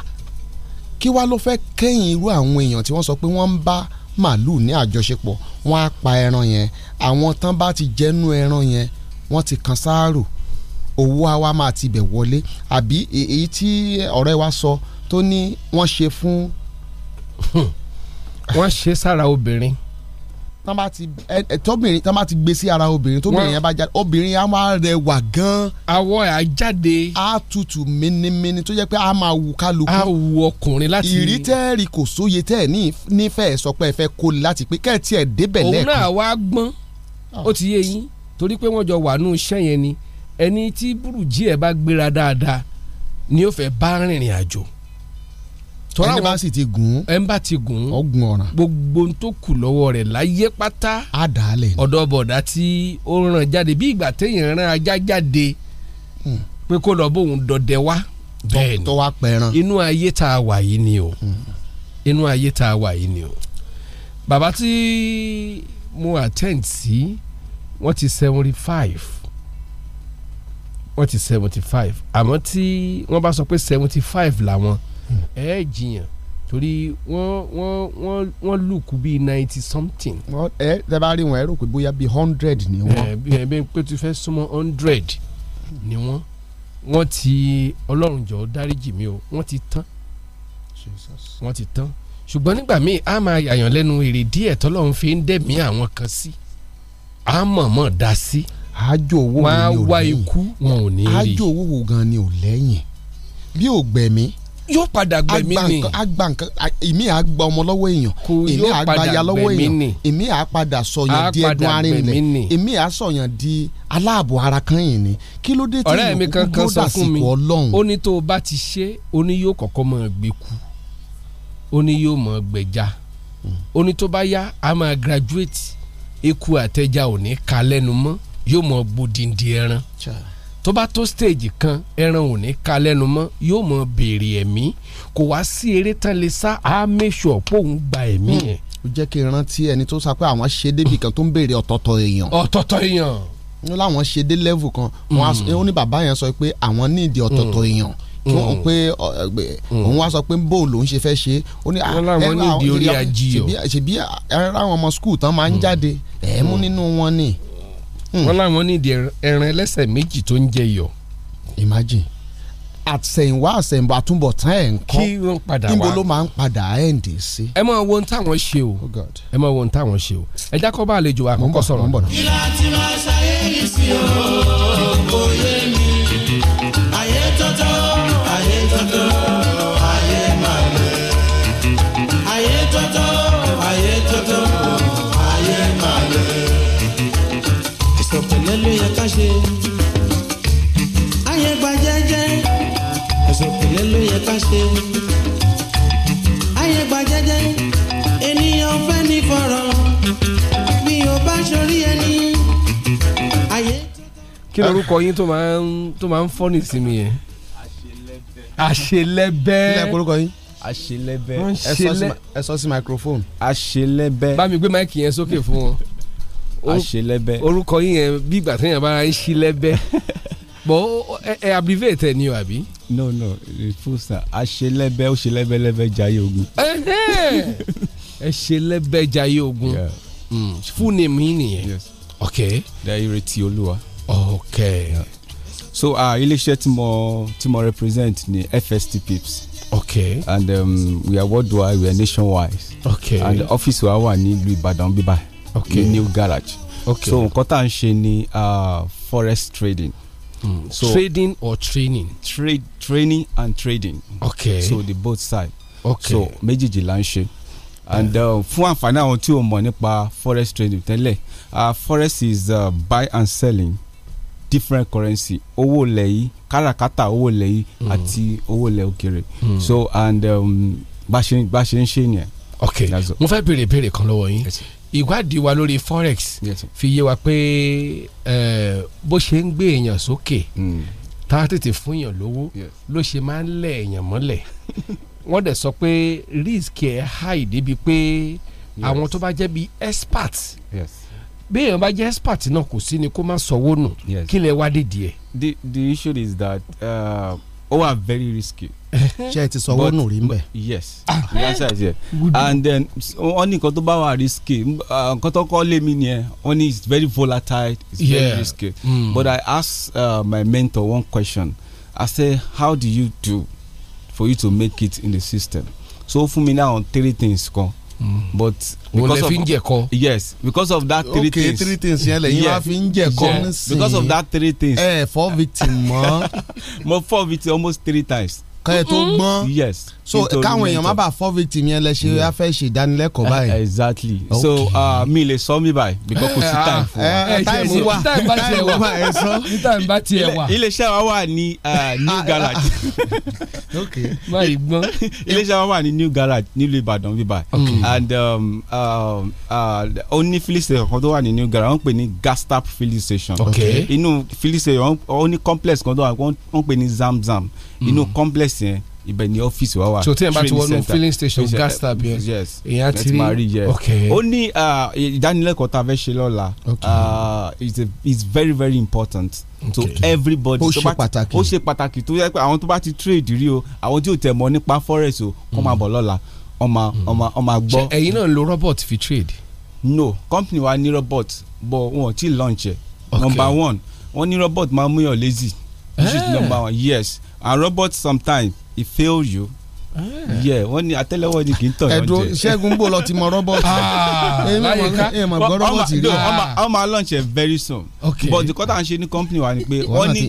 J: kí wá ló fẹ́ kẹ́yìn irú àwọn èèyàn tí wọ́n sọ pé wọ́n ń bá màálù ní àjọṣepọ̀ wọ́n á pa ẹran yẹn àwọn tán bá ti jẹ́nu ẹran yẹn wọ́n ti kan sáárò owó á wá máa tibẹ̀ wọlé àbí e, èyí tí ọ̀rẹ́ wa sọ tó ní wọ́n ṣe fún wọ́n ṣe sára obìnrin. tán bá ti ẹ tọ́bìnrin tán bá ti gbé sí ara obìnrin tóbìnrin yẹn bá jáde obìnrin á máa rẹwà gan. awọ á jáde. á tutù minimini tó jẹ́ pé á máa wù kálukú. á wù ọkùnrin láti. ìrítẹ́ẹ̀rì kò sóye tẹ́ ẹ̀ nífẹ̀ẹ́ sọ pé ẹ fẹ́ kó láti pé kẹ́ ẹ̀ débẹ̀ lẹ́ẹ̀kan. òun náà wá gbọ́n ah. ó ti yé yín torí pé wọ́n jọ wà nù iṣẹ́ yẹn ni ẹni tí burújí ẹ̀ bá gbéra dáadáa ni ó fẹ́ bá rìnrìn àjò tọ́lá wọn ẹni bá sì ti gùn. ẹni bá ti gùn. ọgùn ọ̀ràn. gbogbo n tó kù lọ́wọ́ rẹ̀ láyé pátá. a dà á lẹ̀. ọ̀dọ̀ bọ̀dá tí ó ràn jáde bí ìgbà téèyàn rán ajá jáde hmm. pé kó lọ bóun dọdẹ wá. bẹ́ẹ̀ni tó wá pẹran. Hmm. inú ayé tá a wà yìí ni o hmm. inú ayé tá a wà yìí ni o bàbá tí mo attend sí wọ́n ti seventy five wọ́n ti seventy five àmọ́ tí wọ́n bá sọ pé seventy five làwọn. Mm ẹ ẹ jiyàn torí wọ́n wọ́n wọ́n wọ́n lùkù bíi ninety something. wọ́n ẹ ẹ bá rí wọn ẹ rò pé bóyá bíi hundred ni wọ́n. ẹ bí ẹ bí pé tí fẹ́ súnmọ́ hundred ni wọ́n wọ́n ti ọlọ́run jọ̀ọ́ dáríjì mi o wọ́n ti tán wọ́n ti tán ṣùgbọ́n nígbà míì a máa yàyàn lẹ́nu èrè díẹ̀ tọ́lọ́run fi ń dẹ̀mí àwọn kan sí a mọ̀ọ́mọ̀ dá sí Ajo owó mi ò lẹ́yìn wọ́n á wá ikú wọn ò ní rí àjò owó wo gan ni ò lẹ́yìn bí ò gbẹ̀mí yóò padà gbẹ̀mí ni agba nkan èmi à gba ọmọ lọ́wọ́ èèyàn èmi à gba aya lọ́wọ́ èèyàn èmi à padà sọyàn di ẹdun arinlẹ̀ èmi à sọyàn di aláàbò ara kan yìí ni kí ló dé tí ìlú kó dàsìkò ọlọ́run. ó ní tó o bá ti ṣe ó ní yóò kọ́kọ́ máa gbé kú ó ní yóò máa gbẹja hmm. ó ní tó bá yá a máa graduate eku àtẹja ò ní ka lẹ́nu mọ́ yóò máa gbòdìndì ẹran tó bá tó stage kan ẹran ò ní ka lẹ́nu mọ́ yóò mọ béèrè ẹ̀mí kò wá sí eré tán lè sá á make sure póun gba ẹ̀mí hmm. yẹn. ó jẹ́ kí n rántí ẹni tó sọ pé àwọn ṣe débi kan tó ń béèrè ọ̀tọ̀ọ̀tọ̀ èèyàn. ọ̀tọ̀ọ̀tọ̀ èèyàn. ní láwọn ṣe dé level kan wọn hmm. ní bàbá yẹn sọ pé àwọn ní ìdí ọ̀tọ̀ọ̀tọ̀ hmm. èèyàn kí wọn pé òun wá sọ pé bó lòun ṣe fẹ́ ṣe ó ní ẹ̀rọ àwọn ìdí orí ajiyọ ṣèbí ẹ̀rọ àwọn ọmọ skul tán máa ń jáde ẹ̀ẹ́mú nínú wọn ni. Hmm. wọ́n láwọn nídìí ẹran ẹlẹ́sẹ̀ méjì tó ń jẹ yọ. imagine àtẹ̀yìnwá àtẹ̀yìnbá túnbọ̀ tán ẹ̀ ń kọ́ kí wọ́n padà wá níbo ló máa ń padà ẹ̀ ń dé sí. ẹ máa ohun táwọn ṣe o oh ẹ máa wo ohun táwọn ṣe o ẹ jákọ́ bá àlejò àkọ́kọ́ sọ̀rọ̀ ń bọ̀ náà. ìlà
C: tí màá ṣàyẹ̀ yìí sí o òye.
G: yẹ ká ṣe.
J: ayé gba jẹ́jẹ́ ènìyàn fẹ́ ní
B: fọ̀rọ̀ mi ò bá ṣorí ẹni.
J: kí lorúkọ yín tó máa ń tó máa ń fọ́ ní ìsinmi yẹn. àṣelẹ́bẹ́. kí lẹ́ porúkọ yín. àṣelẹ́bẹ́ ẹ sọ sí microphone. àṣelẹ́bẹ́. bá mi gbé máìkì yẹn sókè fún wọn. àṣelẹ́bẹ́. orúkọ yín yẹn bí ìgbà téèyàn bá ń ṣí lẹ́bẹ́. bọ ẹ ẹ abbreviate ẹ ní o àbí.
G: no no full star
J: a ṣe lẹ́bẹ̀ ó ṣe lẹ́bẹ̀ lẹ́bẹ̀ jayé ogun. ẹ ṣe lẹ́bẹ̀ jayé ogun hmm, full name yín nìyẹn. yes ok. Dáíré ti olúwa. ok. Yeah. so uh, iléeṣẹ́ mo tí mo represent ni FST Pips. ok. and um, we are worldwide we are nationwide. ok. and office wa wà ní ìlú Ìbàdàn bíbá. ok ní new garage. ok so nǹkan tá à ń ṣe ni uh, forest trading Hmm. So trading or training. Trade training and trading. Okay. So the both side. Okay. So méjèèjì là ń ṣe and uh, fún àǹfààní àwọn tí o mọ̀ nípa forex trading tẹ́lẹ̀ uh, forex is uh, buy and selling different currency owó ilẹ̀ yìí káràkátà owó ilẹ̀ yìí hmm. àti owó ilẹ̀ òkèrè hmm. so and um, bá ṣe ń ṣe nìyẹn. ok mo fẹ́ béèrè ìbéèrè kan lọ́wọ́ yín ìwádìí wa lórí forex fi yé wa pé bó ṣe ń gbé èèyàn sókè hmm. tá a tètè fún èèyàn lówó ló ṣe máa ń lẹ̀ èèyàn mọ́lẹ̀ wọ́n dẹ̀ sọ pé risk ẹ̀ high débi pé àwọn tó bá jẹ́ bíi expert bí èèyàn bá jẹ́ expert náà kò sí ni kó má sọ wónù kí lè wá dídìí the the issue is that. Uh, ó wà very risky. ṣé ẹ ti sọ owó rí mbẹ. yes ah. the answer is yes and then wọ́n ní nǹkan tó bá wà risky uh, nǹkan tó kọ́ lé mi nìyẹn wọ́n ní it's very volatile it's yeah. very risky mm. but I ask uh, my mentor one question I say how do you do for you to make it in the system so fún mi náà on three things kan Mm. but because of jẹkọ. yes because of that three okay, things. okay three things yẹn lẹ́yìn wá fi ń jẹkọ because of that three things. ẹ eh, four victim mọ. mo four victim almost three times. ká ẹ tó mm-hmm. gbọ́n. yes so káwọn èèyàn má bàa fọ́ victim yẹn lẹ ṣe wá fẹ́ ṣe ìdánilẹ́kọ̀ọ́ báyìí. Eh, exactly so uh, mi lè sọ mi báyìí because kò sí eh, time fún eh, wa. time wa time wa ẹ sọ time bá tiẹ̀ wà. iléeṣẹ́ wa wà ní uh, new ah, garage. ok báyìí gbọ́n. iléeṣẹ́ wa wà ní new garage nílùú Ìbàdàn bíbá and um, um, uh, ó ní filling station kan tó wà ní new garage wọ́n pè ní Gastap filling station. ok inú filling station ó ní complex kan tó wà wọ́n pè ní Zamzam inú mm. complex yẹn ibẹ̀ ni ọ́fíìsì wa wà. so tí ẹ bá ti wọnú filling station gas tap yẹn
G: èyàn ti rí ok.
J: ó ní ah, ìdánilẹ́kọ̀ọ́ tá a fẹ́ ṣe lọ́la ah, it's it's very very important to everybody. ó ṣe pàtàkì ó ṣe pàtàkì tó yẹ pé àwọn tó bá ti trade rí o àwọn tí ò tẹ̀ mọ́ nípa forex o kó máa mm. bọ̀ lọ́la ọmọ ọmọ ọmọ gbọ́. ẹ̀yin náà lo robot fi trade. no company wa ní robot but wọn ò launch ẹ okay. number one wọn ní robot máa mú yàn lazy. Eh. which is eh. number one yes and robot sometimes he failed you eh. yẹ wọ́n ní àtẹ́lẹwọ́ ni kì í tọyọ jẹ ẹdùn Ṣẹ́gun bò lọ ti mọ rọbọtì ẹ mọ gbọ rọbọtì rí ọ máa launch ẹ very soon okay. but the kọ́tà ń ṣe ní company wa ni pé wọ́n ní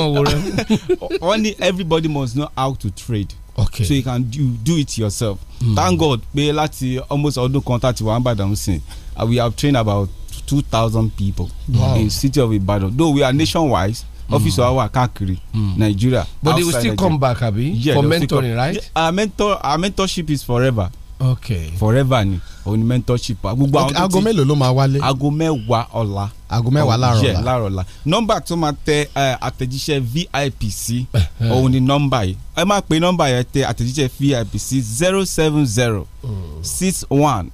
J: wọ́n ní everybody must know how to trade okay. so you can do, do it yourself mm. thank God pé láti almost ọdún kan tàti wà ń bàdàn sìn uh, we have trained about two thousand people wow. in city of Ibadan though we are nation wise ọ́fíìsì hmm. wa wà káàkiri hmm. nàìjíríà. but they will still come back abi. yeah, for mentoring right. our, mentor, our mentorship is forever okay. forever ni òun ni mentorship gbogbo àwọn tó ti aago mélòó ló máa wálé. aago mẹ́wàá ọ̀la. aago mẹ́wàá láàrọ̀ ọ̀la láàrọ̀ ọ̀la nọ́mbà tó máa tẹ àtẹ̀jíṣẹ́ vip sí òun ni nọ́mbà yìí ẹ máa pe nọ́mbà yẹn tẹ àtẹ̀jíṣẹ́ vip sí zero seven zero hmm. six one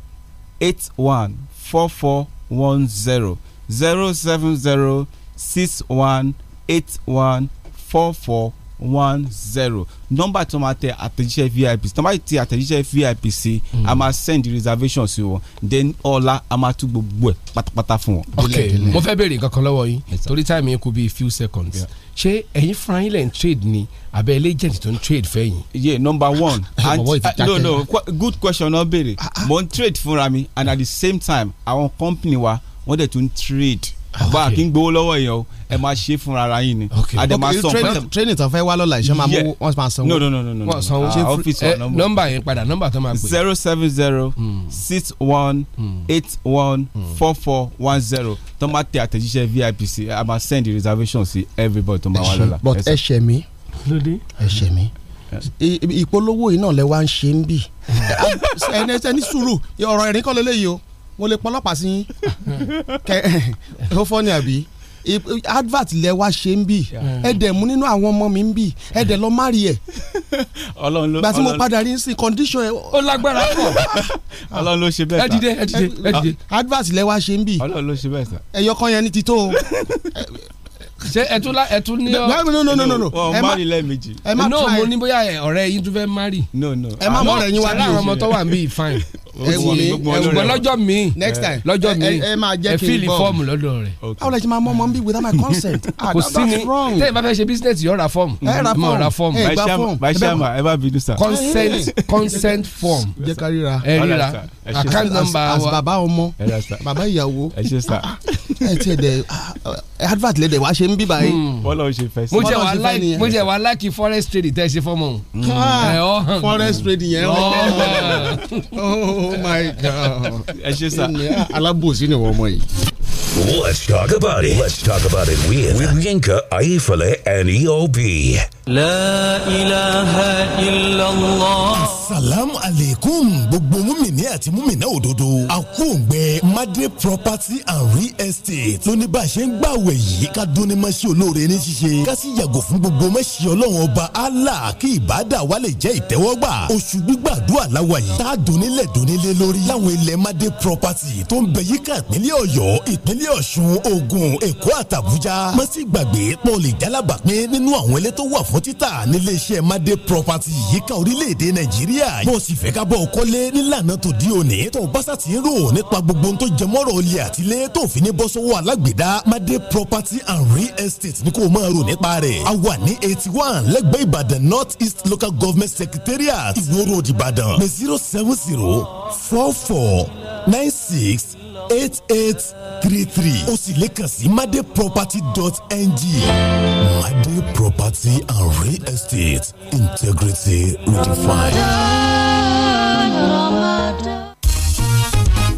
J: eight one four four one zero zero seven zero six one eight one four four one zero nọ́mbà tí wọ́n máa tẹ àtẹ̀jíṣẹ́ vip tí wọ́n bá ti àtẹ̀jíṣẹ́ vip sí a máa send reservation sí wọn then ọ̀la a máa tún gbogbo ẹ̀ pátápátá fún wọn. ok mo fẹ́ béèrè nǹkan kan lọ́wọ́ yín torí táìmù yẹn kù bíi few seconds ṣé ẹ̀yin fúnra yín lẹ̀ ń trade ni abẹ́ ilé agent tó ń trade fẹ́yìn. yeah number one and uh, no no good question náà béèrè ah, ah. mo ń trade fúnra mi and at the same time àwọn company wa wọ́n dẹ̀ tún trade bá a kì í gbowó lọ́wọ́ èèyàn o ẹ máa ṣe fúnra ara yín ni àdèmà sàn pẹ́. training tán fẹ́ wá lọ́la ìṣe máa mú wọ́n máa sanwó. no no no no wọ́n sanwó ṣe ọ́fíìsì wọn nọ́mbà. nọ́mbà yẹn padà nọ́mbà tó máa pè. zero seven zero hmm. six one hmm. eight one hmm. four four one zero tó máa tẹ àtẹ̀jíṣẹ́ vip sí a máa send the reservation sí everybody tó máa wá lọ́la. but ẹ ṣẹ mi ẹ ṣẹ mi ìpolówó yìí náà lẹ wá ń ṣe ń bì ah, ẹni sùúrù ọ̀rọ̀ ẹ̀rín kọ́ lélẹ́yìí o mo lè pọn ọlọ́pàá sí yín ó fọ́ ni àbí advert lẹ wá ṣe ń bì ẹ dẹ̀ mú nínú àwọn ọmọ mi ń bì ẹ dẹ̀ lọ márì ẹ̀ gba tí mo padà rí sí condition ẹ. ó lágbára pọ̀ ọlọ́run ló ṣe bẹ́ẹ̀ sá ẹ dìde ẹ dìde ẹ dìde advert lẹ wá ṣe ń bì ọlọ́run ló ṣe bẹ́ẹ̀ sá ẹyọ yẹn ní ti tó o ṣe ẹtú la ẹtú ní ọ. no no no no no ọ mari lẹ́ẹ̀mejì. ẹ má try no mo ní bóyá ọ̀rẹ́ yín tún fẹ́ mari. no no ẹ má mọ ọ̀rẹ́ yín wá bí o. sara àwọn ọmọ tó wà ń bí fine ẹwùgbọ́n lọ́jọ́ mi next time lọ́jọ́ mi ẹ máa jẹ́ kí n bọ̀ ẹ fíìlì fọ́ọ̀mù lọ́dọ̀ rẹ̀.
M: báwo la ṣe máa mọ ọmọ mi without
J: my consent. Ah, kò sí ni tẹ́yìn bá fẹ́ ṣe business yóò ra fọ́ọ̀mù. ẹ ra fọ́ọ̀mù ra fọ́ọ̀mù. ẹ gba fọ́ọ̀mù by ẹ bá bínú sa. consent consent form. jẹ́ ká ríra ẹ ríra account number wa. as baba ọmọ baba ìyàwó ẹ tiẹ̀ dẹ̀ ah, advert lè dẹ̀ wá ṣe ń bíbá yìí. Hmm. bọ́lá ò ṣe fẹ́ sí. mo jẹ wà láìkì forest trading tẹ́ ṣe fọ́ọ̀mù. Ah, forest trading yẹn
C: oh my god. ẹ ṣe
J: sá. alábòsí ni wọ́n mọ̀ yìí.
H: Let's talk about it. Let's talk about it with, with Yinka, Aifale, and EOB. La ilaha
I: illallah. Salamu alaikum gbogbo múmìnì àti múmìnà òdodo. A kú òǹgbẹ Madre Property and Real Estate. Lóní bá a ṣe ń gbàwẹ̀ yìí ká dúnni máa ṣe olóore ní ṣíṣe. Ká sì yàgò fún gbogbo mẹ́ṣẹ̀ ọlọ́run ọba Allah kí ìbádà wa lè jẹ́ ìtẹ́wọ́gbà. Oṣù gbígbàdúrà la wà yìí. Tá a dùn nílẹ̀ dùn nílé lórí láwọn ilẹ̀ madé property tó ń bẹ yíká ìpínlẹ̀ ọ̀yọ́ ìpínlẹ̀ ọ̀ṣun ògùn èkó àtàbújá má sì gbàgbé pọ́ọ̀lì jálábà pé nínú àwọn ilé tó wà fún títà nílé iṣẹ́ madé property yíká orílẹ̀-èdè nàìjíríà bó o sì fẹ́ ká bọ̀ kọ́lé nílànà tó di òní tó bá sàtì ń rò nípa gbogbo tó jẹmọ́rọ̀ olè àtilẹ̀ tó fi ní bọ́ sọ́wọ́ alágbèédá and real estate ni kò máa eighty one lẹ́gbẹ̀ẹ́ ìbàdàn north east local government secretariat ìwó road ìbàdàn ní zero seven zero
H: four four
I: nine six eight eight three three o sì lè kàn sí madeproperty.ng Made Property and Real Estate Integrity Redefined.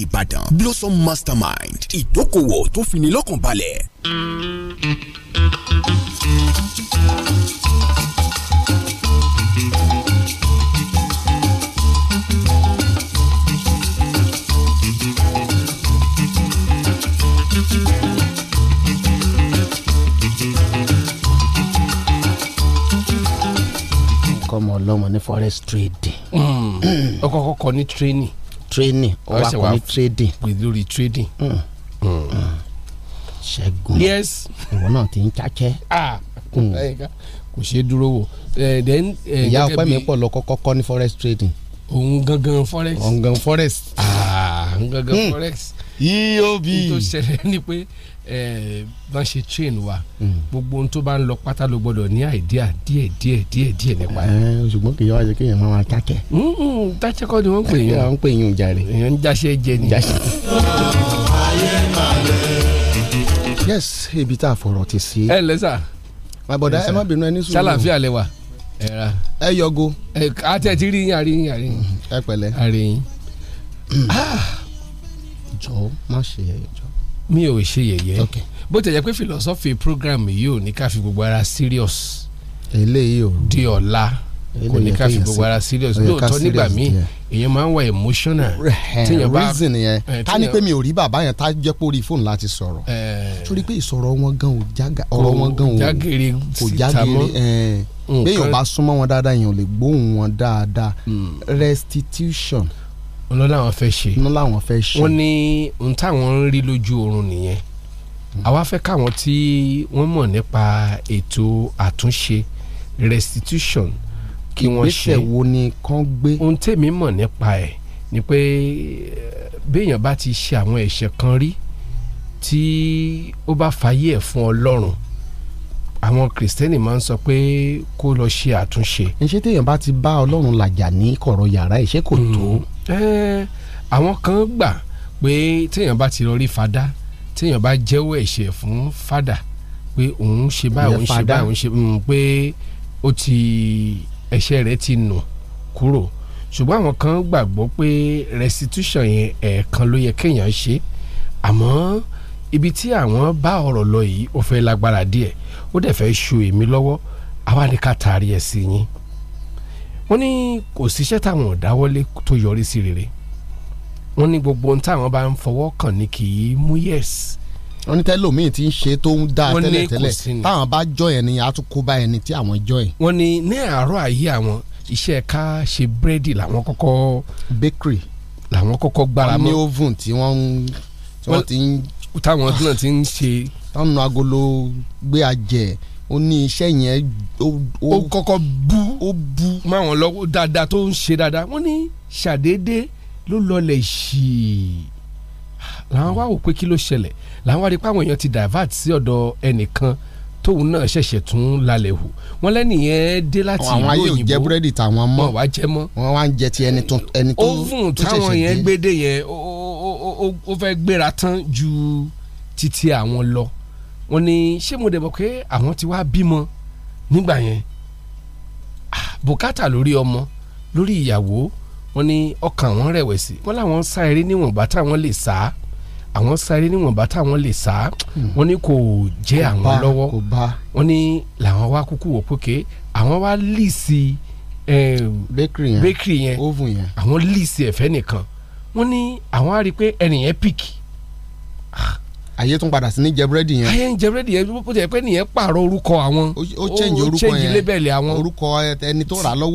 H: Ìbàdàn Blossom Mastermind ìdókòwò tó fini lọ́kàn balẹ̀.
J: kọ́mọ ọlọ́mọ ní forest hmm. trading. ọkọ̀ kọ́kọ́ ní training training ó wá kọ́ ní trading. pè lórí trading. Hmm. Hmm. ṣẹ́gun yes ìwọ náà ti ń kákẹ́. Ah, hmm. kò ṣeé dúró wò. ìyá ọpẹ́ mi pọ̀ lọ kọ́kọ́ kọ́ ní forex trading. òun gangan forex. òun gangan forex. Ah, òun gangan forex. yíyó bíi. nítorí ṣẹlẹ̀ ni pé wọ́n ṣe train wa hmm. gbogbo ohun tó bá ń lọ pátá ló gbọ́dọ̀ ní àìdíà díẹ̀ díẹ̀ díẹ̀ díẹ̀ nípa rẹ̀. ṣùgbọ́n kì í wá ṣe kéèyàn máa máa tákẹ́. tákẹ́ kọ́ ni wọ́n ń pè yín. wọ́n ń pè yín òjàre. èèyàn ń jáṣẹ́ jẹ ni. yes ibi tá a fọ̀rọ̀ ti sí. ẹ lẹ sà. àbọ̀dá ẹ má bínú ẹ ní sùúrù. sálàfíà lẹ wà. ẹ yọgo. àti ẹ ti rí yín àríyìn àríyìn. ẹ pẹ̀lẹ́. àríyìn. Ah! jọ mi ò ṣe yẹ̀yẹ́ bó tẹ̀ pé philosophy program yìí ò ní ká fi gbogbo ara serious eléyìí ò di ọ̀la kò ní ká fi gbogbo ara serious lóòótọ́ nígbà míì èèyàn máa ń wà emotional eh, tíyẹn bá reason yẹn eh, ká ní pé mi ò rí bàbá yẹn tá jẹ́ pé orí fóònù láti sọ̀rọ̀ eh. sórí pé ìsọ̀rọ̀ wọn gan ò jága ọ̀rọ̀ wọn gan ò jágere kò jágere béèyàn bá súnmọ́ wọn dáadáa èèyàn ò lè gbóhùn wọn dáadáa hmm. restitution ọ̀nà làwọn fẹ́ ṣe ọ̀nà làwọn fẹ́ ṣe wọ́n ní ohun táwọn ń rí lójú oorun nìyẹn hmm. àwa fẹ́ káwọn tí wọ́n mọ̀ nípa ètò àtúnṣe restitution kí wọ́n ṣe ìgbésẹ̀ wo ni kán gbé ohun tèmi mọ̀ nípa ẹ̀ ni pé béèyàn bá ti ṣe àwọn ẹ̀ṣẹ̀ kan rí tí ó bá fàyè ẹ̀ fún ọlọ́run àwọn kìrìsìtẹ́nì máa ń sọ pé kó lọ ṣe àtúnṣe. ẹ ṣe téèyàn bá ti bá ọlọ́run làjà ní kọ̀rọ̀ yàrá ẹ̀ ṣé kò tó. Mm àwọn kan gbà pé téèyàn bá ti lọ rí fada téèyàn bá jẹ́wọ́ ẹ̀ṣẹ̀ fún fada pé òun ṣe báyìí òun ṣe báyìí òun ṣe mm, pé ó ti ẹ̀ṣẹ̀ rẹ̀ ti nù kúrò ṣùgbọ́n àwọn kan gbàgbọ́ pé restitution yẹn ẹ̀ẹ̀kan ló yẹ kéèyàn ṣe àmọ́ ibi tí àwọn bá ọ̀rọ̀ lọ yìí ó fẹ́ lágbára díẹ̀ ó dẹ̀ fẹ́ ṣu èmi lọ́wọ́ àwa ni ká taari ẹ̀ sí yín wọ́n ní kò síṣẹ́ táwọn ò dáwọ́lé tó yọrí sí rere wọ́n ní gbogbo ohun táwọn bá ń fọwọ́ kàn ní kì í mú yẹ̀s. wọ́n ní tẹ́lómìn ti ń ṣe tó ń dáa tẹ́lẹ̀tẹ́lẹ̀ táwọn bá jọ ẹni a bá ẹni tí àwọn jọ ẹ̀. wọ́n ní ní àárọ̀ ayé àwọn iṣẹ́ ká ṣe búrẹ́dì làwọn kọ́kọ́. bakery làwọn kọ́kọ́ gbára mọ́. wọ́n ní oven tí wọ́n ti ń. táwọn náà ti ń ṣe. táwọn agolo gbé ajẹ́ ó ní iṣẹ́ yẹn ó kọ́kọ́ bú ó bú máwọn lọ́wọ́ dáadáa tó ń ṣe dáadáa wọ́n ní ṣàdédé ló lọlẹ̀ ṣì làwọn wá wò pé kí ló ṣẹlẹ̀ làwọn wá rí pé àwọn èèyàn ti divert sí ọ̀dọ̀ ẹnìkan tóun náà ṣẹ̀ṣẹ̀ tún lálẹ́ hù wọ́n lẹ́nu yẹn dé láti ìlú òyìnbó àwọn ayé ò jẹ búrẹ́dì táwọn mọ́ wọ́n wá jẹ mọ́ wọ́n wá ń jẹ ti ẹni tó ẹni tó ṣẹ̀ṣẹ̀ dé ovun táwọn yẹn gbédè yẹn ó fẹ́ gbéra tán ju títí àwọn lọ wọ́n ní ṣé mo dẹ̀bọ̀ pé àwọn ti wá bímọ nígbà yẹn ah, bùkátà lórí ọmọ lórí ìyàwó wọ́n ní ọkàn àwọn rẹ̀wẹ̀sì wọ́n láwọn sá eré níwọ̀nba táwọn lè sá àwọn sá eré níwọ̀nba táwọn lè sá hmm. wọ́n ní kò jẹ́ àwọn lọ́wọ́ wọ́n ní làwọn wá kúkú wò pókè àwọn wá líìsì eh, bakery yẹn àwọn líìsì ẹ̀fẹ́ nìkan wọ́n ní àwọn á rí i pé ẹnìyẹn pìkì ayé tún padà sí ní jẹ búrẹ́dì yẹn. ayé ń jẹ búrẹ́dì yẹn bó ti yẹ pé nìyẹn pààrọ̀ orúkọ àwọn. ó change orúkọ yẹn ó change label àwọn. orúkọ ẹni tó rà lọ́wọ́